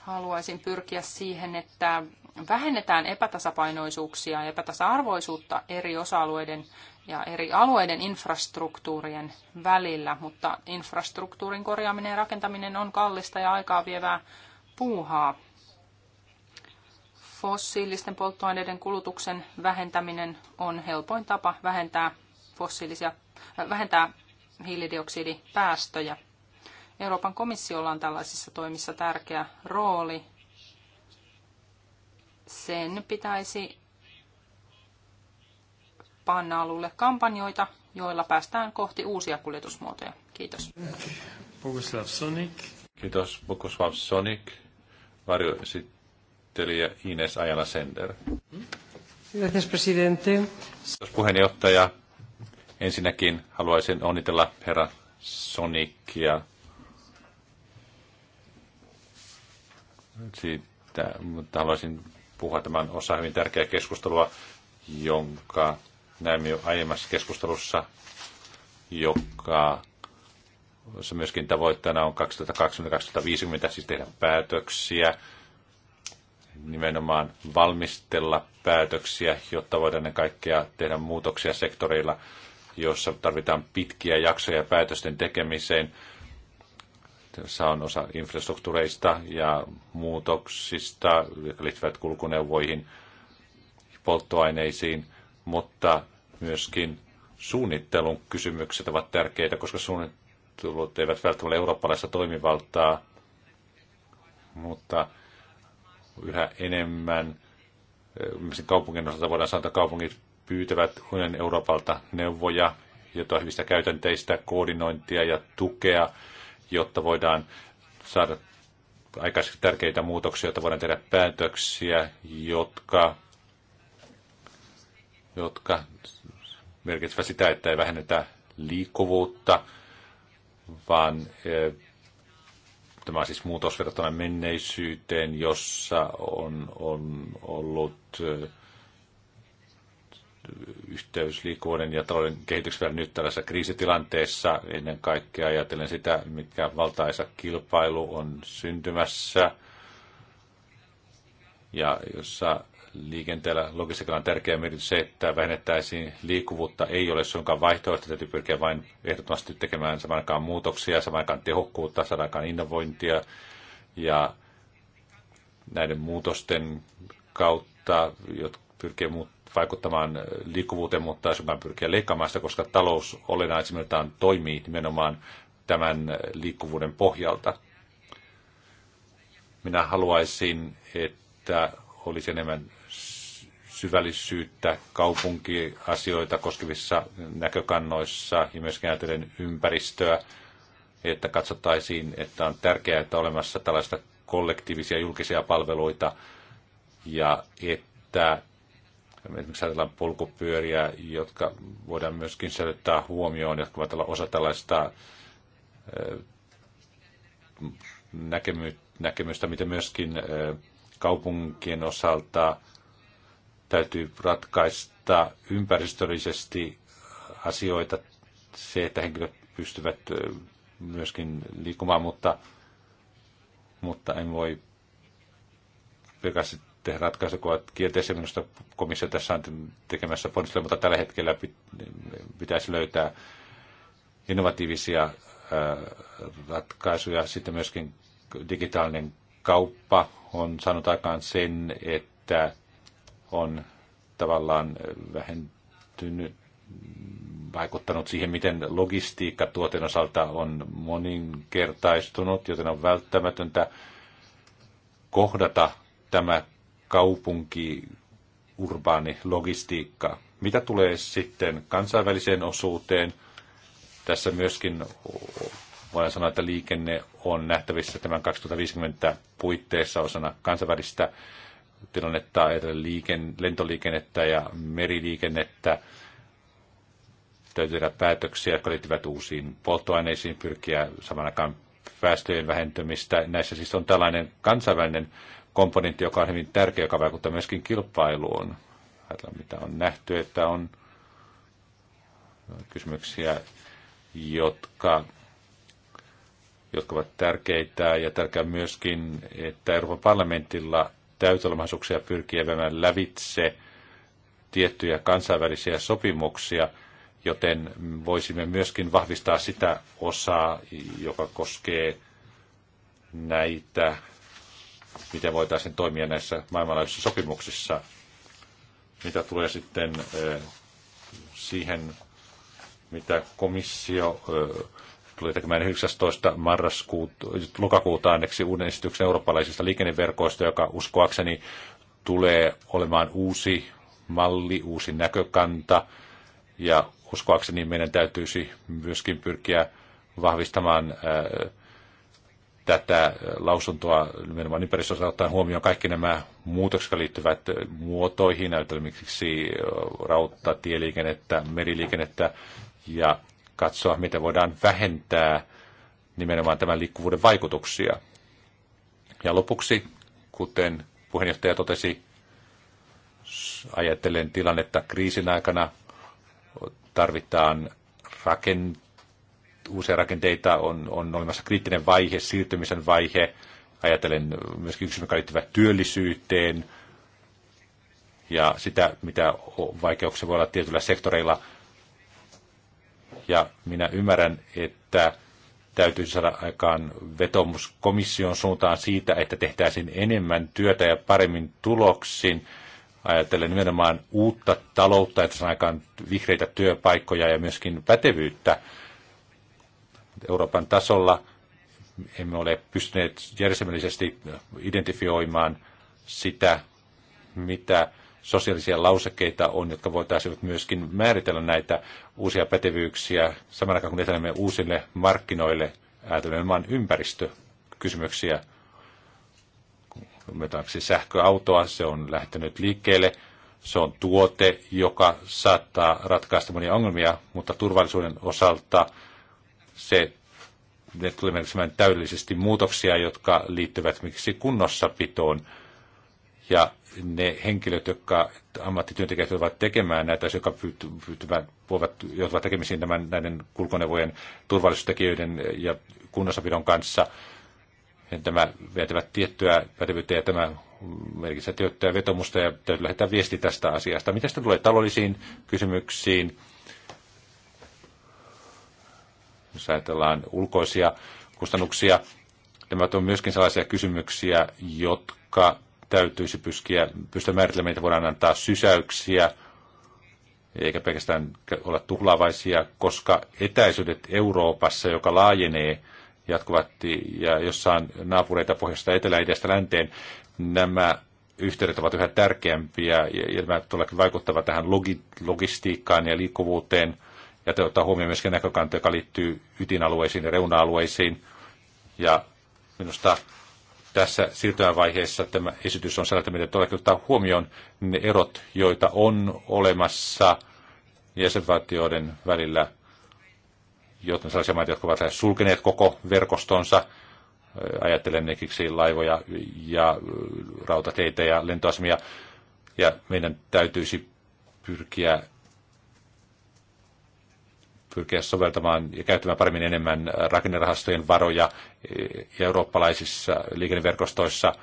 D: haluaisin pyrkiä siihen, että vähennetään epätasapainoisuuksia ja epätasa-arvoisuutta eri osa-alueiden ja eri alueiden infrastruktuurien välillä, mutta infrastruktuurin korjaaminen ja rakentaminen on kallista ja aikaa vievää puuhaa fossiilisten polttoaineiden kulutuksen vähentäminen on helpoin tapa vähentää, fossiilisia, äh, vähentää hiilidioksidipäästöjä. Euroopan komissiolla on tällaisissa toimissa tärkeä rooli. Sen pitäisi panna alulle kampanjoita, joilla päästään kohti uusia kuljetusmuotoja. Kiitos.
A: Boguslav Sonik.
B: Kiitos Boguslav Sonik. Varjo, sit esittelijä Ines Ajala Sender.
D: Kiitos,
A: presidente.
B: Kiitos puheenjohtaja. Ensinnäkin haluaisin onnitella herra Sonikia siitä, mutta haluaisin puhua tämän osa hyvin tärkeää keskustelua, jonka näimme jo aiemmassa keskustelussa, joka se myöskin tavoitteena on 2020-2050, siis tehdä päätöksiä nimenomaan valmistella päätöksiä, jotta voidaan ne kaikkea tehdä muutoksia sektoreilla, joissa tarvitaan pitkiä jaksoja päätösten tekemiseen. Tässä on osa infrastruktuureista ja muutoksista, jotka liittyvät kulkuneuvoihin, polttoaineisiin, mutta myöskin suunnittelun kysymykset ovat tärkeitä, koska suunnittelut eivät välttämättä ole eurooppalaista toimivaltaa, mutta yhä enemmän. Kaupungin osalta voidaan sanoa, että kaupungit pyytävät unionin Euroopalta neuvoja, jotain hyvistä käytänteistä, koordinointia ja tukea, jotta voidaan saada aikaisemmin tärkeitä muutoksia, jotta voidaan tehdä päätöksiä, jotka, jotka merkitsevät sitä, että ei vähennetä liikkuvuutta, vaan eh, Tämä siis muutos verrattuna menneisyyteen, jossa on, on ollut yhteys liikkuvuuden ja talouden kehityksen välillä nyt tällaisessa kriisitilanteessa. Ennen kaikkea ajatellen sitä, mitkä valtaisa kilpailu on syntymässä ja jossa liikenteellä logistiikalla on tärkeä merkitys se, että vähennettäisiin liikkuvuutta, ei ole suinkaan vaihtoehto, täytyy pyrkiä vain ehdottomasti tekemään saman aikaan muutoksia, saman aikaan tehokkuutta, saman aikaan innovointia ja näiden muutosten kautta, jotka pyrkii vaikuttamaan liikkuvuuteen, mutta ei suinkaan pyrkiä leikkaamaan sitä, koska talous olennaisimmiltaan toimii nimenomaan tämän liikkuvuuden pohjalta. Minä haluaisin, että olisi enemmän syvällisyyttä kaupunkiasioita koskevissa näkökannoissa ja myöskin ajatellen ympäristöä, että katsottaisiin, että on tärkeää, että on olemassa tällaista kollektiivisia julkisia palveluita ja että esimerkiksi ajatellaan polkupyöriä, jotka voidaan myöskin säilyttää huomioon, jotka voivat olla osa tällaista näkemystä, miten myöskin kaupunkien osalta – täytyy ratkaista ympäristöllisesti asioita, se, että henkilöt pystyvät myöskin liikkumaan, mutta, mutta en voi pelkästään tehdä ratkaisuja, kun kielteisiä. Minusta komissio tässä on tekemässä ponnistelua, mutta tällä hetkellä pitäisi löytää innovatiivisia ratkaisuja. Sitten myöskin digitaalinen kauppa on saanut aikaan sen, että on tavallaan vähentynyt, vaikuttanut siihen, miten logistiikka tuoten osalta on moninkertaistunut, joten on välttämätöntä kohdata tämä kaupunki, urbaani logistiikka. Mitä tulee sitten kansainväliseen osuuteen, tässä myöskin voidaan sanoa, että liikenne on nähtävissä tämän 2050 puitteissa osana kansainvälistä tilannetta, ajatellen liiken, lentoliikennettä ja meriliikennettä. Täytyy tehdä päätöksiä, jotka liittyvät uusiin polttoaineisiin, pyrkiä saman aikaan päästöjen vähentämistä. Näissä siis on tällainen kansainvälinen komponentti, joka on hyvin tärkeä, joka vaikuttaa myöskin kilpailuun. Ajatellaan, mitä on nähty, että on kysymyksiä, jotka, jotka ovat tärkeitä ja tärkeää myöskin, että Euroopan parlamentilla täytelmaisuuksia pyrkiä viemään lävitse tiettyjä kansainvälisiä sopimuksia, joten voisimme myöskin vahvistaa sitä osaa, joka koskee näitä, miten voitaisiin toimia näissä maailmanlaajuisissa sopimuksissa. Mitä tulee sitten eh, siihen, mitä komissio eh, tuli tekemään 19. marraskuuta, lokakuuta anneksi uuden esityksen eurooppalaisista liikenneverkoista, joka uskoakseni tulee olemaan uusi malli, uusi näkökanta. Ja uskoakseni meidän täytyisi myöskin pyrkiä vahvistamaan ää, tätä lausuntoa nimenomaan ympäristössä ottaen huomioon kaikki nämä muutokset, jotka liittyvät muotoihin, esimerkiksi rautta, tieliikennettä, meriliikennettä ja katsoa, miten voidaan vähentää nimenomaan tämän liikkuvuuden vaikutuksia. Ja lopuksi, kuten puheenjohtaja totesi, ajattelen tilannetta kriisin aikana, tarvitaan rakent- uusia rakenteita, on, on olemassa kriittinen vaihe, siirtymisen vaihe, ajatellen myöskin kysymys, liittyvä työllisyyteen ja sitä, mitä vaikeuksia voi olla tietyillä sektoreilla – ja minä ymmärrän, että täytyisi saada aikaan vetomus komission suuntaan siitä, että tehtäisiin enemmän työtä ja paremmin tuloksin. Ajatellen nimenomaan uutta taloutta, että saadaan aikaan vihreitä työpaikkoja ja myöskin pätevyyttä Euroopan tasolla. Emme ole pystyneet järjestelmällisesti identifioimaan sitä, mitä sosiaalisia lausekkeita on, jotka voitaisiin myöskin määritellä näitä uusia pätevyyksiä samalla kun etenemme uusille markkinoille ajatellen maan ympäristökysymyksiä. Metaksi sähköautoa, se on lähtenyt liikkeelle. Se on tuote, joka saattaa ratkaista monia ongelmia, mutta turvallisuuden osalta se ne tulee merkitsemään täydellisesti muutoksia, jotka liittyvät miksi kunnossapitoon ja ne henkilöt, jotka ammattityöntekijät ovat tekemään näitä jotka pyytävät, joutuvat tekemisiin tämän, näiden kulkoneuvojen turvallisuustekijöiden ja kunnossapidon kanssa, tämä vetävät tiettyä pätevyyttä ja tämä merkitsee tiettyä vetomusta ja täytyy lähettää viesti tästä asiasta. Mitä sitten tulee taloudellisiin kysymyksiin? Jos ajatellaan ulkoisia kustannuksia, nämä ovat myöskin sellaisia kysymyksiä, jotka täytyisi pyskiä, pystyä määrittelemään, että voidaan antaa sysäyksiä, eikä pelkästään olla tuhlaavaisia, koska etäisyydet Euroopassa, joka laajenee jatkuvasti ja jossain naapureita pohjoista, etelä, idästä, länteen, nämä yhteydet ovat yhä tärkeämpiä ja, ja nämä todellakin vaikuttava tähän logi, logistiikkaan ja liikkuvuuteen. Ja te ottaa huomioon myöskin näkökanta, joka liittyy ytinalueisiin ja reuna-alueisiin. Ja minusta tässä siirtymävaiheessa tämä esitys on sellainen, että meidän ottaa huomioon ne erot, joita on olemassa jäsenvaltioiden välillä, joten sellaisia maita, jotka ovat sulkeneet koko verkostonsa, ajattelen esimerkiksi laivoja ja rautateitä ja lentoasemia, ja meidän täytyisi pyrkiä pyrkiä soveltamaan ja käyttämään paremmin enemmän rakennerahastojen varoja eh, eurooppalaisissa liikenneverkostoissa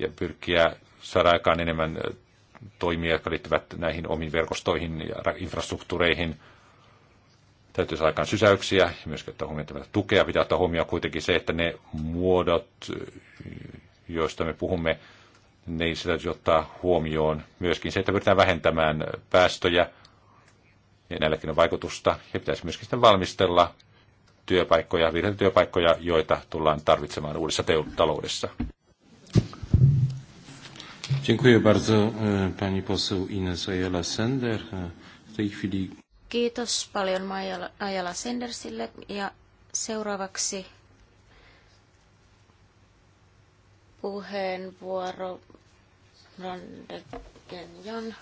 B: ja pyrkiä saada aikaan enemmän eh, toimia, jotka liittyvät näihin omiin verkostoihin ja infrastruktuureihin. Täytyy saada aikaan sysäyksiä ja myös ottaa huomioon tukea. Pitää ottaa huomioon kuitenkin se, että ne muodot, eh, joista me puhumme, niin se täytyy ottaa huomioon myöskin se, että pyritään vähentämään päästöjä – niin näilläkin on vaikutusta. Ja pitäisi myöskin sitten valmistella työpaikkoja, vihreitä työpaikkoja, joita tullaan tarvitsemaan uudessa taloudessa.
A: Dziękuję bardzo e, pani poseł Ines Sender. E, w tej chwili...
C: Kiitos paljon Maija Ajala Sendersille ja seuraavaksi puheenvuoro Randegen Jan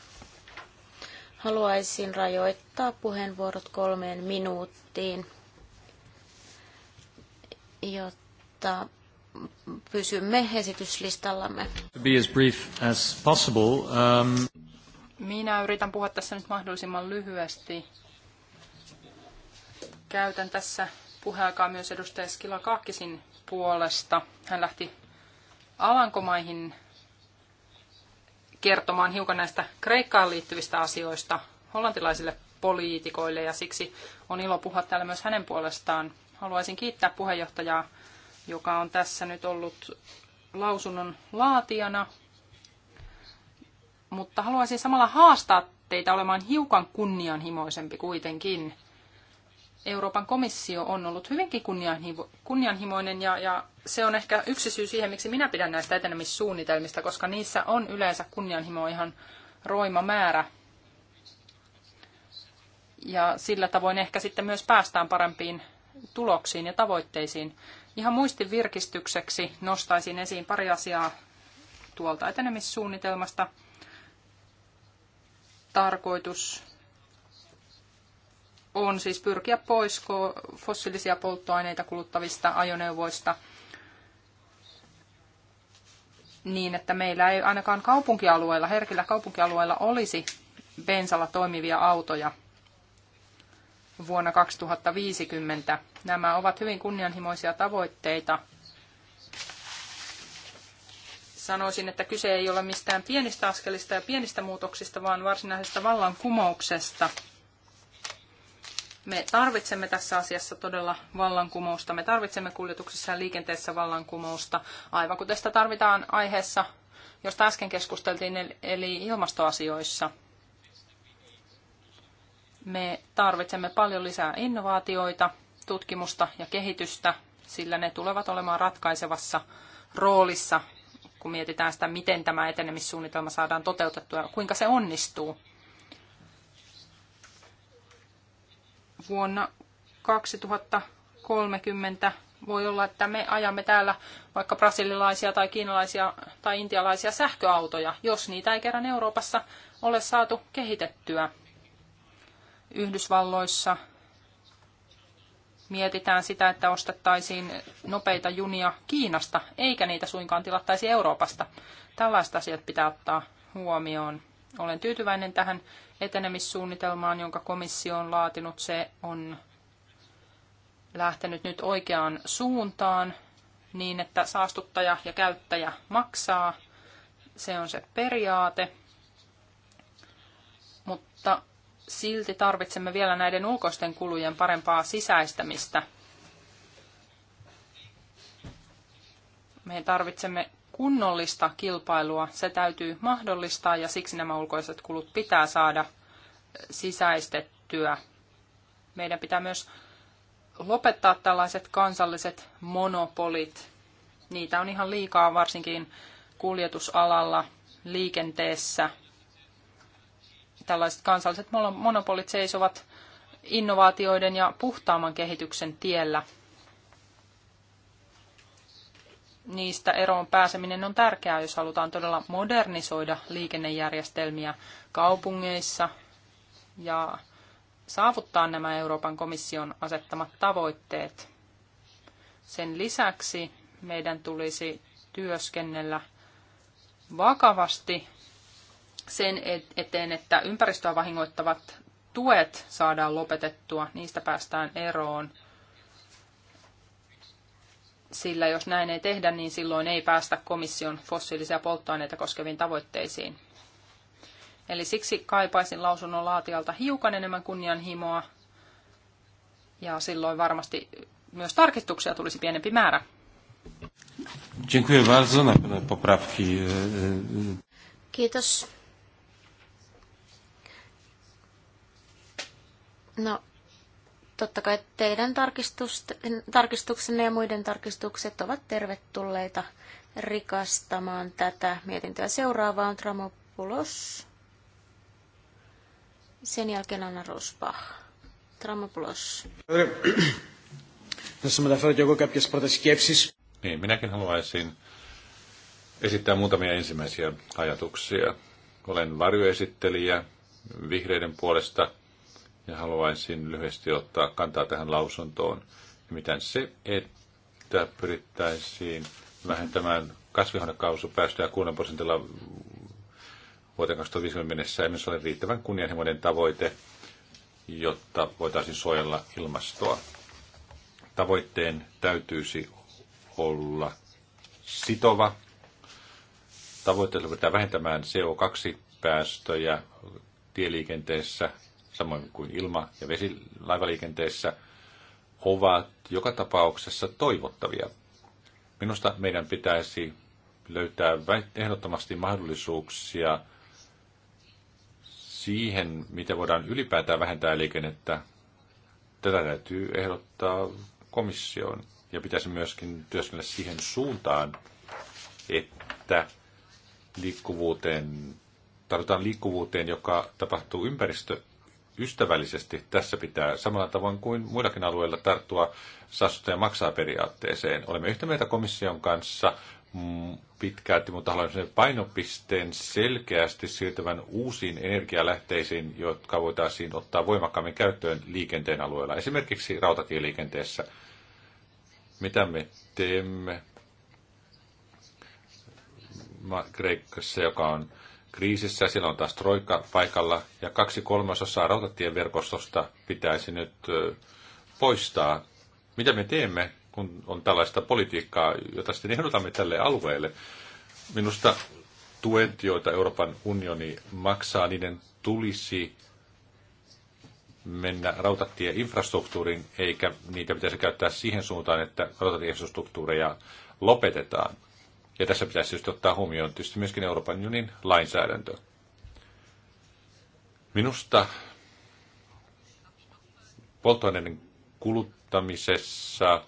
C: Haluaisin rajoittaa puheenvuorot kolmeen minuuttiin, jotta pysymme esityslistallamme.
A: Be as brief as possible. Um...
C: Minä yritän puhua tässä
D: nyt mahdollisimman lyhyesti. Käytän tässä puheaikaa myös edustaja Skila Kaakkisin puolesta. Hän lähti Alankomaihin kertomaan hiukan näistä Kreikkaan liittyvistä asioista hollantilaisille poliitikoille ja siksi on ilo puhua täällä myös hänen puolestaan. Haluaisin kiittää puheenjohtajaa, joka on tässä nyt ollut lausunnon laatijana, mutta haluaisin samalla haastaa teitä olemaan hiukan kunnianhimoisempi kuitenkin – Euroopan komissio on ollut hyvinkin kunnianhimoinen ja, ja se on ehkä yksi syy siihen, miksi minä pidän näistä etenemissuunnitelmista, koska niissä on yleensä kunnianhimo ihan roima määrä. Ja sillä tavoin ehkä sitten myös päästään parempiin tuloksiin ja tavoitteisiin. Ihan muistin virkistykseksi nostaisin esiin pari asiaa tuolta etenemissuunnitelmasta. Tarkoitus on siis pyrkiä pois fossiilisia polttoaineita kuluttavista ajoneuvoista niin, että meillä ei ainakaan kaupunkialueilla, herkillä kaupunkialueilla olisi bensalla toimivia autoja vuonna 2050. Nämä ovat hyvin kunnianhimoisia tavoitteita. Sanoisin, että kyse ei ole mistään pienistä askelista ja pienistä muutoksista, vaan varsinaisesta vallankumouksesta – me tarvitsemme tässä asiassa todella vallankumousta. Me tarvitsemme kuljetuksissa ja liikenteessä vallankumousta, aivan kuten sitä tarvitaan aiheessa, josta äsken keskusteltiin, eli ilmastoasioissa. Me tarvitsemme paljon lisää innovaatioita, tutkimusta ja kehitystä, sillä ne tulevat olemaan ratkaisevassa roolissa, kun mietitään sitä, miten tämä etenemissuunnitelma saadaan toteutettua ja kuinka se onnistuu. vuonna 2030 voi olla, että me ajamme täällä vaikka brasililaisia tai kiinalaisia tai intialaisia sähköautoja, jos niitä ei kerran Euroopassa ole saatu kehitettyä. Yhdysvalloissa mietitään sitä, että ostettaisiin nopeita junia Kiinasta, eikä niitä suinkaan tilattaisi Euroopasta. Tällaiset asiat pitää ottaa huomioon. Olen tyytyväinen tähän etenemissuunnitelmaan, jonka komissio on laatinut. Se on lähtenyt nyt oikeaan suuntaan niin, että saastuttaja ja käyttäjä maksaa. Se on se periaate. Mutta silti tarvitsemme vielä näiden ulkoisten kulujen parempaa sisäistämistä. Me tarvitsemme kunnollista kilpailua. Se täytyy mahdollistaa ja siksi nämä ulkoiset kulut pitää saada eh, sisäistettyä. Meidän pitää myös lopettaa tällaiset kansalliset monopolit. Niitä on ihan liikaa varsinkin kuljetusalalla, liikenteessä. Tällaiset kansalliset monopolit seisovat innovaatioiden ja puhtaamman kehityksen tiellä. niistä eroon pääseminen on tärkeää, jos halutaan todella modernisoida liikennejärjestelmiä kaupungeissa ja saavuttaa nämä Euroopan komission asettamat tavoitteet. Sen lisäksi meidän tulisi työskennellä vakavasti sen eteen, että ympäristöä vahingoittavat tuet saadaan lopetettua, niistä päästään eroon – sillä jos näin ei tehdä, niin silloin ei päästä komission fossiilisia polttoaineita koskeviin tavoitteisiin. Eli siksi kaipaisin lausunnon laatijalta hiukan enemmän kunnianhimoa, ja silloin varmasti myös tarkistuksia tulisi pienempi määrä.
A: Dziękuję bardzo. Na pewno poprawki. E, e,
C: Kiitos. No, Totta kai teidän tarkistuksenne ja muiden tarkistukset ovat tervetulleita rikastamaan tätä mietintöä. Seuraava on Tramopulos. Sen jälkeen Anna Rosbach. Tramopulos. Tässä μεταφέρω και
B: Niin, minäkin haluaisin esittää muutamia ensimmäisiä ajatuksia. Olen varjoesittelijä vihreiden puolesta – ja haluaisin lyhyesti ottaa kantaa tähän lausuntoon. Nimittäin se, että pyrittäisiin vähentämään kasvihuonekaasupäästöjä 6 prosentilla vuoteen 2050 mennessä ei ole riittävän kunnianhimoinen tavoite, jotta voitaisiin suojella ilmastoa. Tavoitteen täytyisi olla sitova. Tavoitteella pyritään vähentämään CO2-päästöjä tieliikenteessä samoin kuin ilma- ja vesilaivaliikenteessä, ovat joka tapauksessa toivottavia. Minusta meidän pitäisi löytää ehdottomasti mahdollisuuksia siihen, miten voidaan ylipäätään vähentää liikennettä. Tätä täytyy ehdottaa komissioon ja pitäisi myöskin työskennellä siihen suuntaan, että liikkuvuuteen, tarvitaan liikkuvuuteen, joka tapahtuu ympäristö ystävällisesti. Tässä pitää samalla tavoin kuin muillakin alueilla tarttua saastuttaja maksaa periaatteeseen. Olemme yhtä mieltä komission kanssa mm, pitkälti, mutta sen painopisteen selkeästi siirtyvän uusiin energialähteisiin, jotka voitaisiin ottaa voimakkaammin käyttöön liikenteen alueella, esimerkiksi rautatieliikenteessä. Mitä me teemme Kreikassa, joka on kriisissä, siellä on taas troika paikalla, ja kaksi kolmasosaa rautatien verkostosta pitäisi nyt poistaa. Mitä me teemme, kun on tällaista politiikkaa, jota sitten ehdotamme tälle alueelle? Minusta tuet, joita Euroopan unioni maksaa, niiden tulisi mennä rautatieinfrastruktuuriin, eikä niitä pitäisi käyttää siihen suuntaan, että rautatieinfrastruktuureja lopetetaan. Ja tässä pitäisi just ottaa huomioon tietysti myöskin Euroopan unionin lainsäädäntö. Minusta polttoaineiden kuluttamisessa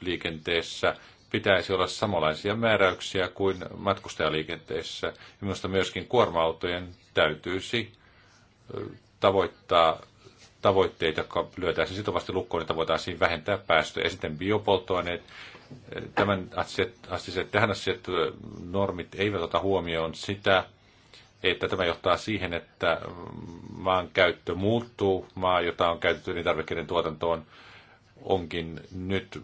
B: liikenteessä pitäisi olla samanlaisia määräyksiä kuin matkustajaliikenteessä. minusta myöskin kuorma-autojen täytyisi tavoittaa tavoitteita, jotka lyötäisiin sitovasti lukkoon, niin voitaisiin vähentää päästöjä. Ja sitten biopolttoaineet, tämän asti se tähän astiset normit eivät ota huomioon sitä, että tämä johtaa siihen, että maan käyttö muuttuu. Maa, jota on käytetty elintarvikkeiden tuotantoon, onkin nyt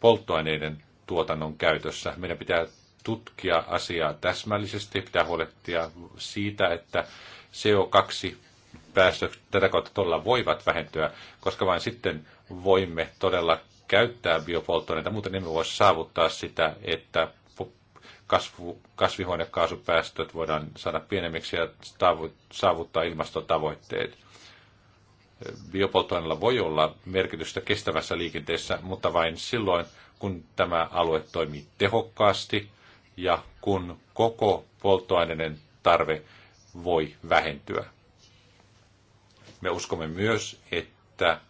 B: polttoaineiden tuotannon käytössä. Meidän pitää tutkia asiaa täsmällisesti, pitää huolehtia siitä, että CO2 päästöt tätä kautta todella voivat vähentyä, koska vain sitten voimme todella käyttää biopolttoaineita. Muuten emme voi saavuttaa sitä, että kasvu, kasvihuonekaasupäästöt voidaan saada pienemmiksi ja saavuttaa ilmastotavoitteet. Biopolttoaineella voi olla merkitystä kestävässä liikenteessä, mutta vain silloin, kun tämä alue toimii tehokkaasti ja kun koko polttoaineiden tarve voi vähentyä. Me uskomme myös, että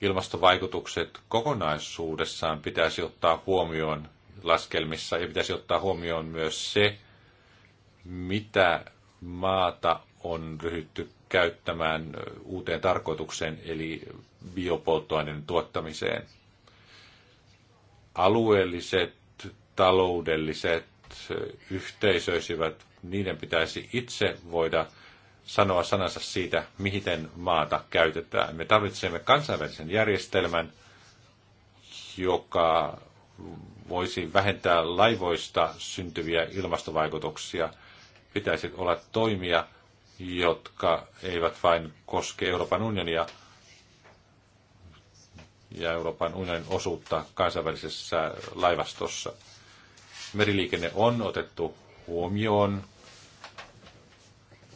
B: ilmastovaikutukset kokonaisuudessaan pitäisi ottaa huomioon laskelmissa ja pitäisi ottaa huomioon myös se, mitä maata on ryhdytty käyttämään uuteen tarkoitukseen, eli biopolttoaineen tuottamiseen. Alueelliset, taloudelliset yhteisöisivät, niiden pitäisi itse voida sanoa sanansa siitä, miten maata käytetään. Me tarvitsemme kansainvälisen järjestelmän, joka voisi vähentää laivoista syntyviä ilmastovaikutuksia. Pitäisi olla toimia, jotka eivät vain koske Euroopan unionia ja Euroopan unionin osuutta kansainvälisessä laivastossa. Meriliikenne on otettu huomioon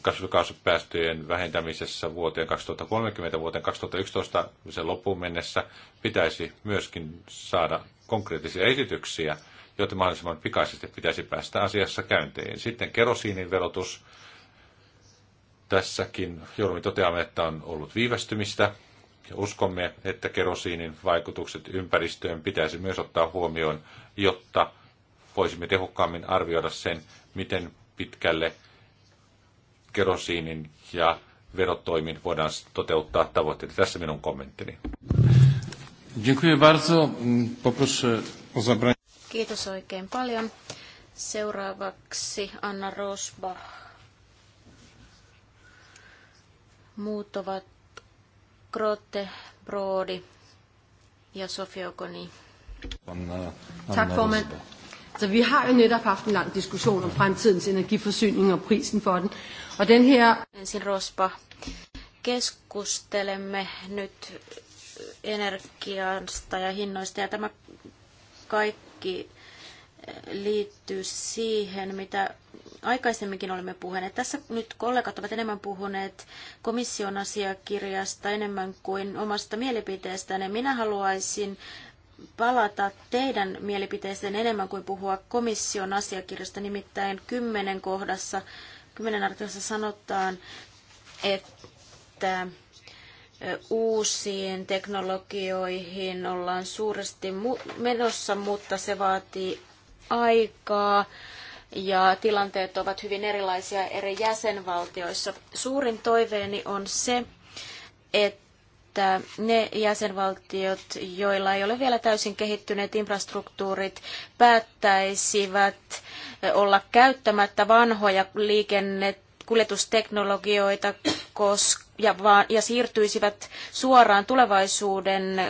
B: kasvihuonekaasupäästöjen vähentämisessä vuoteen 2030 vuoteen 2011 sen loppuun mennessä pitäisi myöskin saada konkreettisia esityksiä, joita mahdollisimman pikaisesti pitäisi päästä asiassa käyntiin. Sitten kerosiinin verotus. Tässäkin joudumme toteamaan, että on ollut viivästymistä. Uskomme, että kerosiinin vaikutukset ympäristöön pitäisi myös ottaa huomioon, jotta voisimme tehokkaammin arvioida sen, miten pitkälle – kerosiinin ja verotoimin voidaan toteuttaa tavoitteet. Tässä minun kommenttini.
A: Mm,
C: Kiitos oikein paljon. Seuraavaksi Anna Rosbach. Muut ovat Grote, Brody ja Sofia Okoni.
A: Äh,
D: Så vi har jo netop haft en lang diskussion om fremtidens energiforsyning og prisen for den.
C: Ensin Rospa. Keskustelemme nyt energiasta ja hinnoista ja tämä kaikki eh, liittyy siihen, mitä aikaisemminkin olemme puhuneet. Tässä nyt kollegat ovat enemmän puhuneet komission asiakirjasta enemmän kuin omasta mielipiteestään. Ja minä haluaisin palata teidän mielipiteeseen enemmän kuin puhua komission asiakirjasta, nimittäin kymmenen kohdassa 10 artiklassa sanotaan, että uusiin teknologioihin ollaan suuresti menossa, mutta se vaatii aikaa ja tilanteet ovat hyvin erilaisia eri jäsenvaltioissa. Suurin toiveeni on se, että että ne jäsenvaltiot, joilla ei ole vielä täysin kehittyneet infrastruktuurit, päättäisivät olla käyttämättä vanhoja liikenne kuljetusteknologioita ja, ja siirtyisivät suoraan tulevaisuuden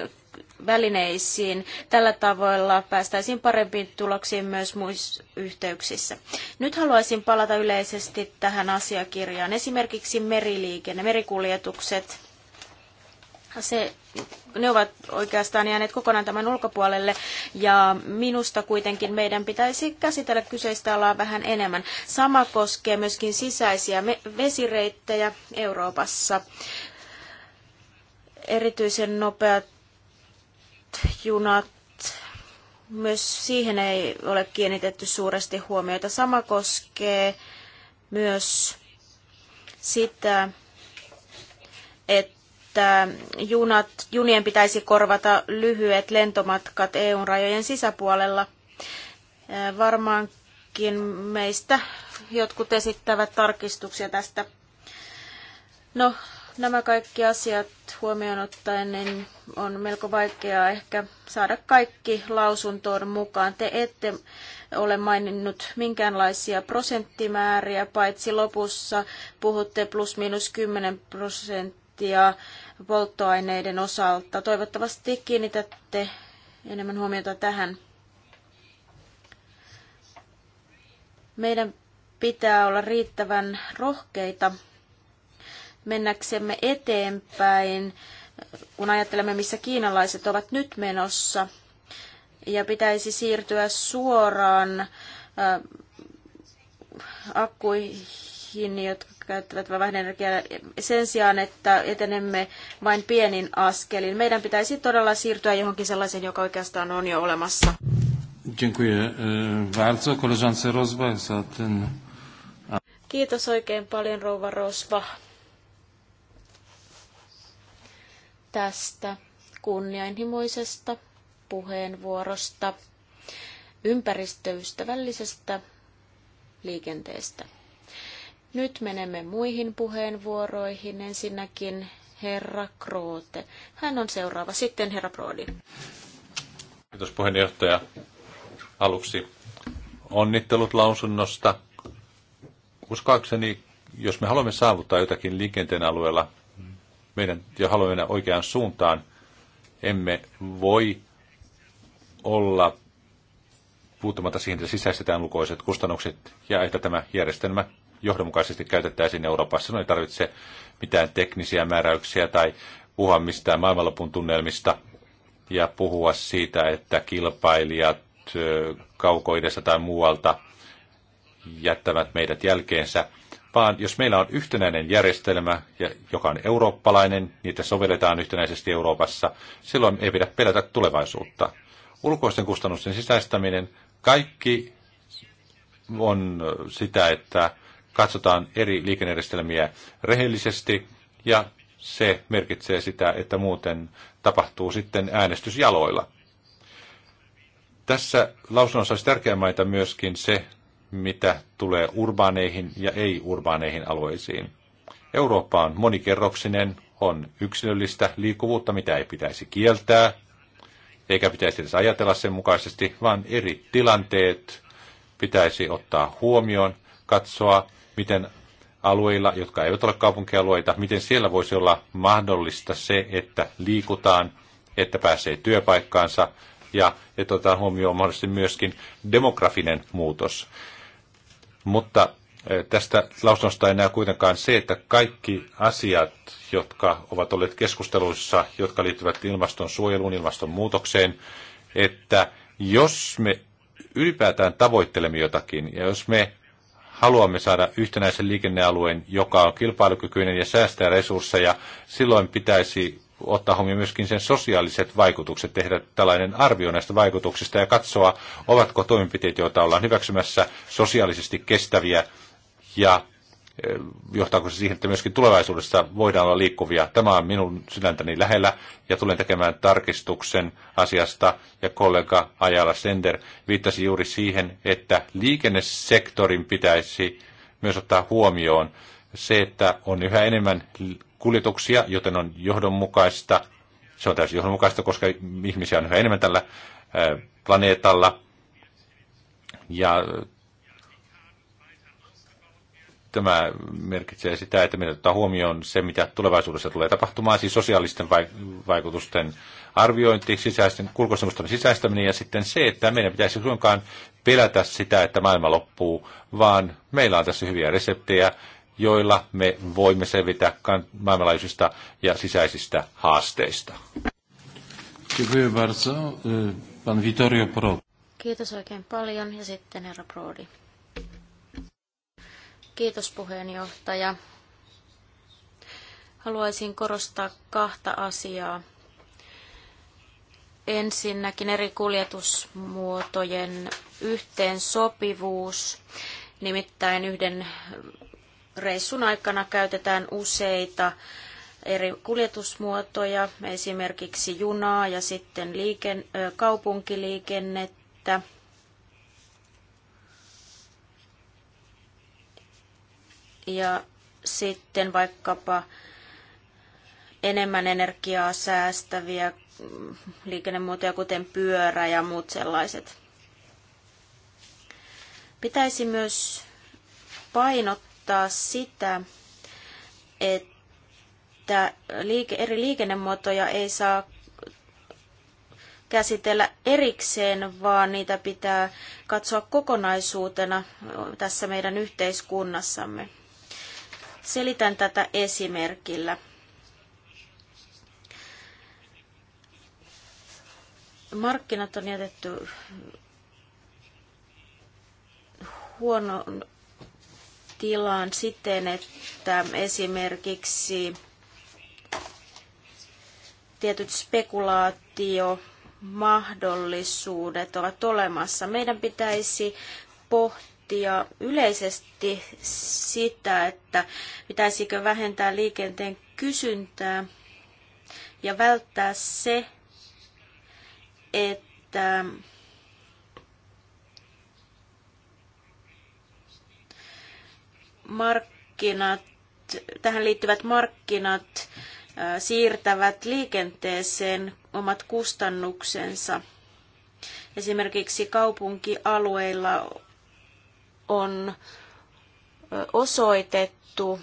C: välineisiin. Tällä tavoilla päästäisiin parempiin tuloksiin myös muissa yhteyksissä. Nyt haluaisin palata yleisesti tähän asiakirjaan. Esimerkiksi meriliikenne, merikuljetukset se, ne ovat oikeastaan jääneet kokonaan tämän ulkopuolelle ja minusta kuitenkin meidän pitäisi käsitellä kyseistä alaa vähän enemmän. Sama koskee myöskin sisäisiä vesireittejä Euroopassa. Erityisen nopeat junat, myös siihen ei ole kiinnitetty suuresti huomiota. Sama koskee myös sitä, että että junat, junien pitäisi korvata lyhyet lentomatkat EUn rajojen sisäpuolella. Varmaankin meistä jotkut esittävät tarkistuksia tästä. No, nämä kaikki asiat huomioon ottaen niin on melko vaikeaa ehkä saada kaikki lausuntoon mukaan. Te ette ole maininnut minkäänlaisia prosenttimääriä, paitsi lopussa puhutte plus miinus 10 prosenttia polttoaineiden osalta. Toivottavasti kiinnitätte enemmän huomiota tähän. Meidän pitää olla riittävän rohkeita mennäksemme eteenpäin, kun ajattelemme, missä kiinalaiset ovat nyt menossa. Ja pitäisi siirtyä suoraan akkuihin kiinni, jotka käyttävät vähän energiaa sen sijaan, että etenemme vain pienin askelin. Meidän pitäisi todella siirtyä johonkin sellaiseen, joka oikeastaan on jo olemassa.
A: Dziękuję e, bardzo koleżance Rozwa za ten...
C: Kiitos oikein paljon rouva Rosva tästä kunnianhimoisesta puheenvuorosta ympäristöystävällisestä liikenteestä. Nyt menemme muihin puheenvuoroihin. Ensinnäkin herra Kroote. Hän on seuraava. Sitten herra Broodi.
B: Kiitos puheenjohtaja. Aluksi onnittelut lausunnosta. Uskoakseni, jos me haluamme saavuttaa jotakin liikenteen alueella, meidän ja haluamme mennä oikeaan suuntaan, emme voi olla puuttumatta siihen, että sisäistetään ulkoiset kustannukset ja että tämä järjestelmä johdonmukaisesti käytettäisiin Euroopassa. No ei tarvitse mitään teknisiä määräyksiä tai puhua mistään maailmanlopun tunnelmista ja puhua siitä, että kilpailijat kaukoidessa tai muualta jättävät meidät jälkeensä, vaan jos meillä on yhtenäinen järjestelmä, joka on eurooppalainen, niitä sovelletaan yhtenäisesti Euroopassa, silloin ei pidä pelätä tulevaisuutta. Ulkoisten kustannusten sisäistäminen, kaikki on sitä, että katsotaan eri liikennejärjestelmiä rehellisesti ja se merkitsee sitä, että muuten tapahtuu sitten äänestysjaloilla. Tässä lausunnossa olisi tärkeää mainita myöskin se, mitä tulee urbaaneihin ja ei-urbaaneihin alueisiin. Eurooppa on monikerroksinen, on yksilöllistä liikkuvuutta, mitä ei pitäisi kieltää, eikä pitäisi edes ajatella sen mukaisesti, vaan eri tilanteet pitäisi ottaa huomioon, katsoa, miten alueilla, jotka eivät ole kaupunkialueita, miten siellä voisi olla mahdollista se, että liikutaan, että pääsee työpaikkaansa ja että otetaan huomioon mahdollisesti myöskin demografinen muutos. Mutta eh, tästä lausunnosta ei näy kuitenkaan se, että kaikki asiat, jotka ovat olleet keskusteluissa, jotka liittyvät ilmastonsuojeluun, ilmastonmuutokseen, että jos me ylipäätään tavoittelemme jotakin ja jos me haluamme saada yhtenäisen liikennealueen, joka on kilpailukykyinen ja säästää resursseja, silloin pitäisi ottaa huomioon myöskin sen sosiaaliset vaikutukset, tehdä tällainen arvio näistä vaikutuksista ja katsoa, ovatko toimenpiteet, joita ollaan hyväksymässä, sosiaalisesti kestäviä ja Eh, johtaako se siihen, että myöskin tulevaisuudessa voidaan olla liikkuvia. Tämä on minun sydäntäni lähellä ja tulen tekemään tarkistuksen asiasta ja kollega Ajala Sender viittasi juuri siihen, että liikennesektorin pitäisi myös ottaa huomioon se, että on yhä enemmän kuljetuksia, joten on johdonmukaista, se on täysin johdonmukaista, koska ihmisiä on yhä enemmän tällä eh, planeetalla ja Tämä merkitsee sitä, että meidän ottaa huomioon se, mitä tulevaisuudessa tulee tapahtumaan, siis sosiaalisten vaikutusten arviointi, sisäisten, kulkoistamisen sisäistäminen ja sitten se, että meidän pitäisi suinkaan pelätä sitä, että maailma loppuu, vaan meillä on tässä hyviä reseptejä, joilla me voimme selvitä maailmanlaajuisista ja sisäisistä haasteista.
A: Pro.
C: Kiitos oikein paljon ja sitten herra Brody. Kiitos puheenjohtaja. Haluaisin korostaa kahta asiaa. Ensinnäkin eri kuljetusmuotojen yhteensopivuus. Nimittäin yhden reissun aikana käytetään useita eri kuljetusmuotoja, esimerkiksi junaa ja sitten liiken, kaupunkiliikennettä ja sitten vaikkapa enemmän energiaa säästäviä liikennemuotoja, kuten pyörä ja muut sellaiset. Pitäisi myös painottaa sitä, että eri liikennemuotoja ei saa käsitellä erikseen, vaan niitä pitää katsoa kokonaisuutena tässä meidän yhteiskunnassamme. Selitän tätä esimerkillä. Markkinat on jätetty huono tilaan siten, että esimerkiksi tietyt spekulaatio mahdollisuudet ovat olemassa. Meidän pitäisi pohtia ja yleisesti sitä, että pitäisikö vähentää liikenteen kysyntää ja välttää se, että markkinat, tähän liittyvät markkinat siirtävät liikenteeseen omat kustannuksensa. Esimerkiksi kaupunkialueilla on osoitettu,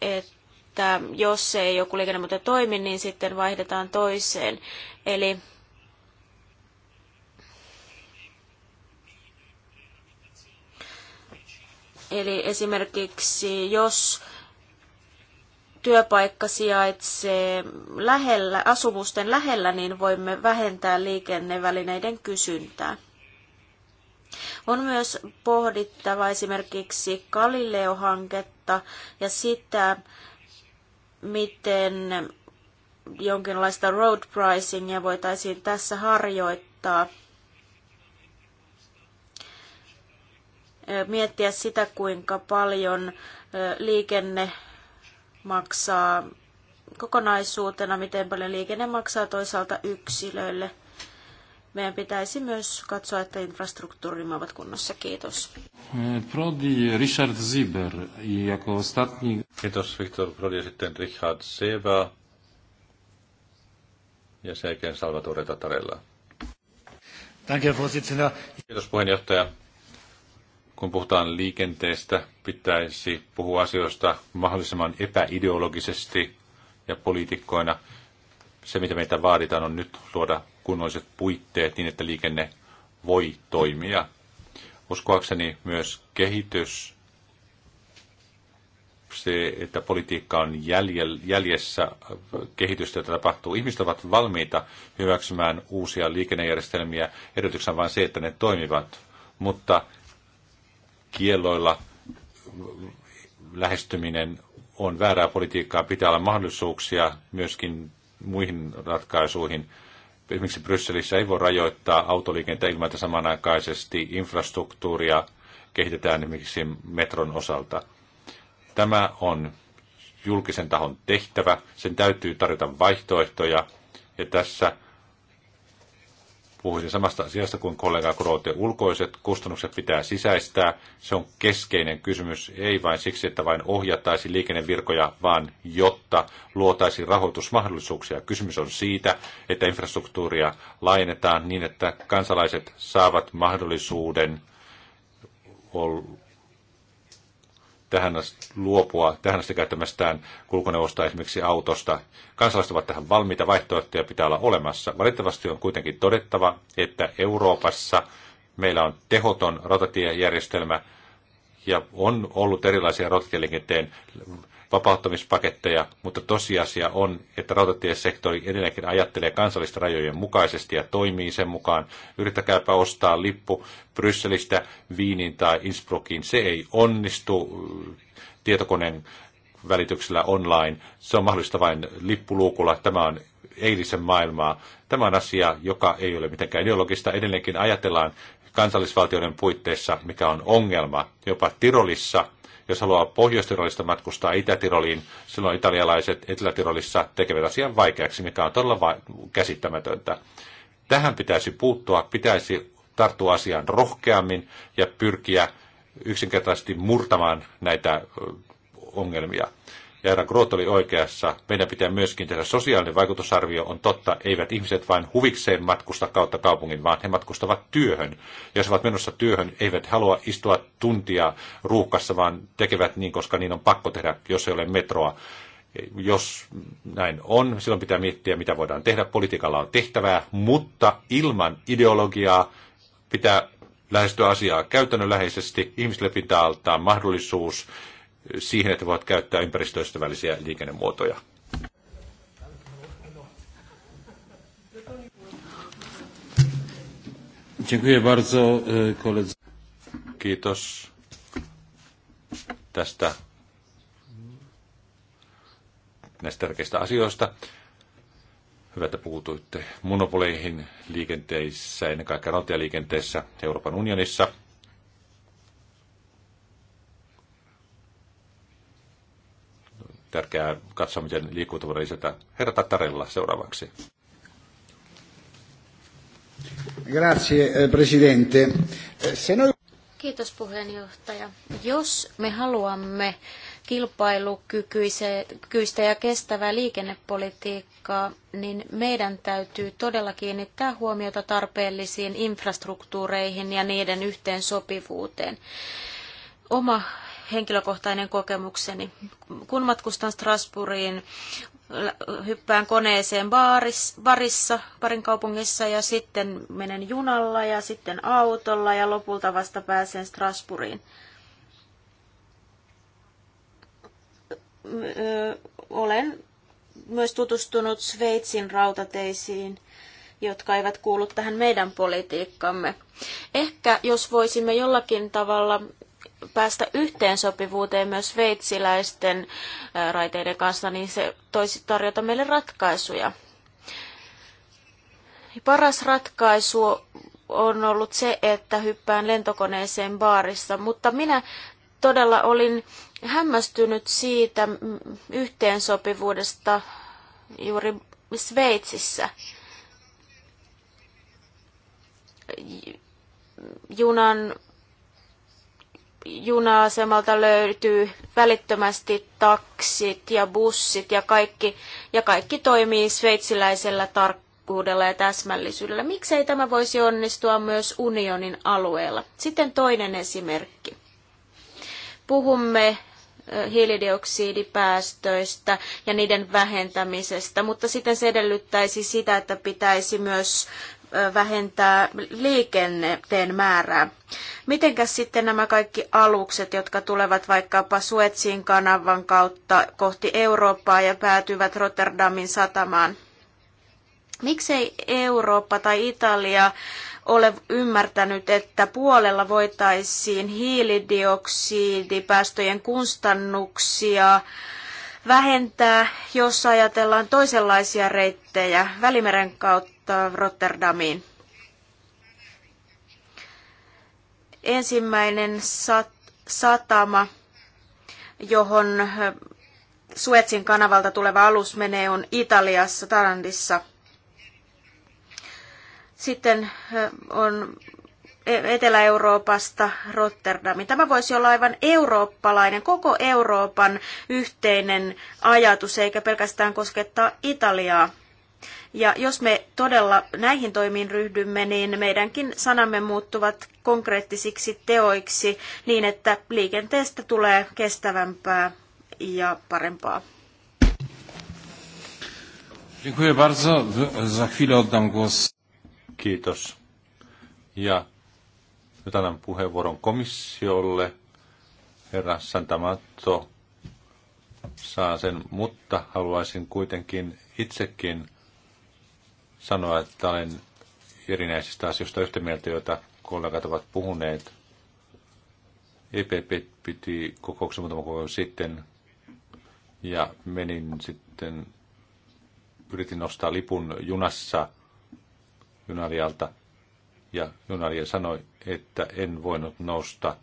C: että jos ei joku liikennemuoto toimi, niin sitten vaihdetaan toiseen. Eli Eli esimerkiksi jos työpaikka sijaitsee lähellä, asumusten lähellä, niin voimme vähentää liikennevälineiden kysyntää. On myös pohdittava esimerkiksi Galileo-hanketta ja sitä, miten jonkinlaista road pricingia voitaisiin tässä harjoittaa. Miettiä sitä, kuinka paljon liikenne maksaa kokonaisuutena, miten paljon liikenne maksaa toisaalta yksilöille – meidän pitäisi myös katsoa, että infrastruktuurimme ovat kunnossa. Kiitos.
A: Eh, Prodi Richard Ziber,
B: Kiitos Viktor Prodi ja sitten Richard Seba ja sen jälkeen Salvatore Tatarella. Kiitos puheenjohtaja. Kun puhutaan liikenteestä, pitäisi puhua asioista mahdollisimman epäideologisesti ja poliitikkoina – se, mitä meitä vaaditaan, on nyt luoda kunnolliset puitteet niin, että liikenne voi toimia. Uskoakseni myös kehitys, se, että politiikka on jäljessä kehitystä, jota tapahtuu. Ihmiset ovat valmiita hyväksymään uusia liikennejärjestelmiä, edellytyksenä vain se, että ne toimivat. Mutta kielloilla lähestyminen on väärää politiikkaa, pitää olla mahdollisuuksia myöskin muihin ratkaisuihin. Esimerkiksi Brysselissä ei voi rajoittaa autoliikenteen ilman, että samanaikaisesti infrastruktuuria kehitetään esimerkiksi metron osalta. Tämä on julkisen tahon tehtävä, sen täytyy tarjota vaihtoehtoja, ja tässä Puhuisin samasta asiasta kuin kollega Grote. Ulkoiset kustannukset pitää sisäistää. Se on keskeinen kysymys, ei vain siksi, että vain ohjattaisiin liikennevirkoja, vaan jotta luotaisiin rahoitusmahdollisuuksia. Kysymys on siitä, että infrastruktuuria laajennetaan niin, että kansalaiset saavat mahdollisuuden tähän asti, luopua tähän asti käyttämästään kulkuneuvosta esimerkiksi autosta. Kansalaiset ovat tähän valmiita, vaihtoehtoja pitää olla olemassa. Valitettavasti on kuitenkin todettava, että Euroopassa meillä on tehoton rautatiejärjestelmä, ja on ollut erilaisia rautatieliikenteen vapauttamispaketteja, mutta tosiasia on, että rautatiesektori edelleenkin ajattelee kansallisten rajojen mukaisesti ja toimii sen mukaan. Yrittäkääpä ostaa lippu Brysselistä Viiniin tai Innsbruckiin. Se ei onnistu tietokoneen välityksellä online. Se on mahdollista vain lippuluukulla. Tämä on eilisen maailmaa. Tämä on asia, joka ei ole mitenkään ideologista. Edelleenkin ajatellaan, kansallisvaltioiden puitteissa, mikä on ongelma. Jopa Tirolissa, jos haluaa Pohjois-Tirolista matkustaa Itä-Tiroliin, silloin italialaiset Etelä-Tirolissa tekevät asian vaikeaksi, mikä on todella va- käsittämätöntä. Tähän pitäisi puuttua, pitäisi tarttua asiaan rohkeammin ja pyrkiä yksinkertaisesti murtamaan näitä ongelmia ja herra Groot oli oikeassa. Meidän pitää myöskin tehdä sosiaalinen vaikutusarvio. On totta, eivät ihmiset vain huvikseen matkusta kautta kaupungin, vaan he matkustavat työhön. Jos ovat menossa työhön, eivät halua istua tuntia ruuhkassa, vaan tekevät niin, koska niin on pakko tehdä, jos ei ole metroa. Jos näin on, silloin pitää miettiä, mitä voidaan tehdä. Politiikalla on tehtävää, mutta ilman ideologiaa pitää lähestyä asiaa käytännönläheisesti. Ihmisille pitää antaa mahdollisuus siihen, että voivat käyttää ympäristöystävällisiä liikennemuotoja. E, Kiitos tästä näistä tärkeistä asioista. Hyvä, että puutuitte monopoleihin liikenteissä, ennen kaikkea rautatieliikenteessä Euroopan unionissa. tärkeää katsoa, miten liikkuvuutta voidaan lisätä. Herra Tattarella seuraavaksi.
A: Grazie, eh, presidente. Eh, noi...
C: Kiitos puheenjohtaja. Jos me haluamme kilpailukykyistä ja kestävää liikennepolitiikkaa, niin meidän täytyy todella kiinnittää huomiota tarpeellisiin infrastruktuureihin ja niiden yhteensopivuuteen. Oma henkilökohtainen kokemukseni. Kun matkustan Strasbourgiin, hyppään koneeseen baaris, barissa parin kaupungissa ja sitten menen junalla ja sitten autolla ja lopulta vasta pääsen Strasbourgiin. Olen myös tutustunut Sveitsin rautateisiin, jotka eivät kuulu tähän meidän politiikkamme. Ehkä jos voisimme jollakin tavalla päästä yhteensopivuuteen myös veitsiläisten raiteiden kanssa, niin se toisi tarjota meille ratkaisuja. Paras ratkaisu on ollut se, että hyppään lentokoneeseen baarissa, mutta minä todella olin hämmästynyt siitä yhteensopivuudesta juuri Sveitsissä. Junan juna-asemalta löytyy välittömästi taksit ja bussit ja kaikki, ja kaikki toimii sveitsiläisellä tarkkuudella ja täsmällisyydellä. Miksei tämä voisi onnistua myös unionin alueella? Sitten toinen esimerkki. Puhumme hiilidioksidipäästöistä ja niiden vähentämisestä, mutta sitten se edellyttäisi sitä, että pitäisi myös vähentää liikenteen määrää. Mitenkäs sitten nämä kaikki alukset, jotka tulevat vaikkapa Suetsin kanavan kautta kohti Eurooppaa ja päätyvät Rotterdamin satamaan? Miksei Eurooppa tai Italia ole ymmärtänyt, että puolella voitaisiin hiilidioksidipäästöjen kustannuksia vähentää, jos ajatellaan toisenlaisia reittejä Välimeren kautta Rotterdamiin. Ensimmäinen sat- satama, johon äh, Suetsin kanavalta tuleva alus menee, on Italiassa, Tarandissa. Sitten äh, on Etelä-Euroopasta Rotterdamiin. Tämä voisi olla aivan eurooppalainen, koko Euroopan yhteinen ajatus, eikä pelkästään koskettaa Italiaa. Ja jos me todella näihin toimiin ryhdymme, niin meidänkin sanamme muuttuvat konkreettisiksi teoiksi niin, että liikenteestä tulee kestävämpää ja parempaa.
A: Kiitos. Ja nyt annan puheenvuoron
B: komissiolle. Herra Santamatto saa sen, mutta haluaisin kuitenkin itsekin sanoa, että olen erinäisistä asioista yhtä mieltä, joita kollegat ovat puhuneet. EPP piti kokouksen muutama kokous sitten ja menin sitten, yritin nostaa lipun junassa junalialta ja junalija sanoi, että en voinut nousta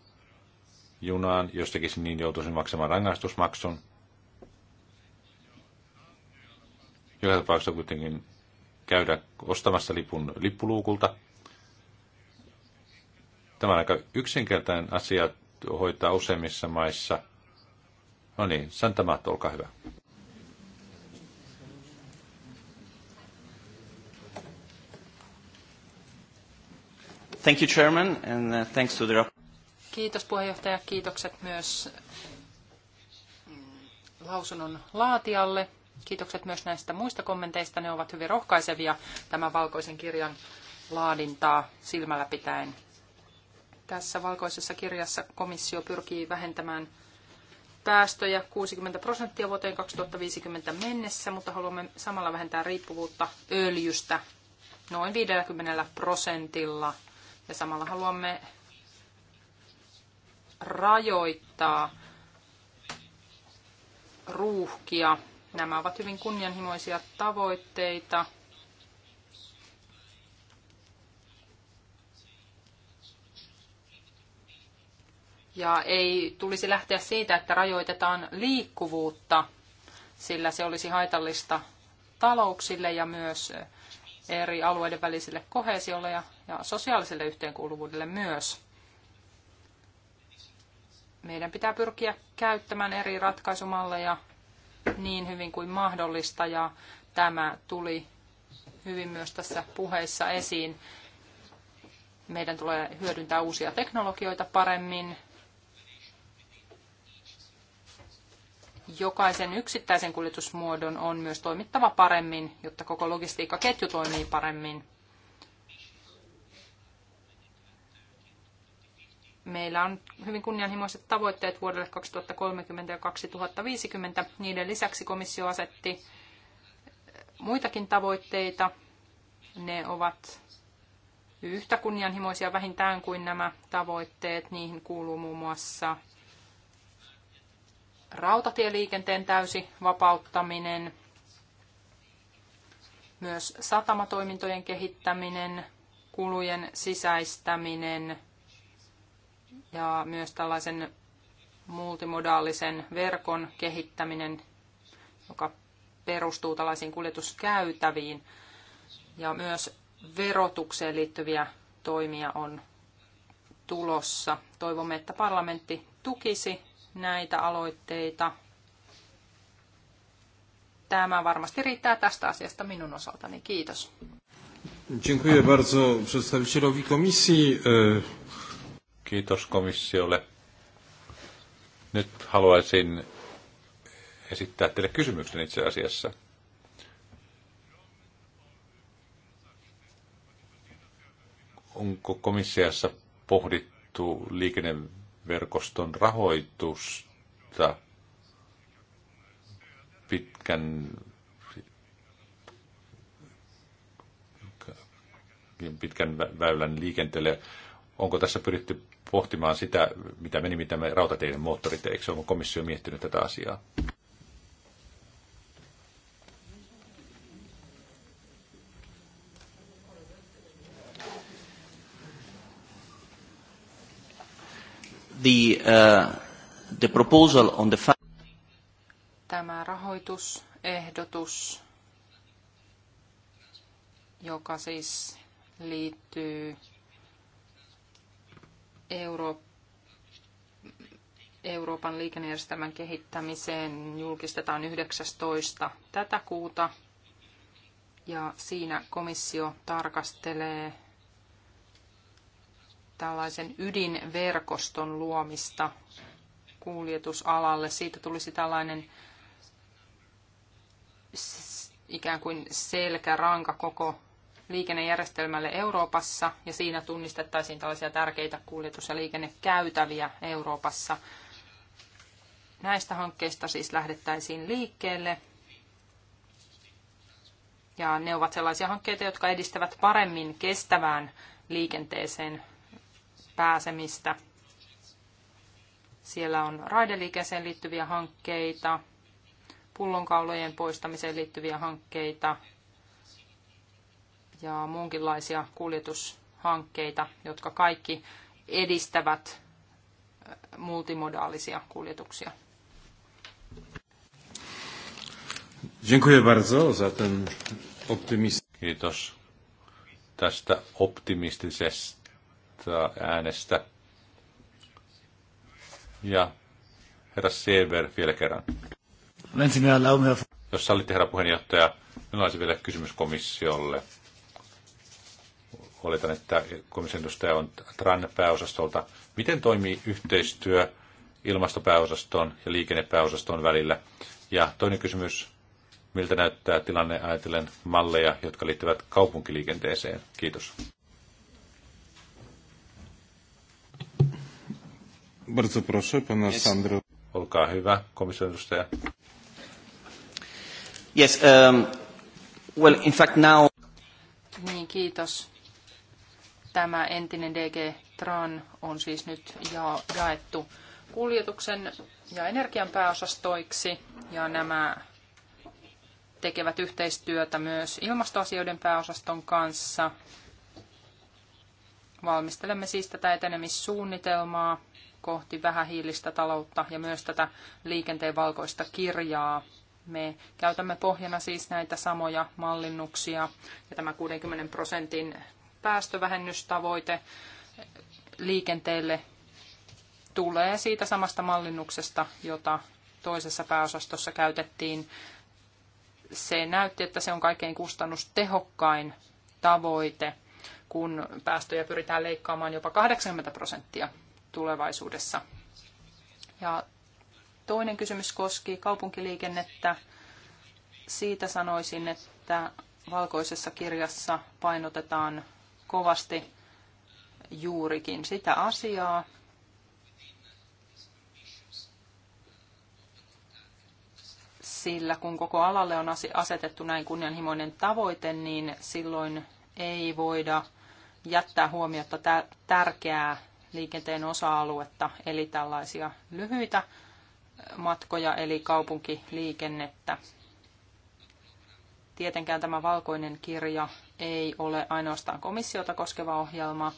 B: junaan, jos tekisin niin joutuisin maksamaan rangaistusmaksun. Joka tapauksessa kuitenkin käydä ostamassa lipun lippuluukulta. Tämä on aika yksinkertainen asia hoitaa useimmissa maissa. No niin, Santamaat, olkaa
D: hyvä. Thank you, Chairman, and uh, thanks to the Kiitos puheenjohtaja, kiitokset myös mm, lausunnon laatijalle. Kiitokset myös näistä muista kommenteista, ne ovat hyvin rohkaisevia tämän valkoisen kirjan laadintaa silmällä pitäen. Tässä valkoisessa kirjassa komissio pyrkii vähentämään päästöjä 60 prosenttia vuoteen 2050 mennessä, mutta haluamme samalla vähentää riippuvuutta öljystä noin 50 prosentilla – ja samalla haluamme rajoittaa ruuhkia. Nämä ovat hyvin kunnianhimoisia tavoitteita. Ja ei tulisi lähteä siitä, että rajoitetaan liikkuvuutta, sillä se olisi haitallista talouksille ja myös eri alueiden väliselle kohesiolle ja, ja sosiaaliselle yhteenkuuluvuudelle myös. Meidän pitää pyrkiä käyttämään eri ratkaisumalleja niin hyvin kuin mahdollista ja tämä tuli hyvin myös tässä puheessa esiin. Meidän tulee hyödyntää uusia teknologioita paremmin, jokaisen yksittäisen kuljetusmuodon on myös toimittava paremmin, jotta koko logistiikkaketju toimii paremmin. Meillä on hyvin kunnianhimoiset tavoitteet vuodelle 2030 ja 2050. Niiden lisäksi komissio asetti eh, muitakin tavoitteita. Ne ovat yhtä kunnianhimoisia vähintään kuin nämä tavoitteet. Niihin kuuluu muun muassa rautatieliikenteen täysi vapauttaminen, myös satamatoimintojen kehittäminen, kulujen sisäistäminen ja myös tällaisen multimodaalisen verkon kehittäminen, joka perustuu tällaisiin kuljetuskäytäviin. Ja myös verotukseen liittyviä toimia on tulossa. Toivomme, että parlamentti tukisi näitä aloitteita. Tämä varmasti riittää tästä asiasta minun osaltani. Kiitos.
A: Dziękuję bardzo przedstawicielowi komisji. E, Kiitos
B: komissiolle. Nyt haluaisin esittää teille kysymyksen itse asiassa. Onko komissiassa pohdittu liikenne verkoston rahoitusta pitkän pitkän väylän liikenteelle. Onko tässä pyritty pohtimaan sitä, mitä meni, mitä me rautateiden moottoriteiksi? Onko komissio miettinyt tätä asiaa?
A: the, uh, the proposal on the
D: Tämä rahoitusehdotus, joka siis liittyy Euro- Euroopan liikennejärjestelmän kehittämiseen, julkistetaan 19. tätä kuuta. Ja siinä komissio tarkastelee tällaisen ydinverkoston luomista kuljetusalalle. Siitä tulisi tällainen ikään kuin selkäranka koko liikennejärjestelmälle Euroopassa ja siinä tunnistettaisiin tällaisia tärkeitä kuljetus- ja liikennekäytäviä Euroopassa. Näistä hankkeista siis lähdettäisiin liikkeelle ja ne ovat sellaisia hankkeita, jotka edistävät paremmin kestävään liikenteeseen pääsemistä. Siellä on raideliikenteeseen liittyviä hankkeita, pullonkaulojen poistamiseen liittyviä hankkeita ja muunkinlaisia kuljetushankkeita, jotka kaikki edistävät multimodaalisia kuljetuksia.
A: Dziękuję bardzo za ten optymist... Kiitos
B: tästä optimistisesta äänestä. Ja herra Seber vielä kerran. Jos sallitte, herra puheenjohtaja, minulla olisi vielä kysymys komissiolle. Oletan, että komission edustaja on TRAN pääosastolta. Miten toimii yhteistyö ilmastopääosaston ja liikennepääosaston välillä? Ja toinen kysymys, miltä näyttää tilanne ajatellen malleja, jotka liittyvät kaupunkiliikenteeseen? Kiitos. Bardzo proszę, pana yes. Sandro. edustaja.
A: Yes, um, well, in fact now...
D: Niin, kiitos. Tämä entinen DG Tran on siis nyt ja, jaettu kuljetuksen ja energian pääosastoiksi, ja nämä tekevät yhteistyötä myös ilmastoasioiden pääosaston kanssa. Valmistelemme siis tätä etenemissuunnitelmaa kohti vähähiilistä taloutta ja myös tätä liikenteen valkoista kirjaa. Me käytämme pohjana siis näitä samoja mallinnuksia ja tämä 60 prosentin päästövähennystavoite liikenteelle tulee siitä samasta mallinnuksesta, jota toisessa pääosastossa käytettiin. Se näytti, että se on kaikkein kustannustehokkain tavoite, kun päästöjä pyritään leikkaamaan jopa 80 prosenttia tulevaisuudessa. Ja toinen kysymys koski kaupunkiliikennettä. Siitä sanoisin, että valkoisessa kirjassa painotetaan kovasti juurikin sitä asiaa, sillä kun koko alalle on asetettu näin kunnianhimoinen tavoite, niin silloin ei voida jättää huomiota tärkeää liikenteen osa-aluetta, eli tällaisia lyhyitä matkoja, eli kaupunkiliikennettä. Tietenkään tämä valkoinen kirja ei ole ainoastaan komissiota koskeva ohjelma.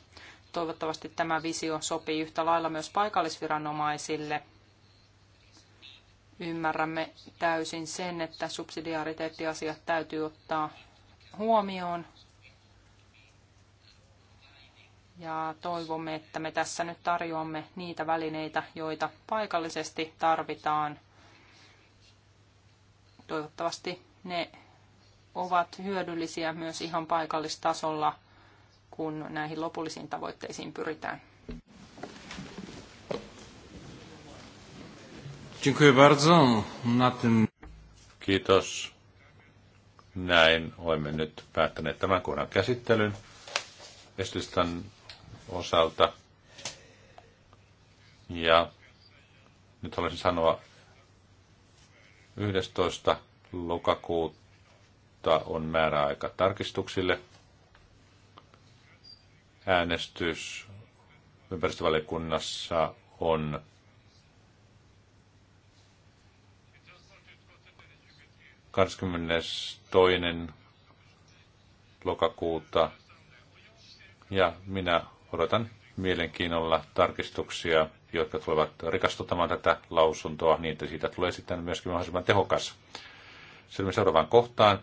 D: Toivottavasti tämä visio sopii yhtä lailla myös paikallisviranomaisille. Ymmärrämme täysin sen, että subsidiariteettiasiat täytyy ottaa huomioon ja toivomme, että me tässä nyt tarjoamme niitä välineitä, joita paikallisesti tarvitaan. Toivottavasti ne ovat hyödyllisiä myös ihan paikallistasolla, kun näihin lopullisiin tavoitteisiin pyritään.
B: Kiitos. Näin olemme nyt päättäneet tämän kohdan käsittelyn. Esitystän osalta. Ja nyt haluaisin sanoa 11. lokakuuta on määräaika tarkistuksille. Äänestys ympäristövaliokunnassa on toinen lokakuuta ja minä odotan mielenkiinnolla tarkistuksia, jotka tulevat rikastuttamaan tätä lausuntoa niin, että siitä tulee sitten myöskin mahdollisimman tehokas. Sitten seuraavaan kohtaan,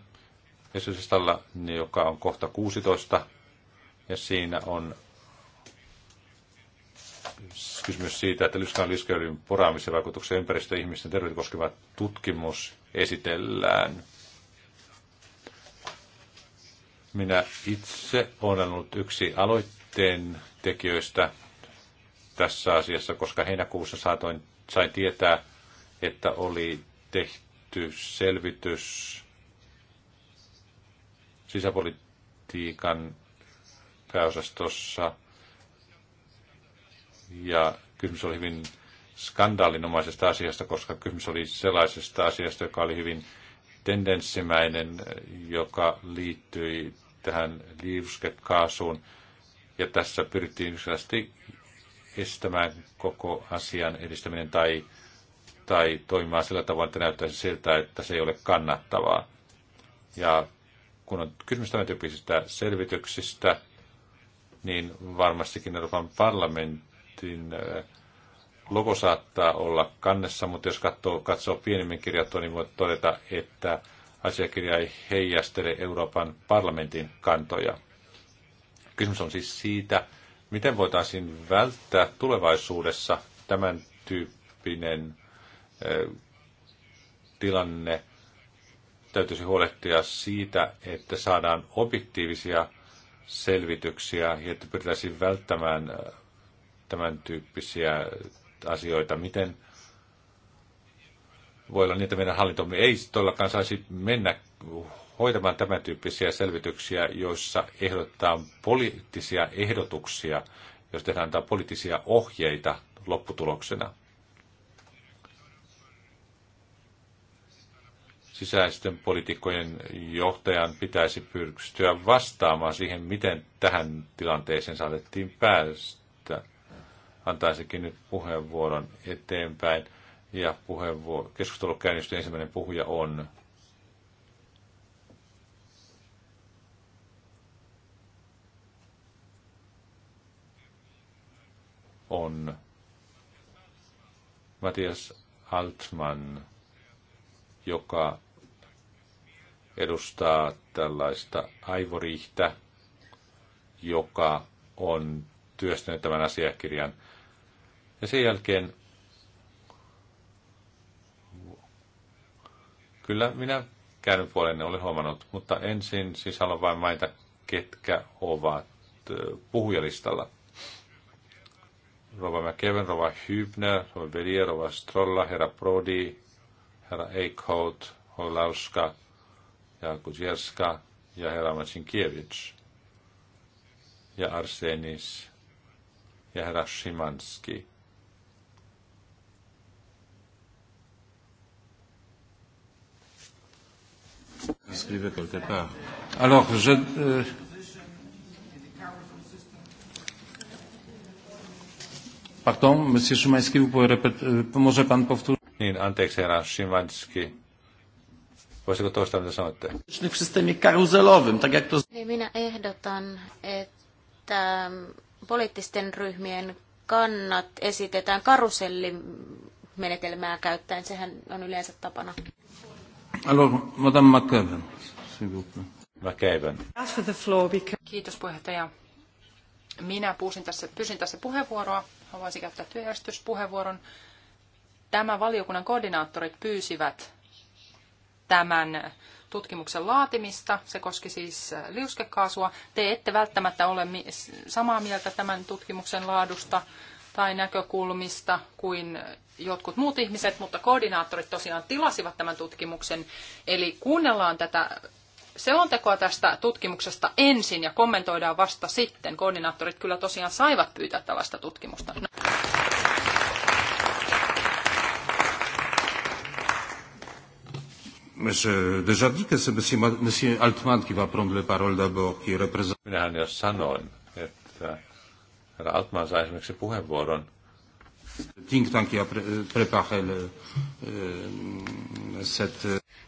B: esitystalla, joka on kohta 16, ja siinä on kysymys siitä, että lyskan liskeydyn poraamisen vaikutuksen ympäristö- ja ihmisten terveyttä koskeva tutkimus esitellään. Minä itse olen ollut yksi aloittaja aloitteen tekijöistä tässä asiassa, koska heinäkuussa saatoin, sain tietää, että oli tehty selvitys sisäpolitiikan pääosastossa. Ja kysymys oli hyvin skandaalinomaisesta asiasta, koska kysymys oli sellaisesta asiasta, joka oli hyvin tendenssimäinen, joka liittyi tähän liuskekaasuun ja tässä pyrittiin yksinkertaisesti estämään koko asian edistäminen tai, tai toimimaan sillä tavalla, että näyttäisi siltä, että se ei ole kannattavaa. Ja kun on kysymys tämän tyyppisistä selvityksistä, niin varmastikin Euroopan parlamentin äh, logo saattaa olla kannessa, mutta jos katsoo, katsoo pienemmin kirjattua, niin voi todeta, että asiakirja ei heijastele Euroopan parlamentin kantoja. Kysymys on siis siitä, miten voitaisiin välttää tulevaisuudessa tämän tyyppinen tilanne. Täytyisi huolehtia siitä, että saadaan objektiivisia selvityksiä ja että pyritäisiin välttämään tämän tyyppisiä asioita. Miten voi olla niin, että meidän hallintomme ei todellakaan saisi mennä hoitamaan tämän tyyppisiä selvityksiä, joissa ehdotetaan poliittisia ehdotuksia, jos tehdään antaa poliittisia ohjeita lopputuloksena. Sisäisten poliitikkojen johtajan pitäisi pystyä vastaamaan siihen, miten tähän tilanteeseen saatettiin päästä. Antaisinkin nyt puheenvuoron eteenpäin. Ja puheenvuoro, keskustelu käynnistyy ensimmäinen puhuja on on Matias Altman, joka edustaa tällaista aivoriihtä, joka on työstänyt tämän asiakirjan. Ja sen jälkeen kyllä minä käyn puolenne olen huomannut, mutta ensin siis haluan vain mainita, ketkä ovat puhujalistalla. Rova McEwen, Rova Hübner, Rova Belier, Rova Strolla, herra Prodi, herra Eichholt, Holauska ja Kuzierska ja herra Macinkiewicz ja Arsenis ja herra Szymanski.
A: Inscrivez quelque part. Alors, je, euh, Pardon, Monsieur Szymański, może pan powtórzyć? Niin, anteeksi herra Szymański.
B: Voisiko toista mitä sanoitte? W systeemie karuzelowym, tak jak to...
C: Niin minä ehdotan, että poliittisten ryhmien kannat esitetään karusellimenetelmää käyttäen. Sehän on yleensä tapana.
A: Alors, Madame McKeven, McKeven.
D: Kiitos puheenjohtaja. Minä puusin tässä, pysin tässä puheenvuoroa haluaisi käyttää työjärjestyspuheenvuoron. Tämä valiokunnan koordinaattorit pyysivät tämän tutkimuksen laatimista. Se koski siis liuskekaasua. Te ette välttämättä ole samaa mieltä tämän tutkimuksen laadusta tai näkökulmista kuin jotkut muut ihmiset, mutta koordinaattorit tosiaan tilasivat tämän tutkimuksen. Eli kuunnellaan tätä selontekoa tästä tutkimuksesta ensin ja kommentoidaan vasta sitten. Koordinaattorit kyllä tosiaan saivat pyytää tällaista tutkimusta.
A: Euh,
B: Minähän jo sanoin, että herra Altman sai esimerkiksi puheenvuoron
A: think tank qui prepahel, préparé euh, euh,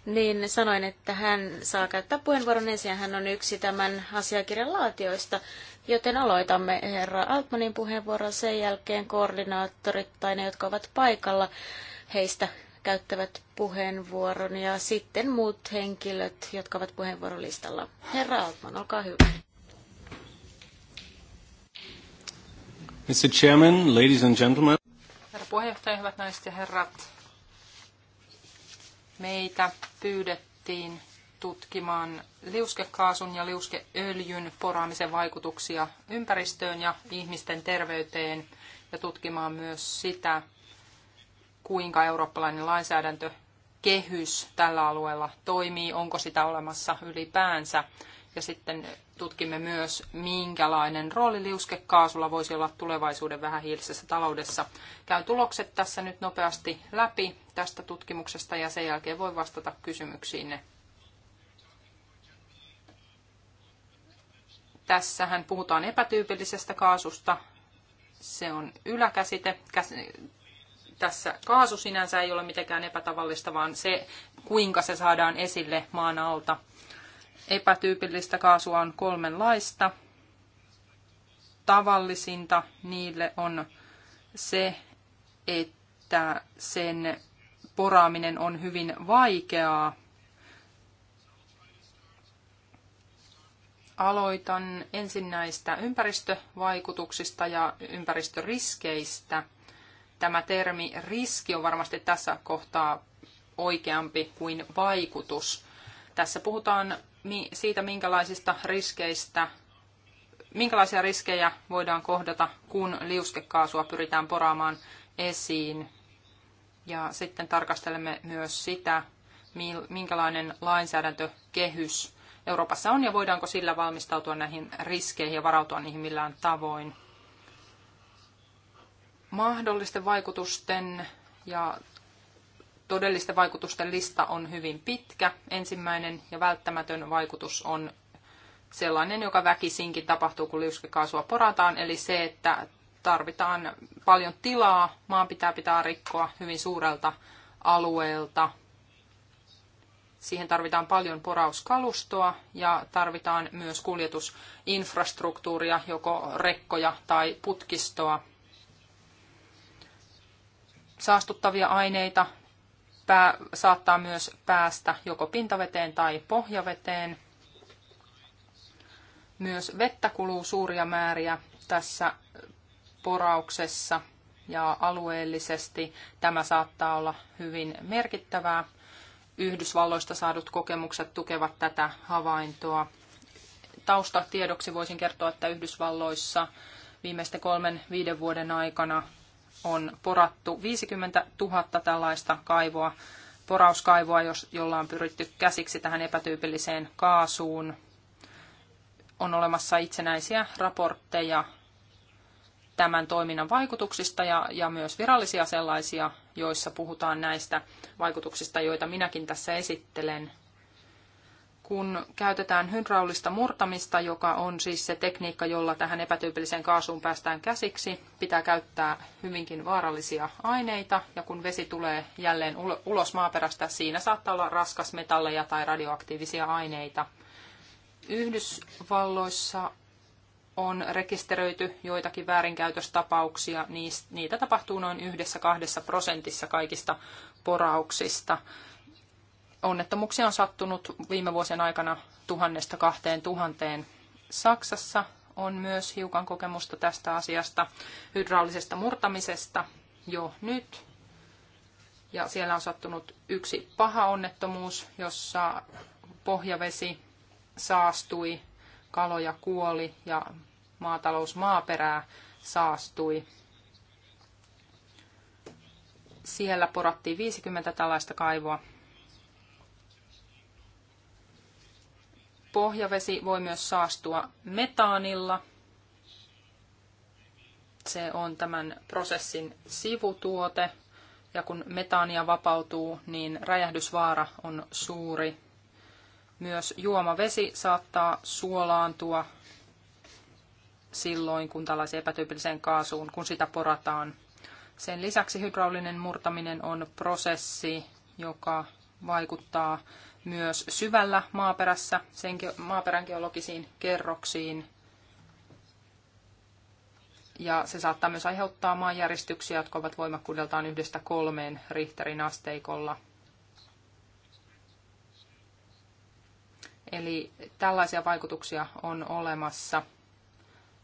C: niin sanoin, että hän saa käyttää puheenvuoron ensin ja hän on yksi tämän asiakirjan laatioista. Joten aloitamme herra Altmanin puheenvuoron sen jälkeen koordinaattorit tai ne, jotka ovat paikalla, heistä käyttävät puheenvuoron ja sitten muut henkilöt, jotka ovat puheenvuorolistalla. Herra Altman, olkaa hyvä.
A: Mr. Chairman, ladies and gentlemen.
D: Herra puheenjohtaja, hyvät naiset ja herrat meitä pyydettiin tutkimaan liuskekaasun ja liuskeöljyn poraamisen vaikutuksia ympäristöön ja ihmisten terveyteen ja tutkimaan myös sitä, kuinka eurooppalainen lainsäädäntö kehys tällä alueella toimii, onko sitä olemassa ylipäänsä. Ja sitten tutkimme myös, minkälainen rooli liuskekaasulla voisi olla tulevaisuuden vähähiilisessä taloudessa. Käyn tulokset tässä nyt nopeasti läpi tästä tutkimuksesta ja sen jälkeen voi vastata kysymyksiinne. Tässähän puhutaan epätyypillisestä kaasusta. Se on yläkäsite. Tässä kaasu sinänsä ei ole mitenkään epätavallista, vaan se, kuinka se saadaan esille maan alta – Epätyypillistä kaasua on kolmenlaista. Tavallisinta niille on se, että sen poraaminen on hyvin vaikeaa. Aloitan ensin näistä ympäristövaikutuksista ja ympäristöriskeistä. Tämä termi riski on varmasti tässä kohtaa oikeampi kuin vaikutus. Tässä puhutaan siitä, minkälaisista riskeistä, minkälaisia riskejä voidaan kohdata, kun liuskekaasua pyritään poraamaan esiin. Ja sitten tarkastelemme myös sitä, minkälainen lainsäädäntökehys Euroopassa on ja voidaanko sillä valmistautua näihin riskeihin ja varautua niihin millään tavoin. Mahdollisten vaikutusten ja todellisten vaikutusten lista on hyvin pitkä. Ensimmäinen ja välttämätön vaikutus on sellainen, joka väkisinkin tapahtuu, kun liuskekaasua porataan, eli se, että tarvitaan paljon tilaa, maan pitää pitää rikkoa hyvin suurelta alueelta. Siihen tarvitaan paljon porauskalustoa ja tarvitaan myös kuljetusinfrastruktuuria, joko rekkoja tai putkistoa. Saastuttavia aineita pää, saattaa myös päästä joko pintaveteen tai pohjaveteen. Myös vettä kuluu suuria määriä tässä porauksessa ja alueellisesti tämä saattaa olla hyvin merkittävää. Yhdysvalloista saadut kokemukset tukevat tätä havaintoa. Taustatiedoksi voisin kertoa, että Yhdysvalloissa viimeisten kolmen viiden vuoden aikana on porattu 50 000 tällaista kaivoa, porauskaivoa, jos, jolla on pyritty käsiksi tähän epätyypilliseen kaasuun. On olemassa itsenäisiä raportteja tämän toiminnan vaikutuksista ja, ja myös virallisia sellaisia, joissa puhutaan näistä vaikutuksista, joita minäkin tässä esittelen – kun käytetään hydraulista murtamista, joka on siis se tekniikka, jolla tähän epätyypilliseen kaasuun päästään käsiksi, pitää käyttää hyvinkin vaarallisia aineita, ja kun vesi tulee jälleen ulos maaperästä, siinä saattaa olla raskasmetalleja tai radioaktiivisia aineita. Yhdysvalloissa on rekisteröity joitakin väärinkäytöstapauksia. Niitä tapahtuu noin yhdessä kahdessa prosentissa kaikista porauksista onnettomuuksia on sattunut viime vuosien aikana tuhannesta kahteen tuhanteen. Saksassa on myös hiukan kokemusta tästä asiasta hydraulisesta murtamisesta jo nyt. Ja siellä on sattunut yksi paha onnettomuus, jossa pohjavesi saastui, kaloja kuoli ja maatalousmaaperää saastui. Siellä porattiin 50 tällaista kaivoa Pohjavesi voi myös saastua metaanilla. Se on tämän prosessin sivutuote. Ja kun metaania vapautuu, niin räjähdysvaara on suuri. Myös juomavesi saattaa suolaantua silloin, kun tällaiseen epätyypilliseen kaasuun, kun sitä porataan. Sen lisäksi hydraulinen murtaminen on prosessi, joka vaikuttaa myös syvällä maaperässä, sen maaperän geologisiin kerroksiin. Ja se saattaa myös aiheuttaa maanjäristyksiä, jotka ovat voimakkuudeltaan yhdestä kolmeen Richterin asteikolla. Eli tällaisia vaikutuksia on olemassa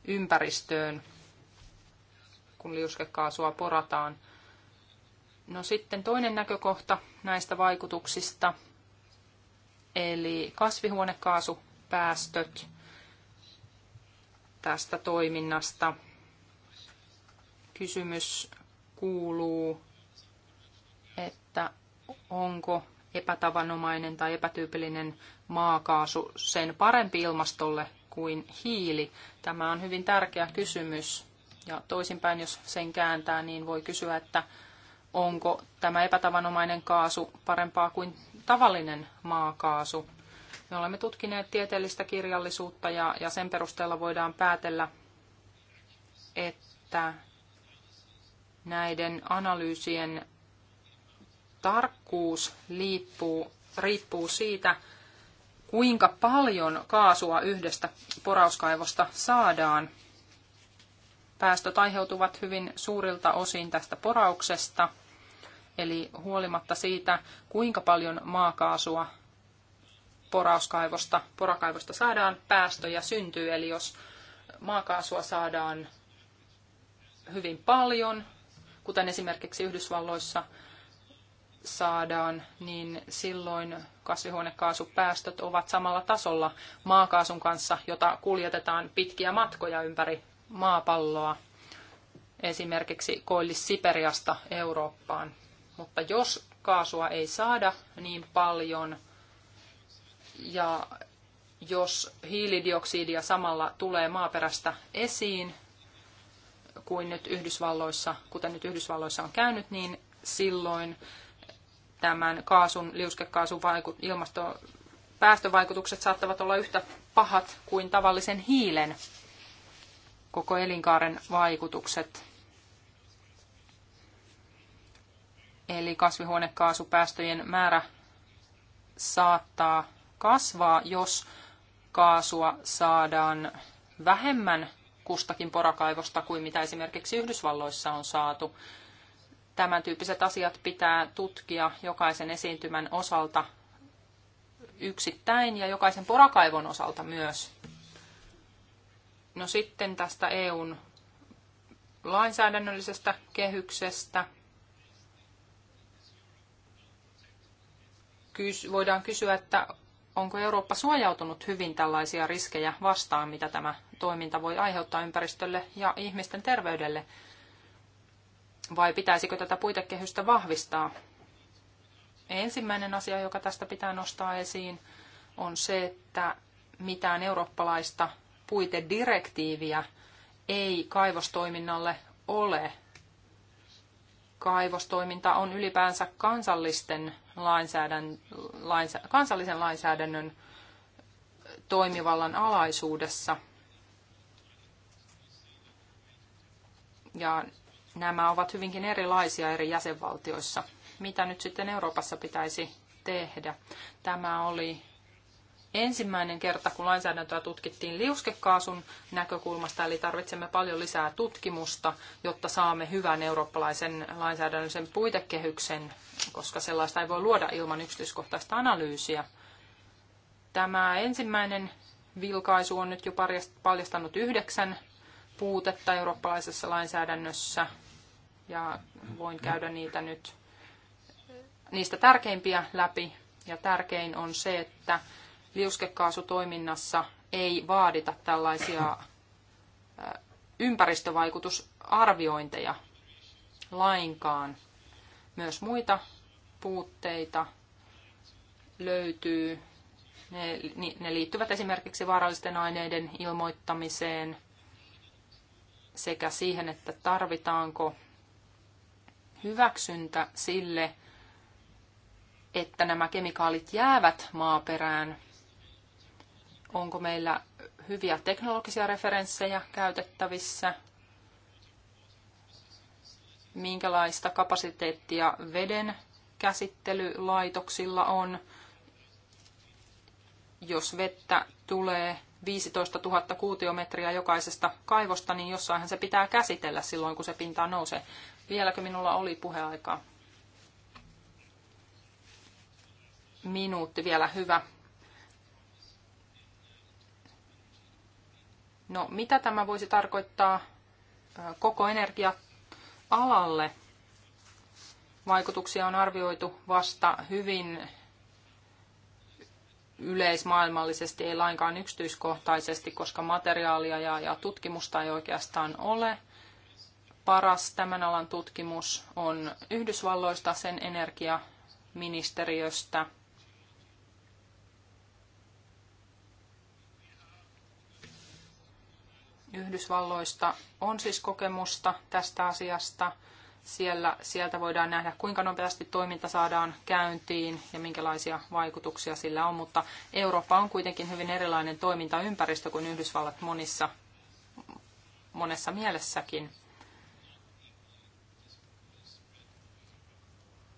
D: ympäristöön, kun liuskekaasua porataan. No sitten toinen näkökohta näistä vaikutuksista – eli kasvihuonekaasupäästöt tästä toiminnasta. Kysymys kuuluu, että onko epätavanomainen tai epätyypillinen maakaasu sen parempi ilmastolle kuin hiili? Tämä on hyvin tärkeä kysymys. Ja toisinpäin, jos sen kääntää, niin voi kysyä, että onko tämä epätavanomainen kaasu parempaa kuin tavallinen maakaasu. Me olemme tutkineet tieteellistä kirjallisuutta ja, ja sen perusteella voidaan päätellä, että näiden analyysien tarkkuus liippuu, riippuu siitä, kuinka paljon kaasua yhdestä porauskaivosta saadaan. Päästöt aiheutuvat hyvin suurilta osin tästä porauksesta – Eli huolimatta siitä, kuinka paljon maakaasua porauskaivosta, porakaivosta saadaan, päästöjä syntyy. Eli jos maakaasua saadaan hyvin paljon, kuten esimerkiksi Yhdysvalloissa saadaan, niin silloin kasvihuonekaasupäästöt ovat samalla tasolla maakaasun kanssa, jota kuljetetaan pitkiä matkoja ympäri maapalloa, esimerkiksi koillis-Siperiasta Eurooppaan mutta jos kaasua ei saada niin paljon ja jos hiilidioksidia samalla tulee maaperästä esiin, kuin nyt Yhdysvalloissa, kuten nyt Yhdysvalloissa on käynyt, niin silloin tämän kaasun, liuskekaasun vaiku, ilmasto, päästövaikutukset saattavat olla yhtä pahat kuin tavallisen hiilen koko elinkaaren vaikutukset. Eli kasvihuonekaasupäästöjen määrä saattaa kasvaa, jos kaasua saadaan vähemmän kustakin porakaivosta kuin mitä esimerkiksi Yhdysvalloissa on saatu. Tämän tyyppiset asiat pitää tutkia jokaisen esiintymän osalta yksittäin ja jokaisen porakaivon osalta myös. No sitten tästä EUn lainsäädännöllisestä kehyksestä – voidaan kysyä, että onko Eurooppa suojautunut hyvin tällaisia riskejä vastaan, mitä tämä toiminta voi aiheuttaa ympäristölle ja ihmisten terveydelle? Vai pitäisikö tätä puitekehystä vahvistaa? Ensimmäinen asia, joka tästä pitää nostaa esiin, on se, että mitään eurooppalaista puitedirektiiviä ei kaivostoiminnalle ole. Kaivostoiminta on ylipäänsä kansallisten lainsäädän, lainsä, kansallisen lainsäädännön toimivallan alaisuudessa. Ja nämä ovat hyvinkin erilaisia eri jäsenvaltioissa. Mitä nyt sitten Euroopassa pitäisi tehdä? Tämä oli ensimmäinen kerta, kun lainsäädäntöä tutkittiin liuskekaasun näkökulmasta, eli tarvitsemme paljon lisää tutkimusta, jotta saamme hyvän eurooppalaisen lainsäädännöllisen puitekehyksen, koska sellaista ei voi luoda ilman yksityiskohtaista analyysiä. Tämä ensimmäinen vilkaisu on nyt jo paljastanut yhdeksän puutetta eurooppalaisessa lainsäädännössä, ja voin käydä niitä nyt niistä tärkeimpiä läpi. Ja tärkein on se, että liuskekaasutoiminnassa ei vaadita tällaisia äh, ympäristövaikutusarviointeja lainkaan. Myös muita puutteita löytyy. Ne, ne liittyvät esimerkiksi vaarallisten aineiden ilmoittamiseen sekä siihen, että tarvitaanko hyväksyntä sille, että nämä kemikaalit jäävät maaperään – onko meillä hyviä teknologisia referenssejä käytettävissä, minkälaista kapasiteettia veden käsittelylaitoksilla on, jos vettä tulee 15 000 kuutiometriä jokaisesta kaivosta, niin jossainhan se pitää käsitellä silloin, kun se pinta nousee. Vieläkö minulla oli puheaikaa? Minuutti vielä, hyvä. No mitä tämä voisi tarkoittaa koko energia-alalle? Vaikutuksia on arvioitu vasta hyvin yleismaailmallisesti, ei lainkaan yksityiskohtaisesti, koska materiaalia ja, ja tutkimusta ei oikeastaan ole. Paras tämän alan tutkimus on Yhdysvalloista, sen energiaministeriöstä – Yhdysvalloista on siis kokemusta tästä asiasta. Siellä, sieltä voidaan nähdä, kuinka nopeasti toiminta saadaan käyntiin ja minkälaisia vaikutuksia sillä on, mutta Eurooppa on kuitenkin hyvin erilainen toimintaympäristö kuin Yhdysvallat monissa, monessa mielessäkin.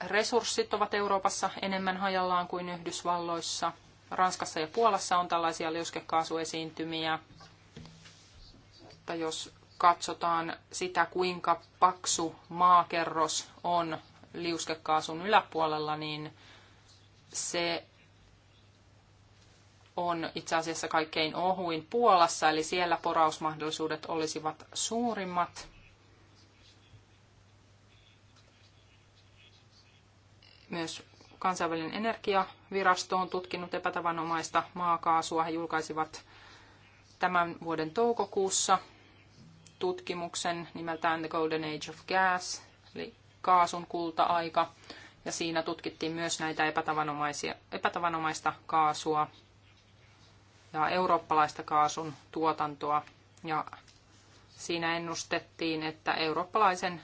D: Resurssit ovat Euroopassa enemmän hajallaan kuin Yhdysvalloissa. Ranskassa ja Puolassa on tällaisia liuskekaasuesiintymiä, että jos katsotaan sitä, kuinka paksu maakerros on liuskekaasun yläpuolella, niin se on itse asiassa kaikkein ohuin Puolassa, eli siellä porausmahdollisuudet olisivat suurimmat. Myös kansainvälinen energiavirasto on tutkinut epätavanomaista maakaasua. He julkaisivat tämän vuoden toukokuussa tutkimuksen nimeltään The Golden Age of Gas, eli kaasun kulta-aika, ja siinä tutkittiin myös näitä epätavanomaisia, epätavanomaista kaasua ja eurooppalaista kaasun tuotantoa. Ja siinä ennustettiin, että eurooppalaisen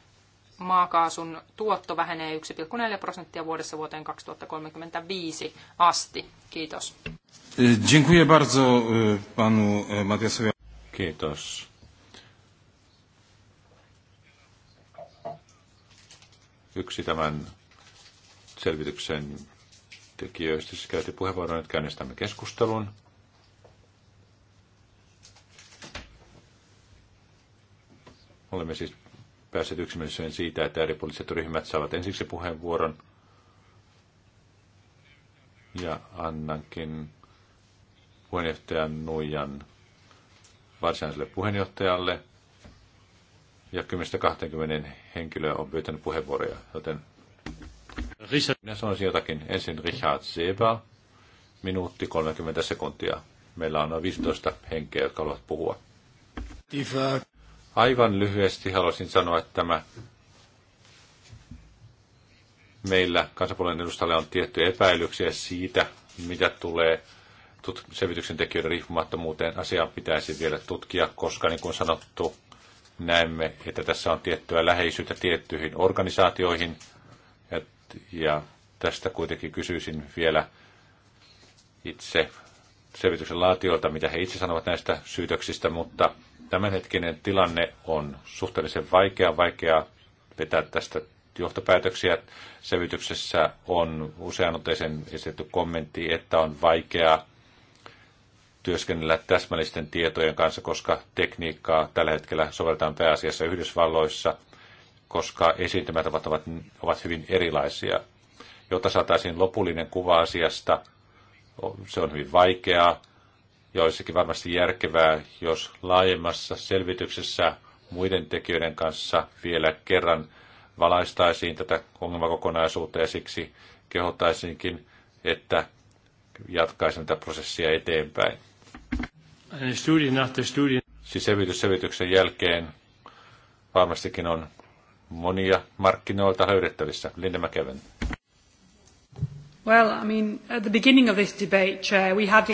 D: maakaasun tuotto vähenee 1,4 prosenttia vuodessa vuoteen 2035 asti. Kiitos.
A: Dziękuję bardzo panu Matiasowi. Kiitos
B: yksi tämän selvityksen tekijöistä siis käytti puheenvuoron, että käynnistämme keskustelun. Olemme siis päässeet yksimielisyyden siitä, että eri poliittiset ryhmät saavat ensiksi puheenvuoron. Ja annankin puheenjohtajan Nuijan varsinaiselle puheenjohtajalle – ja 10-20 henkilöä on pyytänyt puheenvuoroja, joten Richard. minä sanoisin jotakin. Ensin Richard Seba, minuutti 30 sekuntia. Meillä on noin 15 henkeä, jotka haluavat puhua. Aivan lyhyesti haluaisin sanoa, että tämä meillä kansapuolen edustajalla on tiettyjä epäilyksiä siitä, mitä tulee selvityksen tekijöiden riippumattomuuteen. Asiaa pitäisi vielä tutkia, koska niin kuin sanottu, näemme, että tässä on tiettyä läheisyyttä tiettyihin organisaatioihin. Ja, tästä kuitenkin kysyisin vielä itse selvityksen laatiolta, mitä he itse sanovat näistä syytöksistä, mutta tämänhetkinen tilanne on suhteellisen vaikea, vaikea vetää tästä johtopäätöksiä. Selvityksessä on usean otteeseen esitetty kommentti, että on vaikea työskennellä täsmällisten tietojen kanssa, koska tekniikkaa tällä hetkellä sovelletaan pääasiassa Yhdysvalloissa, koska esiintymätavat ovat, ovat hyvin erilaisia. Jotta saataisiin lopullinen kuva asiasta, se on hyvin vaikeaa, joissakin varmasti järkevää, jos laajemmassa selvityksessä muiden tekijöiden kanssa vielä kerran valaistaisiin tätä ongelmakokonaisuutta ja siksi kehottaisinkin, että jatkaisimme tätä prosessia eteenpäin.
A: Äh,
B: siis selvitys selvityksen jälkeen varmastikin on monia markkinoilta löydettävissä. Linda McEwen.
C: Well, I mean, at the beginning of this debate, Chair, uh, we had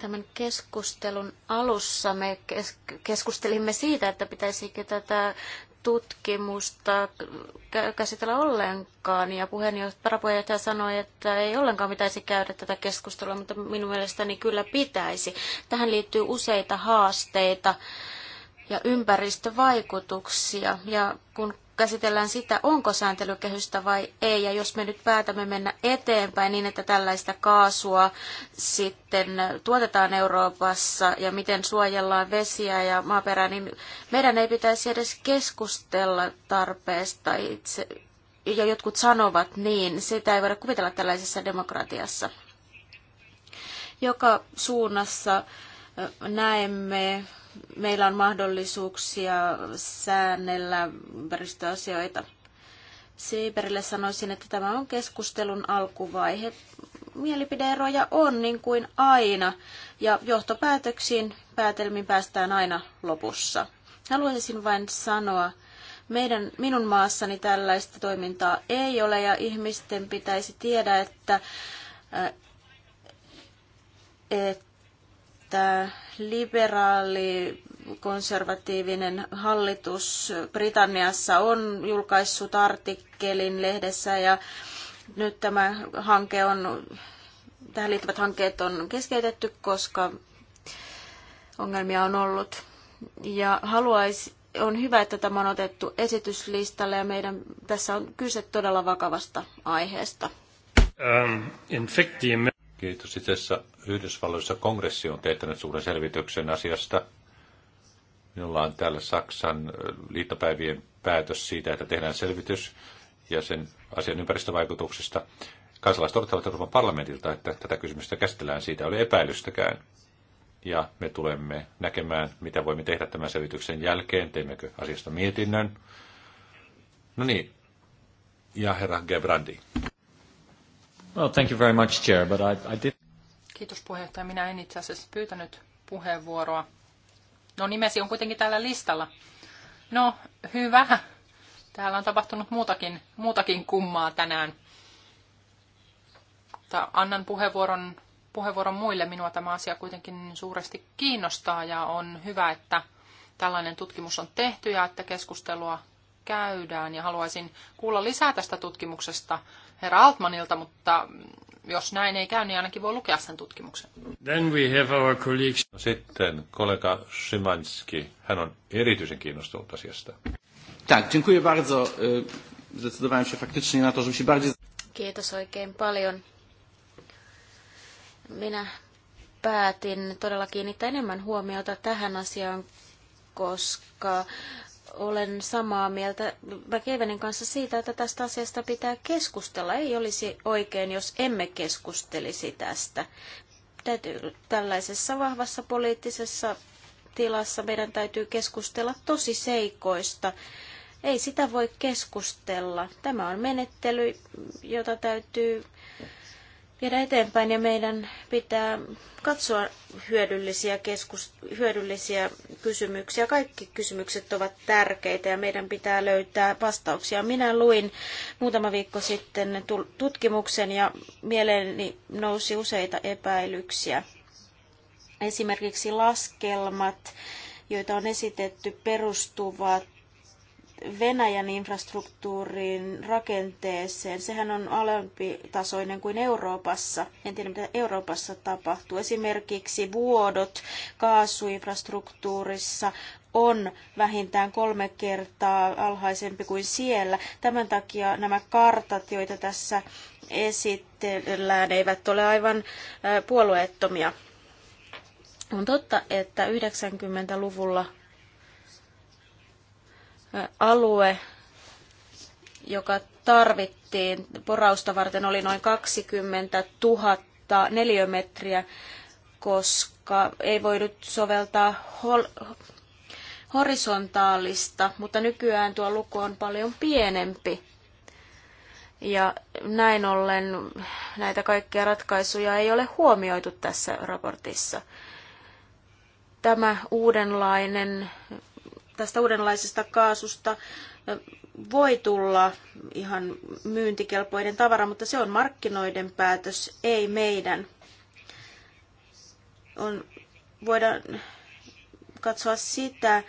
C: Tämän keskustelun alussa me keskustelimme siitä, että pitäisikö tätä tutkimusta käsitellä ollenkaan. Ja varapuheenjohtaja sanoi, että ei ollenkaan pitäisi käydä tätä keskustelua, mutta minun mielestäni kyllä pitäisi. Tähän liittyy useita haasteita ja ympäristövaikutuksia. Ja kun käsitellään sitä, onko sääntelykehystä vai ei. Ja jos me nyt päätämme mennä eteenpäin niin, että tällaista kaasua sitten tuotetaan Euroopassa ja miten suojellaan vesiä ja maaperää, niin meidän ei pitäisi edes keskustella tarpeesta itse. Ja jotkut sanovat niin, sitä ei voida kuvitella tällaisessa demokratiassa. Joka suunnassa näemme meillä on mahdollisuuksia säännellä ympäristöasioita. Siiperille sanoisin, että tämä on keskustelun alkuvaihe. Mielipideeroja on niin kuin aina, ja johtopäätöksiin päätelmiin päästään aina lopussa. Haluaisin vain sanoa, meidän, minun maassani tällaista toimintaa ei ole, ja ihmisten pitäisi tiedä, että, että että liberaali konservatiivinen hallitus Britanniassa on julkaissut artikkelin lehdessä ja nyt tämä hanke on, tähän liittyvät hankkeet on keskeytetty, koska ongelmia on ollut. Ja haluaisi, on hyvä, että tämä on otettu esityslistalle ja meidän, tässä on kyse todella vakavasta aiheesta.
A: Um,
B: Kiitos. Itse asiassa Yhdysvalloissa kongressi on teettänyt suuren selvityksen asiasta. Minulla on täällä Saksan liittopäivien päätös siitä, että tehdään selvitys ja sen asian ympäristövaikutuksista. Kansalaiset odottavat Euroopan parlamentilta, että tätä kysymystä käsitellään. Siitä ei ole epäilystäkään. Ja me tulemme näkemään, mitä voimme tehdä tämän selvityksen jälkeen. Teemmekö asiasta mietinnön? No niin. Ja herra Gebrandi. Well, thank you very much, Chair, but I, I did...
D: Kiitos puheenjohtaja. Minä en itse asiassa pyytänyt puheenvuoroa. No nimesi on kuitenkin täällä listalla. No, hyvä. Täällä on tapahtunut muutakin, muutakin kummaa tänään. Mutta annan puheenvuoron, puheenvuoron muille. Minua tämä asia kuitenkin suuresti kiinnostaa ja on hyvä, että tällainen tutkimus on tehty ja että keskustelua käydään. Ja haluaisin kuulla lisää tästä tutkimuksesta herra Altmanilta, mutta jos näin ei käy, niin ainakin voi lukea sen tutkimuksen.
B: Then we have our colleague. No sitten kollega Szymanski. Hän on erityisen kiinnostunut asiasta. Tak,
A: dziękuję bardzo. E, zdecydowałem się faktycznie na to, żeby się bardziej...
C: Kiitos oikein paljon. Minä päätin todella kiinnittää enemmän huomiota tähän asiaan, koska olen samaa mieltä Väkevenen kanssa siitä, että tästä asiasta pitää keskustella. Ei olisi oikein, jos emme keskustelisi tästä. Täytyy, tällaisessa vahvassa poliittisessa tilassa meidän täytyy keskustella tosi seikoista. Ei sitä voi keskustella. Tämä on menettely, jota täytyy viedä eteenpäin ja meidän pitää katsoa hyödyllisiä, keskus, hyödyllisiä kysymyksiä. Kaikki kysymykset ovat tärkeitä ja meidän pitää löytää vastauksia. Minä luin muutama viikko sitten tutkimuksen ja mieleeni nousi useita epäilyksiä. Esimerkiksi laskelmat, joita on esitetty, perustuvat Venäjän infrastruktuurin rakenteeseen. Sehän on alempi tasoinen kuin Euroopassa. En tiedä, mitä Euroopassa tapahtuu. Esimerkiksi vuodot kaasuinfrastruktuurissa on vähintään kolme kertaa alhaisempi kuin siellä. Tämän takia nämä kartat, joita tässä esitellään, eivät ole aivan puolueettomia. On totta, että 90-luvulla alue, joka tarvittiin porausta varten, oli noin 20 000 neliömetriä, koska ei voinut soveltaa hol- horisontaalista, mutta nykyään tuo luku on paljon pienempi. Ja näin ollen näitä kaikkia ratkaisuja ei ole huomioitu tässä raportissa. Tämä uudenlainen tästä uudenlaisesta kaasusta voi tulla ihan myyntikelpoinen tavara, mutta se on markkinoiden päätös, ei meidän. On, voidaan katsoa sitä,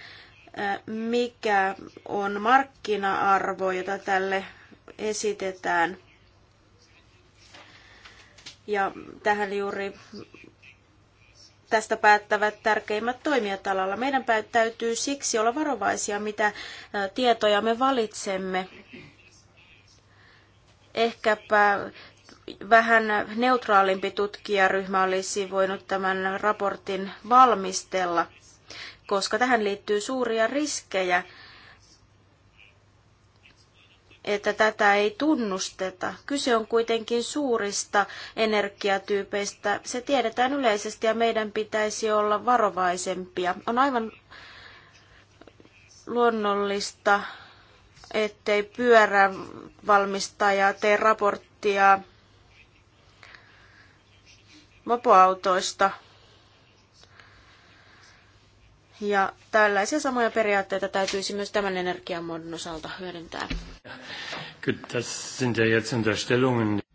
C: mikä on markkina-arvo, jota tälle esitetään. Ja tähän juuri tästä päättävät tärkeimmät toimijat alalla. Meidän täytyy siksi olla varovaisia, mitä tietoja me valitsemme. Ehkäpä vähän neutraalimpi tutkijaryhmä olisi voinut tämän raportin valmistella, koska tähän liittyy suuria riskejä että tätä ei tunnusteta. Kyse on kuitenkin suurista energiatyypeistä. Se tiedetään yleisesti ja meidän pitäisi olla varovaisempia. On aivan luonnollista, ettei valmistaja tee raporttia mopoautoista ja tällaisia samoja periaatteita täytyisi myös tämän energiamuodon osalta hyödyntää.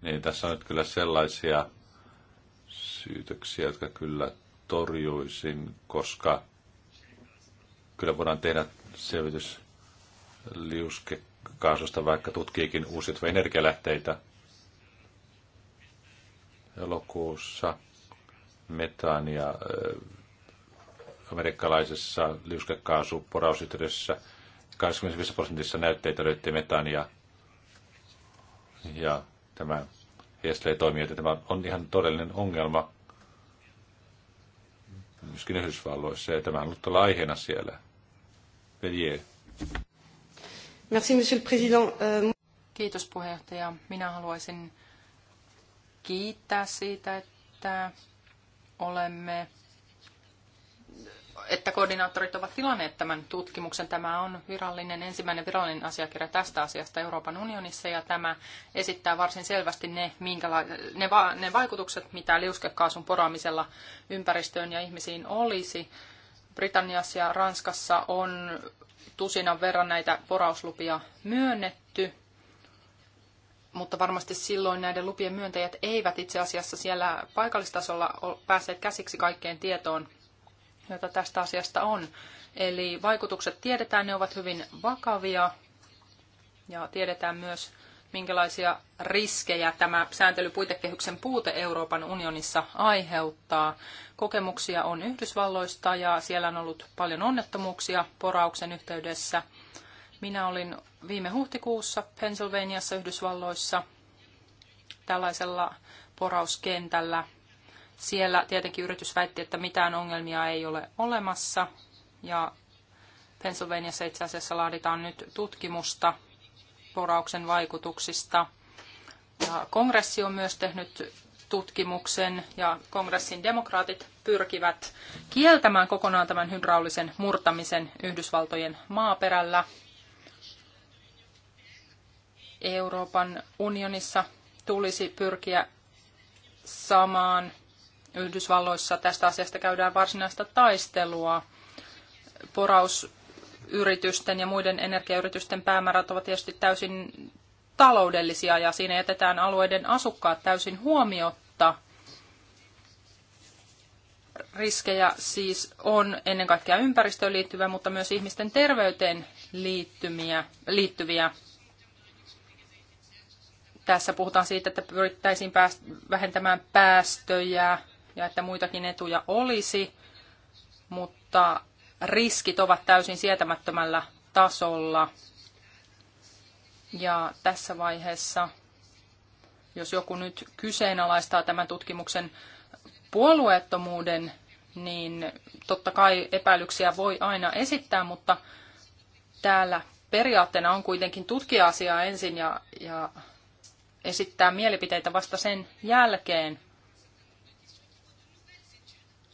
B: Niin, tässä on nyt kyllä sellaisia syytöksiä, jotka kyllä torjuisin, koska kyllä voidaan tehdä selvitys liuskekaasusta, vaikka tutkiikin uusiutuvia energialähteitä. Elokuussa metaania amerikkalaisessa liuskekaasuporausyhteydessä 25 prosentissa näytteitä löydettiin metania. Ja tämä Hesley toimii, että tämä on ihan todellinen ongelma myöskin Yhdysvalloissa. Ja tämä on ollut tuolla aiheena siellä. Velier.
C: Merci, monsieur le président. Euh,
D: Kiitos puheenjohtaja. Minä haluaisin kiittää siitä, että olemme että koordinaattorit ovat tilanneet tämän tutkimuksen. Tämä on virallinen, ensimmäinen virallinen asiakirja tästä asiasta Euroopan unionissa ja tämä esittää varsin selvästi ne, minkäla- ne, va- ne vaikutukset, mitä liuskekaasun poraamisella ympäristöön ja ihmisiin olisi. Britanniassa ja Ranskassa on tusinan verran näitä porauslupia myönnetty, mutta varmasti silloin näiden lupien myöntäjät eivät itse asiassa siellä paikallistasolla päässeet käsiksi kaikkeen tietoon jota tästä asiasta on. Eli vaikutukset tiedetään, ne ovat hyvin vakavia ja tiedetään myös, minkälaisia riskejä tämä sääntelypuitekehyksen puute Euroopan unionissa aiheuttaa. Kokemuksia on Yhdysvalloista ja siellä on ollut paljon onnettomuuksia porauksen yhteydessä. Minä olin viime huhtikuussa Pennsylvaniassa Yhdysvalloissa tällaisella porauskentällä siellä tietenkin yritys väitti, että mitään ongelmia ei ole olemassa ja Pennsylvaniassa itse asiassa laaditaan nyt tutkimusta porauksen vaikutuksista. Ja kongressi on myös tehnyt tutkimuksen ja kongressin demokraatit pyrkivät kieltämään kokonaan tämän hydraulisen murtamisen Yhdysvaltojen maaperällä. Euroopan unionissa tulisi pyrkiä samaan Yhdysvalloissa tästä asiasta käydään varsinaista taistelua. Porausyritysten ja muiden energiayritysten päämäärät ovat tietysti täysin taloudellisia ja siinä jätetään alueiden asukkaat täysin huomiotta. Riskejä siis on ennen kaikkea ympäristöön liittyviä, mutta myös ihmisten terveyteen liittymiä, liittyviä. Tässä puhutaan siitä, että pyrittäisiin pääst- vähentämään päästöjä ja että muitakin etuja olisi, mutta riskit ovat täysin sietämättömällä tasolla. Ja tässä vaiheessa, jos joku nyt kyseenalaistaa tämän tutkimuksen puolueettomuuden, niin totta kai epäilyksiä voi aina esittää, mutta täällä periaatteena on kuitenkin tutkia asiaa ensin ja, ja esittää mielipiteitä vasta sen jälkeen.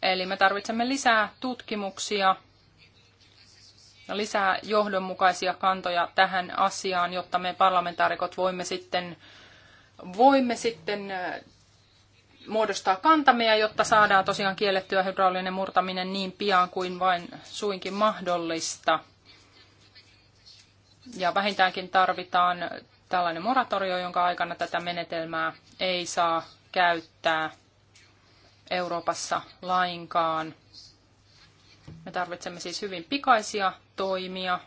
D: Eli me tarvitsemme lisää tutkimuksia, lisää johdonmukaisia kantoja tähän asiaan, jotta me parlamentaarikot voimme sitten, voimme sitten äh, muodostaa kantamme ja jotta saadaan tosiaan kiellettyä hydraulinen murtaminen niin pian kuin vain suinkin mahdollista. Ja vähintäänkin tarvitaan tällainen moratorio, jonka aikana tätä menetelmää ei saa käyttää. Euroopassa lainkaan. Me tarvitsemme siis hyvin pikaisia toimia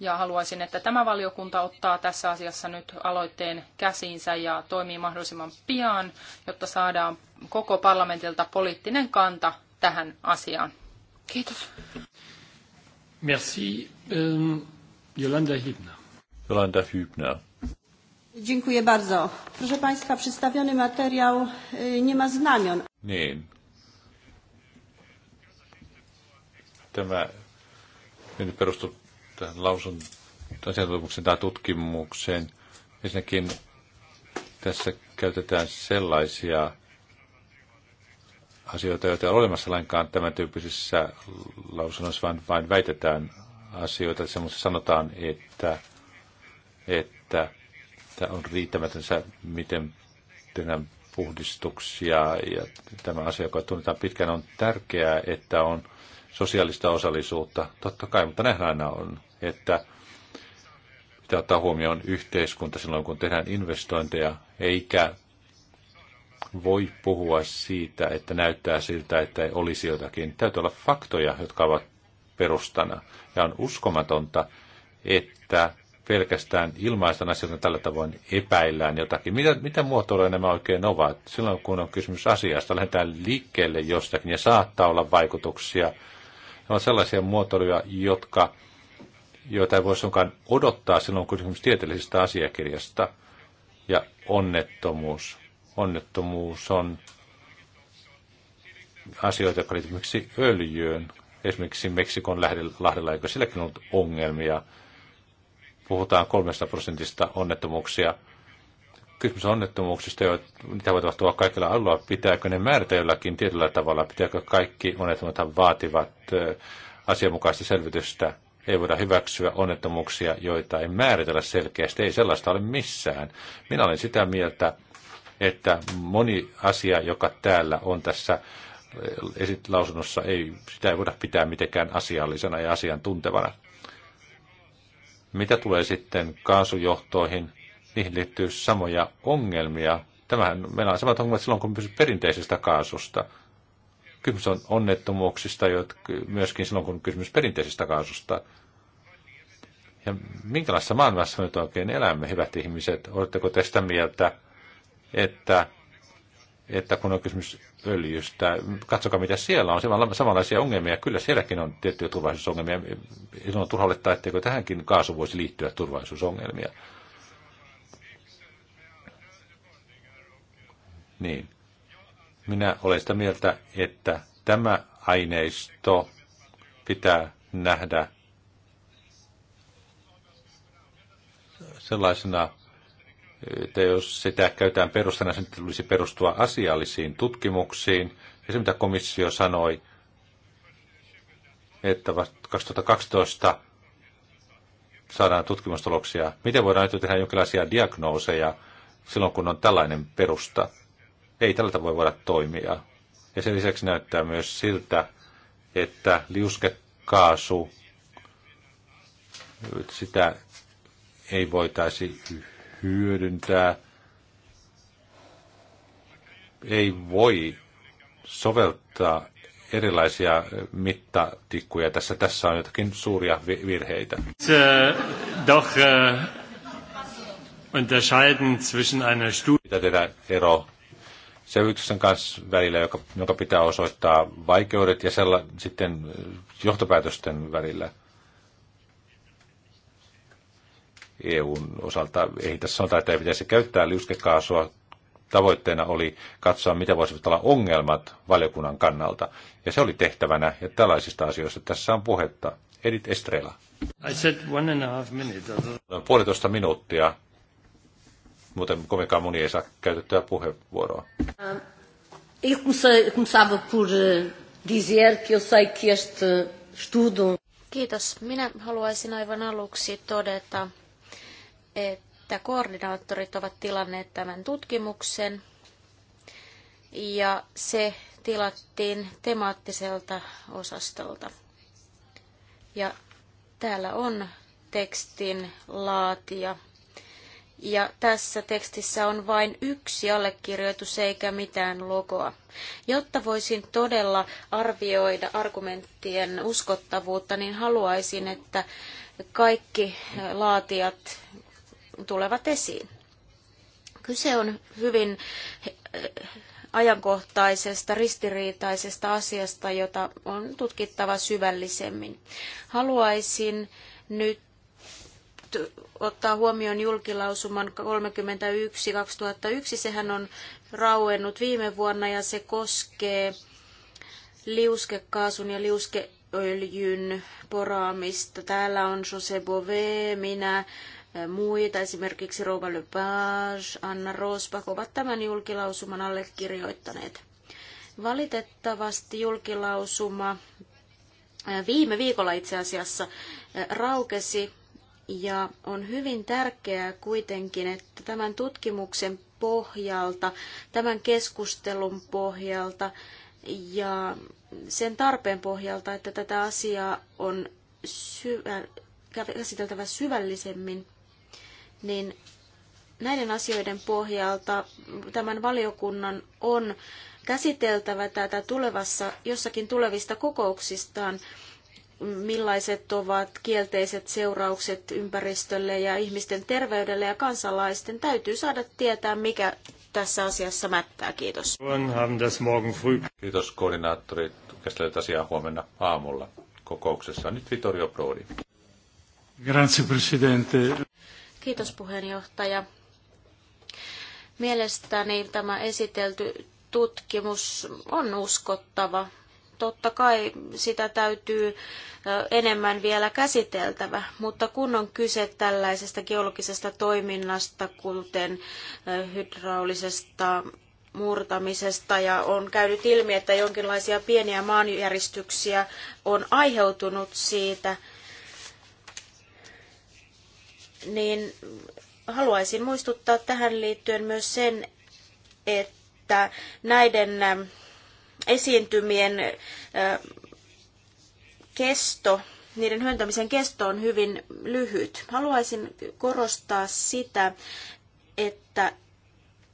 D: ja haluaisin, että tämä valiokunta ottaa tässä asiassa nyt aloitteen käsiinsä ja toimii mahdollisimman pian, jotta saadaan koko parlamentilta poliittinen kanta tähän asiaan. Kiitos.
A: Merci. Ähm, Jolanda Hybner. Jolanda Hybner.
C: Dziękuję bardzo. Proszę Państwa, przedstawiony materiał nie ma znamion.
B: Niin. Tämä nyt perustuu tähän lausun asiantuntemukseen tai tutkimukseen. Ensinnäkin tässä käytetään sellaisia asioita, joita ei ole olemassa lainkaan tämän tyyppisissä lausunnoissa, vaan, vain väitetään asioita. Semmoista sanotaan, että, että että on riittämätönsä, miten tehdään puhdistuksia ja tämä asia, joka tunnetaan pitkään, on tärkeää, että on sosiaalista osallisuutta. Totta kai, mutta nähdään aina on, että pitää ottaa huomioon yhteiskunta silloin, kun tehdään investointeja, eikä voi puhua siitä, että näyttää siltä, että ei olisi jotakin. Täytyy olla faktoja, jotka ovat perustana. Ja on uskomatonta, että pelkästään ilmaistaan asioita tällä tavoin epäillään jotakin. Mitä, mitä muotoiluja nämä oikein ovat? Silloin kun on kysymys asiasta, lähdetään liikkeelle jostakin ja saattaa olla vaikutuksia. Ne ovat sellaisia muotoiluja, jotka, joita ei voi suinkaan odottaa silloin kun kysymys tieteellisestä asiakirjasta. Ja onnettomuus. Onnettomuus on asioita, jotka liittyvät esimerkiksi öljyyn. Esimerkiksi Meksikon lähdellä, lahdella, eikö silläkin ollut ongelmia – puhutaan 300 prosentista onnettomuuksia. Kysymys onnettomuuksista, mitä voi tapahtua kaikilla alueilla. Pitääkö ne määrätä jollakin tietyllä tavalla? Pitääkö kaikki onnettomuudet vaativat asianmukaista selvitystä? Ei voida hyväksyä onnettomuuksia, joita ei määritellä selkeästi. Ei sellaista ole missään. Minä olen sitä mieltä, että moni asia, joka täällä on tässä lausunnossa, ei, sitä ei voida pitää mitenkään asiallisena ja asiantuntevana. Mitä tulee sitten kaasujohtoihin, niihin liittyy samoja ongelmia. Tämähän, meillä on samat ongelmat silloin, kun me perinteisestä kaasusta. Kysymys on onnettomuuksista, jotka, myöskin silloin, kun kysymys perinteisestä kaasusta. Ja minkälaisessa maailmassa nyt oikein elämme, hyvät ihmiset? Oletteko te sitä mieltä, että että kun on kysymys öljystä, katsokaa mitä siellä on. Siellä on samanlaisia ongelmia. Kyllä sielläkin on tiettyjä turvallisuusongelmia. ei on turha olettaa, etteikö tähänkin kaasu voisi liittyä turvallisuusongelmia. Niin. Minä olen sitä mieltä, että tämä aineisto pitää nähdä sellaisena että jos sitä käytetään perustana, sen tulisi perustua asiallisiin tutkimuksiin. Ja se, mitä komissio sanoi, että vasta 2012 saadaan tutkimustuloksia. Miten voidaan nyt tehdä jonkinlaisia diagnooseja silloin, kun on tällainen perusta? Ei tällä tavoin voida toimia. Ja sen lisäksi näyttää myös siltä, että liuskekaasu, sitä ei voitaisi yhdistää hyödyntää, ei voi soveltaa erilaisia mittatikkuja. Tässä, tässä on jotakin suuria virheitä.
A: Mitä äh, äh, tehdä ero selvityksen kanssa
B: välillä, joka, joka pitää osoittaa vaikeudet ja sella, sitten äh, johtopäätösten välillä – EUn osalta. Ei tässä sanota, että ei pitäisi käyttää liuskekaasua. Tavoitteena oli katsoa, mitä voisivat olla ongelmat valiokunnan kannalta. Ja se oli tehtävänä, ja tällaisista asioista tässä on puhetta. Edith Estrela.
A: I said one and a half minute.
B: No, puolitoista minuuttia. Muuten kovinkaan moni ei saa käytettyä puheenvuoroa.
A: Ehm, começava por eh, dizer que eu sei que este estudo
C: Kiitos. Minä haluaisin aivan aluksi todeta, että koordinaattorit ovat tilanneet tämän tutkimuksen ja se tilattiin temaattiselta osastolta. Ja täällä on tekstin laatia Ja tässä tekstissä on vain yksi allekirjoitus eikä mitään logoa. Jotta voisin todella arvioida argumenttien uskottavuutta, niin haluaisin, että kaikki laatijat tulevat esiin. Kyse on hyvin eh, ajankohtaisesta, ristiriitaisesta asiasta, jota on tutkittava syvällisemmin. Haluaisin nyt ottaa huomioon julkilausuman 31-2001. Sehän on rauennut viime vuonna ja se koskee liuskekaasun ja liuskeöljyn poraamista. Täällä on Jose Bové, minä, muita, esimerkiksi Rouva Lepage, Anna Rosbach, ovat tämän julkilausuman allekirjoittaneet. Valitettavasti julkilausuma viime viikolla itse asiassa raukesi ja on hyvin tärkeää kuitenkin, että tämän tutkimuksen pohjalta, tämän keskustelun pohjalta ja sen tarpeen pohjalta, että tätä asiaa on syvä, käsiteltävä syvällisemmin, niin näiden asioiden pohjalta tämän valiokunnan on käsiteltävä tätä tulevassa, jossakin tulevista kokouksistaan, millaiset ovat kielteiset seuraukset ympäristölle ja ihmisten terveydelle ja kansalaisten. Täytyy saada tietää, mikä tässä asiassa mättää. Kiitos.
B: Kiitos koordinaattori. Käsitellään asiaa huomenna aamulla kokouksessa. Nyt Vittorio Prodi.
A: Grazie Presidente.
C: Kiitos puheenjohtaja. Mielestäni tämä esitelty tutkimus on uskottava. Totta kai sitä täytyy enemmän vielä käsiteltävä, mutta kun on kyse tällaisesta geologisesta toiminnasta, kuten hydraulisesta murtamisesta ja on käynyt ilmi, että jonkinlaisia pieniä maanjäristyksiä on aiheutunut siitä, niin haluaisin muistuttaa tähän liittyen myös sen, että näiden ähm, esiintymien äh, kesto, niiden hyöntämisen kesto on hyvin lyhyt. Haluaisin korostaa sitä, että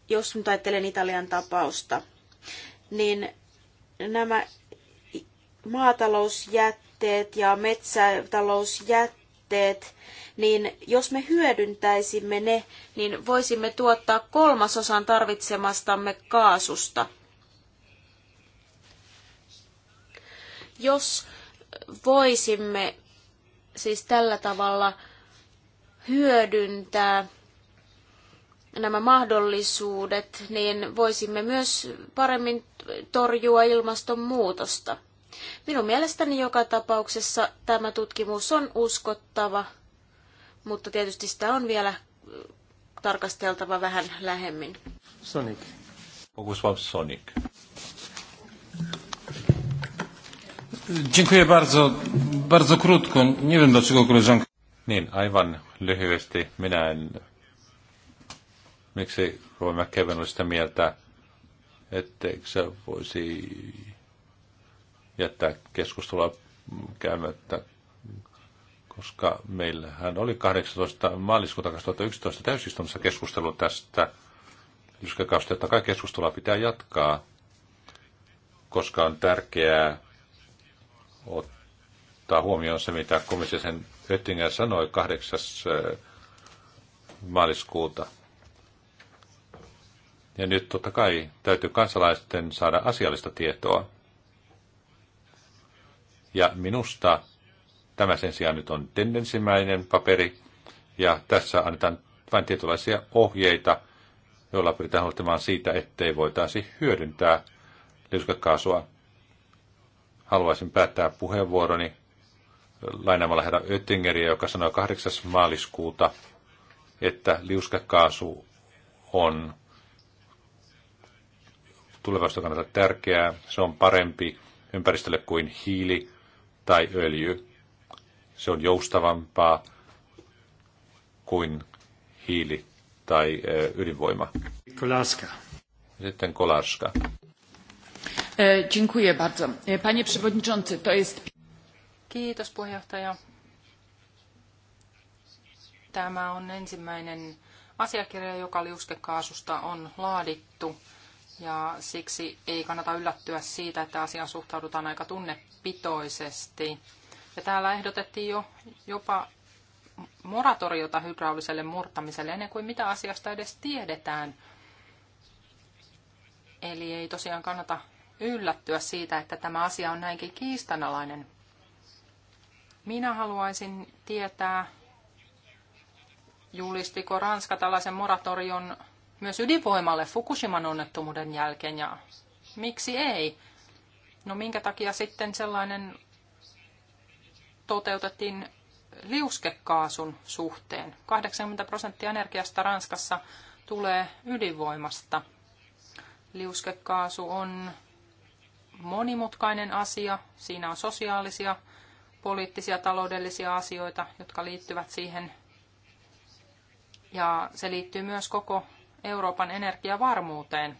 C: jos nyt ajattelen Italian tapausta, niin nämä maatalousjätteet ja metsätalousjätteet, tuotteet, niin jos me hyödyntäisimme ne, niin voisimme tuottaa kolmasosan tarvitsemastamme kaasusta. Jos voisimme siis tällä tavalla hyödyntää nämä mahdollisuudet, niin voisimme myös paremmin torjua ilmastonmuutosta. Minun mielestäni joka tapauksessa tämä tutkimus on uskottava, mutta tietysti sitä on vielä äh, tarkasteltava vähän lähemmin.
A: Sonic. Focus Sonic. Dziękuję bardzo. Bardzo krótko. Nie wiem dlaczego koleżanka...
B: Niin, aivan lyhyesti. Minä en... Miksi Roy McKevin oli sitä mieltä, etteikö se voisi jättää keskustelua käymättä, koska meillähän oli 18. maaliskuuta 2011 täysistunnossa keskustelu tästä ylskakausta, että kai keskustelua pitää jatkaa, koska on tärkeää ottaa huomioon se, mitä komissio sen Oettinger sanoi 8. Eh, maaliskuuta. Ja nyt totta kai täytyy kansalaisten saada asiallista tietoa. Ja minusta tämä sen sijaan nyt on tendenssimäinen paperi, ja tässä annetaan vain tietynlaisia ohjeita, joilla pyritään huolehtimaan siitä, ettei voitaisi hyödyntää liuskakaasua. Haluaisin päättää puheenvuoroni lainaamalla herra Oettingeriä, joka sanoi 8. maaliskuuta, että liuskakaasu on tulevaisuuden kannalta tärkeää. Se on parempi ympäristölle kuin hiili tai öljy. Se on joustavampaa kuin hiili tai ydinvoima. Kolaska. Sitten Kolaska.
D: E, dziękuję bardzo. E, panie Przewodniczący, to jest... Kiitos puheenjohtaja. Tämä on ensimmäinen asiakirja, joka liuskekaasusta on laadittu ja siksi ei kannata yllättyä siitä, että asiaan suhtaudutaan aika tunnepitoisesti. Ja täällä ehdotettiin jo jopa moratoriota hydrauliselle murtamiselle ennen kuin mitä asiasta edes tiedetään. Eli ei tosiaan kannata yllättyä siitä, että tämä asia on näinkin kiistanalainen. Minä haluaisin tietää, julistiko Ranska tällaisen moratorion myös ydinvoimalle Fukushiman onnettomuuden jälkeen ja miksi ei? No minkä takia sitten sellainen toteutettiin liuskekaasun suhteen? 80 prosenttia energiasta Ranskassa tulee ydinvoimasta. Liuskekaasu on monimutkainen asia. Siinä on sosiaalisia, poliittisia, taloudellisia asioita, jotka liittyvät siihen. Ja se liittyy myös koko Euroopan energiavarmuuteen.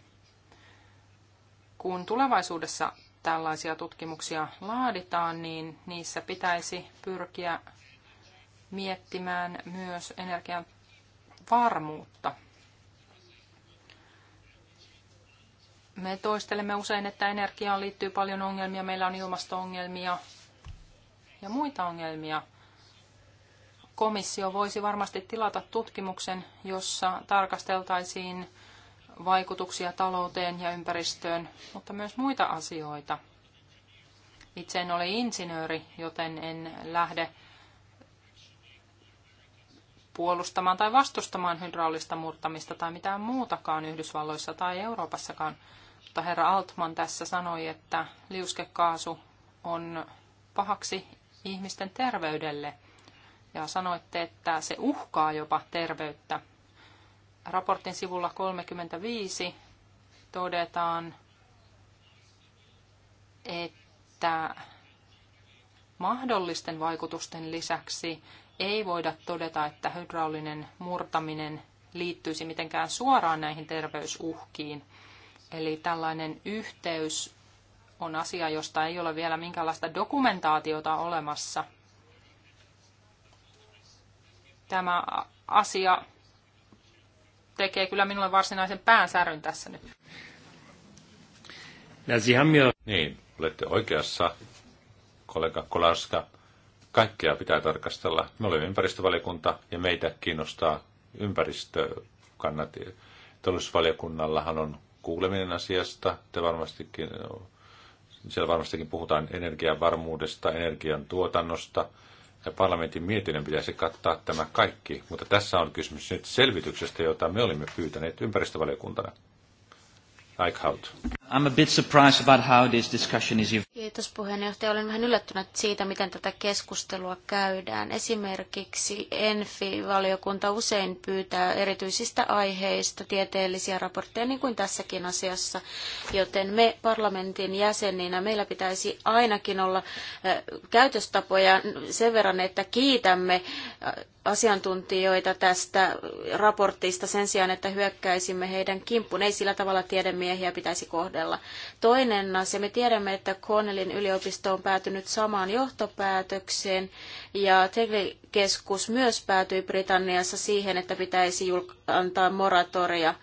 D: Kun tulevaisuudessa tällaisia tutkimuksia laaditaan, niin niissä pitäisi pyrkiä miettimään myös energian varmuutta. Me toistelemme usein, että energiaan liittyy paljon ongelmia, meillä on ilmasto-ongelmia ja muita ongelmia – komissio voisi varmasti tilata tutkimuksen, jossa tarkasteltaisiin vaikutuksia talouteen ja ympäristöön, mutta myös muita asioita. Itse en ole insinööri, joten en lähde puolustamaan tai vastustamaan hydraulista murtamista tai mitään muutakaan Yhdysvalloissa tai Euroopassakaan. Mutta herra Altman tässä sanoi, että liuskekaasu on pahaksi ihmisten terveydelle – ja sanoitte, että se uhkaa jopa terveyttä. Raportin sivulla 35 todetaan, että mahdollisten vaikutusten lisäksi ei voida todeta, että hydraulinen murtaminen liittyisi mitenkään suoraan näihin terveysuhkiin. Eli tällainen yhteys on asia, josta ei ole vielä minkäänlaista dokumentaatiota olemassa – Tämä asia tekee kyllä minulle varsinaisen päänsäryn tässä nyt.
B: Niin, olette oikeassa, kollega Kolaska. Kaikkea pitää tarkastella. Me olemme ympäristövaliokunta ja meitä kiinnostaa ympäristökannat. Teollisuusvaliokunnallahan on kuuleminen asiasta. Te varmastikin, siellä varmastikin puhutaan energiavarmuudesta, energian tuotannosta – ja parlamentin mietinnön pitäisi kattaa tämä kaikki, mutta tässä on kysymys nyt selvityksestä, jota me olimme pyytäneet ympäristövaliokuntana. Eichhout. I'm a bit surprised
A: about how this discussion is evolving.
C: Kiitos puheenjohtaja. Olen vähän yllättynyt siitä, miten tätä keskustelua käydään. Esimerkiksi ENFI-valiokunta usein pyytää erityisistä aiheista tieteellisiä raportteja, niin kuin tässäkin asiassa. Joten me parlamentin jäseninä, meillä pitäisi ainakin olla käytöstapoja sen verran, että kiitämme asiantuntijoita tästä raportista sen sijaan, että hyökkäisimme heidän kimppuun. Ei sillä tavalla tiedemiehiä pitäisi kohdella. Toinen asia, me tiedämme, että Cornellin yliopisto on päätynyt samaan johtopäätökseen ja keskus myös päätyi Britanniassa siihen, että pitäisi antaa moratoria.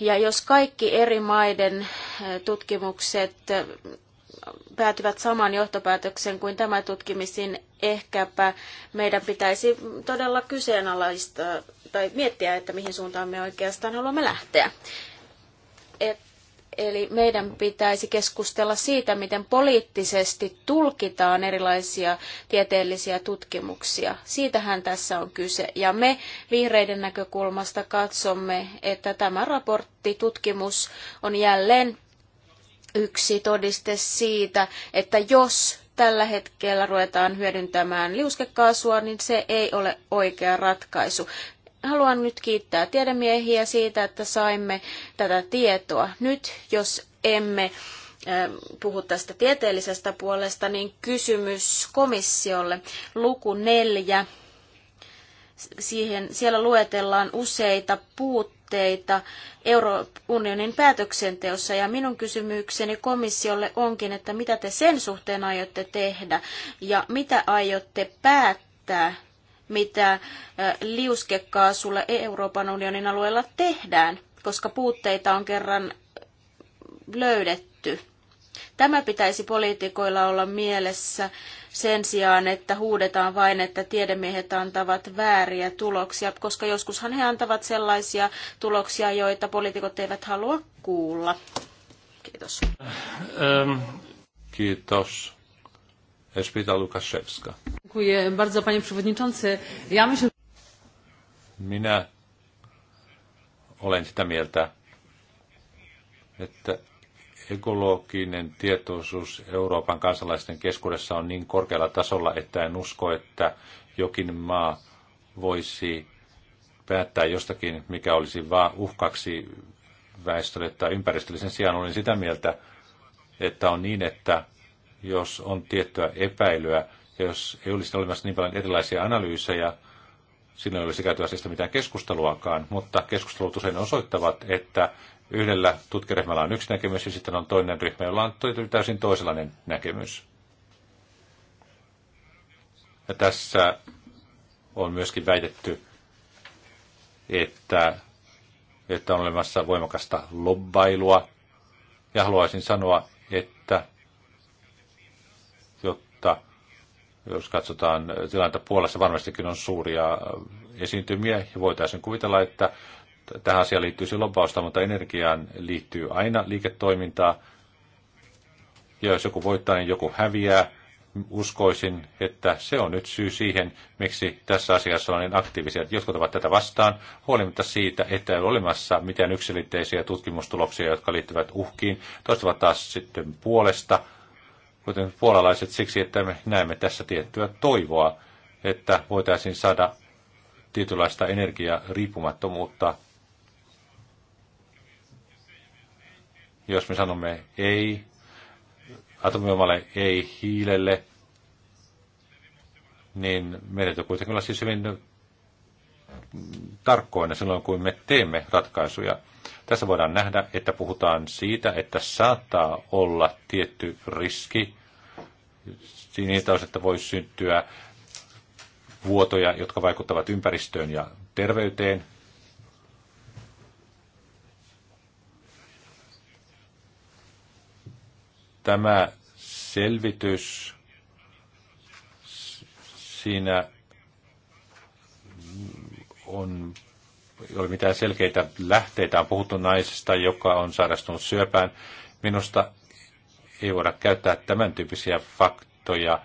C: Ja jos kaikki eri maiden tutkimukset päätyvät saman johtopäätöksen kuin tämä tutkimus, niin ehkäpä meidän pitäisi todella kyseenalaistaa tai miettiä, että mihin suuntaan me oikeastaan haluamme lähteä. Et, eli meidän pitäisi keskustella siitä, miten poliittisesti tulkitaan erilaisia tieteellisiä tutkimuksia. Siitähän tässä on kyse. Ja me vihreiden näkökulmasta katsomme, että tämä raportti, tutkimus on jälleen yksi todiste siitä, että jos tällä hetkellä ruvetaan hyödyntämään liuskekaasua, niin se ei ole oikea ratkaisu. Haluan nyt kiittää tiedemiehiä siitä, että saimme tätä tietoa. Nyt jos emme ähm, puhu tästä tieteellisestä puolesta, niin kysymys komissiolle. Luku neljä siihen, siellä luetellaan useita puutteita Euroopan unionin päätöksenteossa. Ja minun kysymykseni komissiolle onkin, että mitä te sen suhteen aiotte tehdä ja mitä aiotte päättää, mitä liuskekaasulle Euroopan unionin alueella tehdään, koska puutteita on kerran löydetty. Tämä pitäisi poliitikoilla olla mielessä sen sijaan, että huudetaan vain, että tiedemiehet antavat vääriä tuloksia, koska joskushan he antavat sellaisia tuloksia, joita poliitikot eivät halua kuulla. Kiitos.
B: Ähm, kiitos. Espita Lukaszewska.
D: bardzo, panie przewodniczący. Ja myślę...
B: Minä olen sitä mieltä, että ekologinen tietoisuus Euroopan kansalaisten keskuudessa on niin korkealla tasolla, että en usko, että jokin maa voisi päättää jostakin, mikä olisi vain uhkaksi väestölle tai ympäristölle. Sen sijaan Olin sitä mieltä, että on niin, että jos on tiettyä epäilyä ja jos ei olisi olemassa niin paljon erilaisia analyysejä, silloin ei olisi käyty asiasta mitään keskusteluakaan, mutta keskustelut usein osoittavat, että Yhdellä tutkiryhmällä on yksi näkemys ja sitten on toinen ryhmä, jolla on täysin toisenlainen näkemys. Ja tässä on myöskin väitetty, että, että on olemassa voimakasta lobbailua. Ja haluaisin sanoa, että jotta jos katsotaan tilannetta Puolassa, varmastikin on suuria esiintymiä ja voitaisiin kuvitella, että Tähän asiaan liittyy silloin vausta, mutta energiaan liittyy aina liiketoimintaa. Ja jos joku voittaa, niin joku häviää. Uskoisin, että se on nyt syy siihen, miksi tässä asiassa on niin aktiivisia. Jotkut ovat tätä vastaan, huolimatta siitä, että ei ole olemassa mitään yksilitteisiä tutkimustuloksia, jotka liittyvät uhkiin. Toiset ovat taas sitten puolesta, kuten puolalaiset, siksi, että me näemme tässä tiettyä toivoa, että voitaisiin saada tietynlaista energiariippumattomuutta Jos me sanomme ei atomiomalle, ei hiilelle, niin meidän täytyy kuitenkin olla siis hyvin tarkkoina silloin, kun me teemme ratkaisuja. Tässä voidaan nähdä, että puhutaan siitä, että saattaa olla tietty riski siinä osin, että voi syntyä vuotoja, jotka vaikuttavat ympäristöön ja terveyteen. Tämä selvitys siinä on, ei ole mitään selkeitä lähteitä. On puhuttu naisesta, joka on sairastunut syöpään. Minusta ei voida käyttää tämän tyyppisiä faktoja.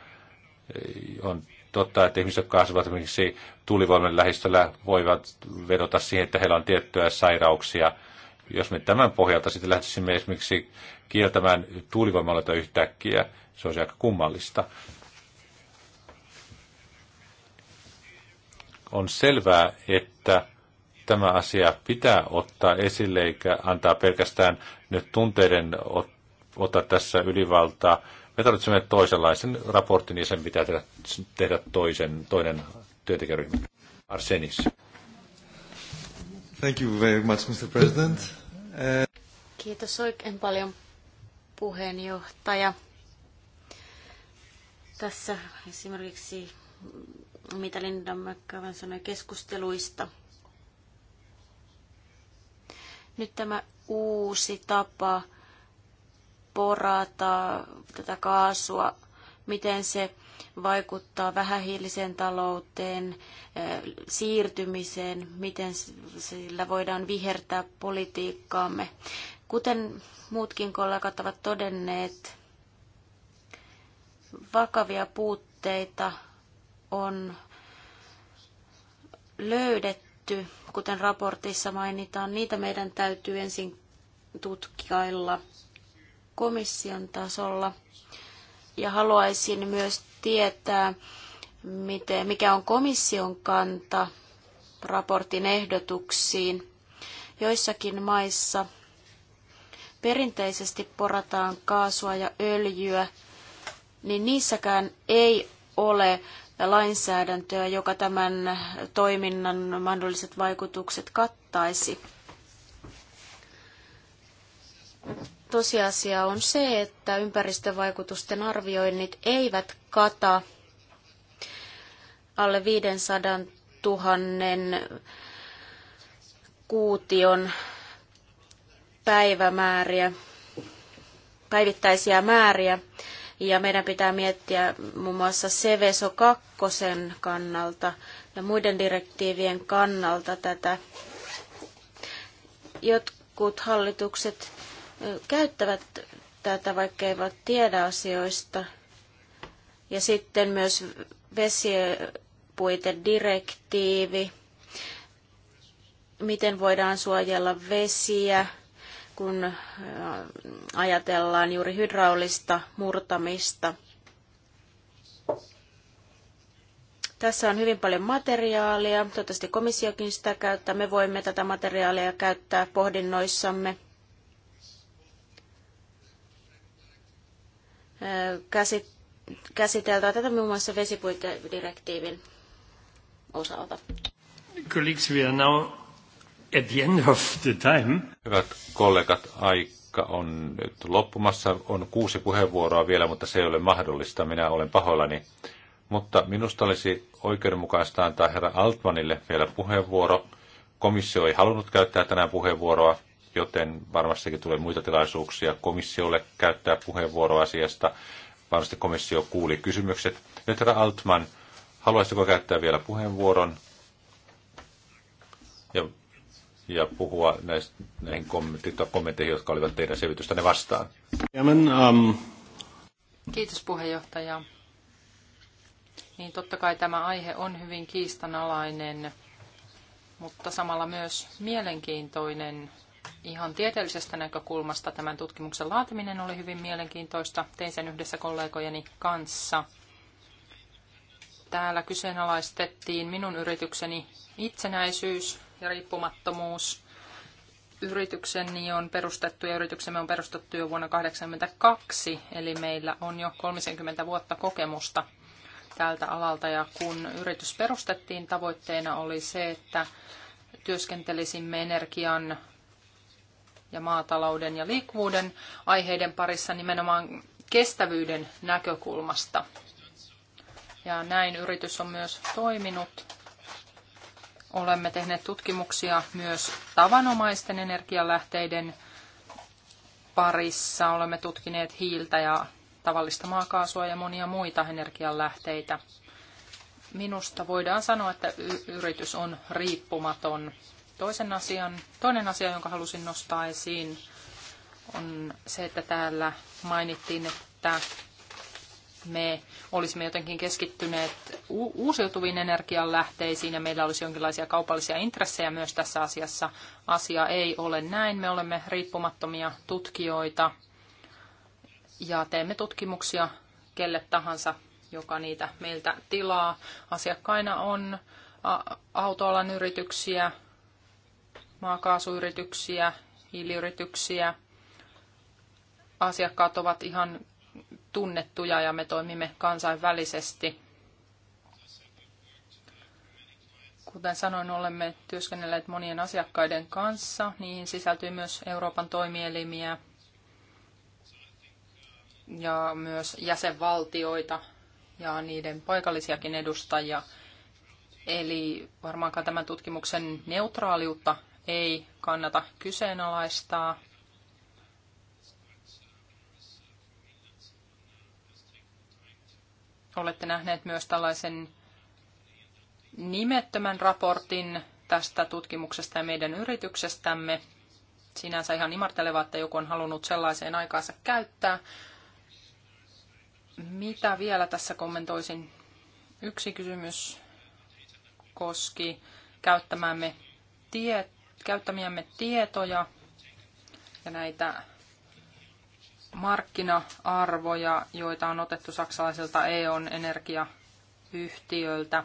B: On totta, että ihmiset, jotka asuvat esimerkiksi tuulivoiman lähistöllä, voivat vedota siihen, että heillä on tiettyjä sairauksia – jos me tämän pohjalta sitten lähtisimme esimerkiksi kieltämään tuulivoimaloita yhtäkkiä, se olisi aika kummallista. On selvää, että tämä asia pitää ottaa esille, eikä antaa pelkästään nyt tunteiden ottaa tässä ylivaltaa. Me tarvitsemme toisenlaisen raportin ja sen pitää tehdä, tehdä toisen, toinen työntekijäryhmä. Arsenis.
A: Thank you very much, Mr. President.
C: Kiitos oikein paljon puheenjohtaja. Tässä esimerkiksi mitä Linda McCavan sanoi keskusteluista. Nyt tämä uusi tapa porata tätä kaasua, miten se vaikuttaa vähähiiliseen talouteen, siirtymiseen, miten sillä voidaan vihertää politiikkaamme. Kuten muutkin kollegat ovat todenneet, vakavia puutteita on löydetty, kuten raportissa mainitaan. Niitä meidän täytyy ensin tutkailla komission tasolla. Ja haluaisin myös tietää, miten, mikä on komission kanta raportin ehdotuksiin. Joissakin maissa perinteisesti porataan kaasua ja öljyä, niin niissäkään ei ole lainsäädäntöä, joka tämän toiminnan mahdolliset vaikutukset kattaisi. Tosiasia on se, että ympäristövaikutusten arvioinnit eivät kata alle 500 000 kuution päivämääriä, päivittäisiä määriä. Ja meidän pitää miettiä muun mm. muassa Seveso 2 kannalta ja muiden direktiivien kannalta tätä. Jotkut hallitukset käyttävät tätä, vaikka eivät tiedä asioista. Ja sitten myös vesipuitedirektiivi, miten voidaan suojella vesiä, kun ajatellaan juuri hydraulista murtamista. Tässä on hyvin paljon materiaalia. Toivottavasti komissiokin sitä käyttää. Me voimme tätä materiaalia käyttää pohdinnoissamme. käsiteltävä tätä muun muassa vesipuitedirektiivin osalta.
A: Colleagues, we are now at the end of the time. Hyvät kollegat, aika on nyt
B: loppumassa. On kuusi puheenvuoroa vielä, mutta se ei ole mahdollista. Minä olen pahoillani. Mutta minusta olisi oikeudenmukaista antaa herra Altmanille vielä puheenvuoro. Komissio ei halunnut käyttää tänään puheenvuoroa, joten varmastikin tulee muita tilaisuuksia komissiolle käyttää puheenvuoro asiasta. Varmasti komissio kuuli kysymykset. Nyt herra Altman, haluaisitko käyttää vielä puheenvuoron ja, ja puhua näistä, näihin kommentteihin, jotka olivat teidän selvitystänne vastaan?
D: Um, Kiitos puheenjohtaja. Niin totta kai tämä aihe on hyvin kiistanalainen, mutta samalla myös mielenkiintoinen ihan tieteellisestä näkökulmasta tämän tutkimuksen laatiminen oli hyvin mielenkiintoista. Tein sen yhdessä kollegojeni kanssa. Täällä kyseenalaistettiin minun yritykseni itsenäisyys ja riippumattomuus. Yritykseni on perustettu ja yrityksemme on perustettu jo vuonna 1982, eli meillä on jo 30 vuotta kokemusta tältä alalta. Ja kun yritys perustettiin, tavoitteena oli se, että työskentelisimme energian ja maatalouden ja liikkuvuuden aiheiden parissa nimenomaan kestävyyden näkökulmasta. Ja näin yritys on myös toiminut. Olemme tehneet tutkimuksia myös tavanomaisten energialähteiden parissa. Olemme tutkineet hiiltä ja tavallista maakaasua ja monia muita energialähteitä. Minusta voidaan sanoa, että yritys on riippumaton Toisen asian, toinen asia, jonka halusin nostaa esiin, on se, että täällä mainittiin, että me olisimme jotenkin keskittyneet uusiutuviin energianlähteisiin ja meillä olisi jonkinlaisia kaupallisia intressejä myös tässä asiassa. Asia ei ole näin. Me olemme riippumattomia tutkijoita ja teemme tutkimuksia kelle tahansa, joka niitä meiltä tilaa. Asiakkaina on autoalan yrityksiä, maakaasuyrityksiä, hiiliyrityksiä. Asiakkaat ovat ihan tunnettuja ja me toimimme kansainvälisesti. Kuten sanoin, olemme työskennelleet monien asiakkaiden kanssa. Niihin sisältyy myös Euroopan toimielimiä ja myös jäsenvaltioita ja niiden paikallisiakin edustajia. Eli varmaankaan tämän tutkimuksen neutraaliutta ei kannata kyseenalaistaa. Olette nähneet myös tällaisen nimettömän raportin tästä tutkimuksesta ja meidän yrityksestämme. Sinänsä ihan imartelevaa, että joku on halunnut sellaiseen aikaansa käyttää. Mitä vielä tässä kommentoisin? Yksi kysymys koski käyttämämme tietoa käyttämiämme tietoja ja näitä markkina-arvoja, joita on otettu saksalaiselta EON energiayhtiöltä.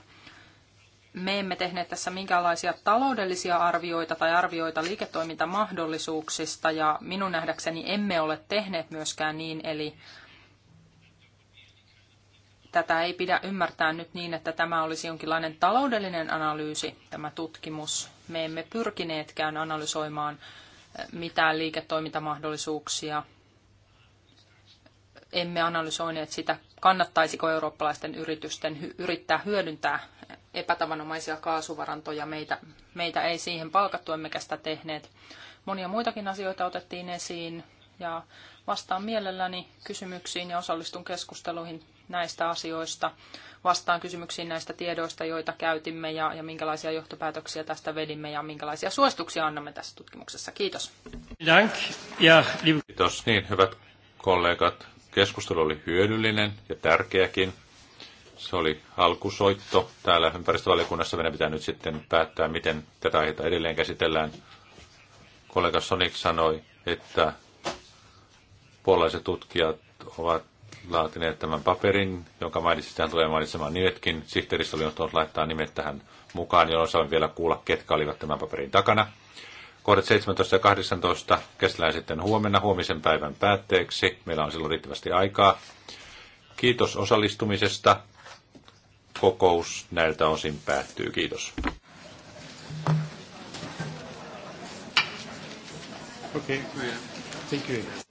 D: Me emme tehneet tässä minkäänlaisia taloudellisia arvioita tai arvioita liiketoimintamahdollisuuksista ja minun nähdäkseni emme ole tehneet myöskään niin, eli tätä ei pidä ymmärtää nyt niin, että tämä olisi jonkinlainen taloudellinen analyysi, tämä tutkimus. Me emme pyrkineetkään analysoimaan eh, mitään liiketoimintamahdollisuuksia. Emme analysoineet sitä, kannattaisiko eurooppalaisten yritysten yrittää hyödyntää epätavanomaisia kaasuvarantoja. Meitä, meitä ei siihen palkattu, emmekä sitä tehneet. Monia muitakin asioita otettiin esiin ja vastaan mielelläni kysymyksiin ja osallistun keskusteluihin näistä asioista. Vastaan kysymyksiin näistä tiedoista, joita käytimme ja, ja minkälaisia johtopäätöksiä tästä vedimme ja minkälaisia suosituksia annamme tässä tutkimuksessa. Kiitos.
A: Kiitos. Niin, hyvät
B: kollegat. Keskustelu oli hyödyllinen ja tärkeäkin. Se oli alkusoitto. Täällä ympäristövaliokunnassa meidän pitää nyt sitten päättää, miten tätä aihetta edelleen käsitellään. Kollega Sonik sanoi, että puolalaiset tutkijat ovat laatineet tämän paperin, jonka mainitsin, hän tulee mainitsemaan nimetkin. Sihteeristö oli johtanut laittaa nimet tähän mukaan, jolloin saamme vielä kuulla, ketkä olivat tämän paperin takana. Kohdat 17 ja 18 käsitellään sitten huomenna huomisen päivän päätteeksi. Meillä on silloin riittävästi aikaa. Kiitos osallistumisesta. Kokous näiltä osin päättyy. Kiitos.
A: Okay. Thank you.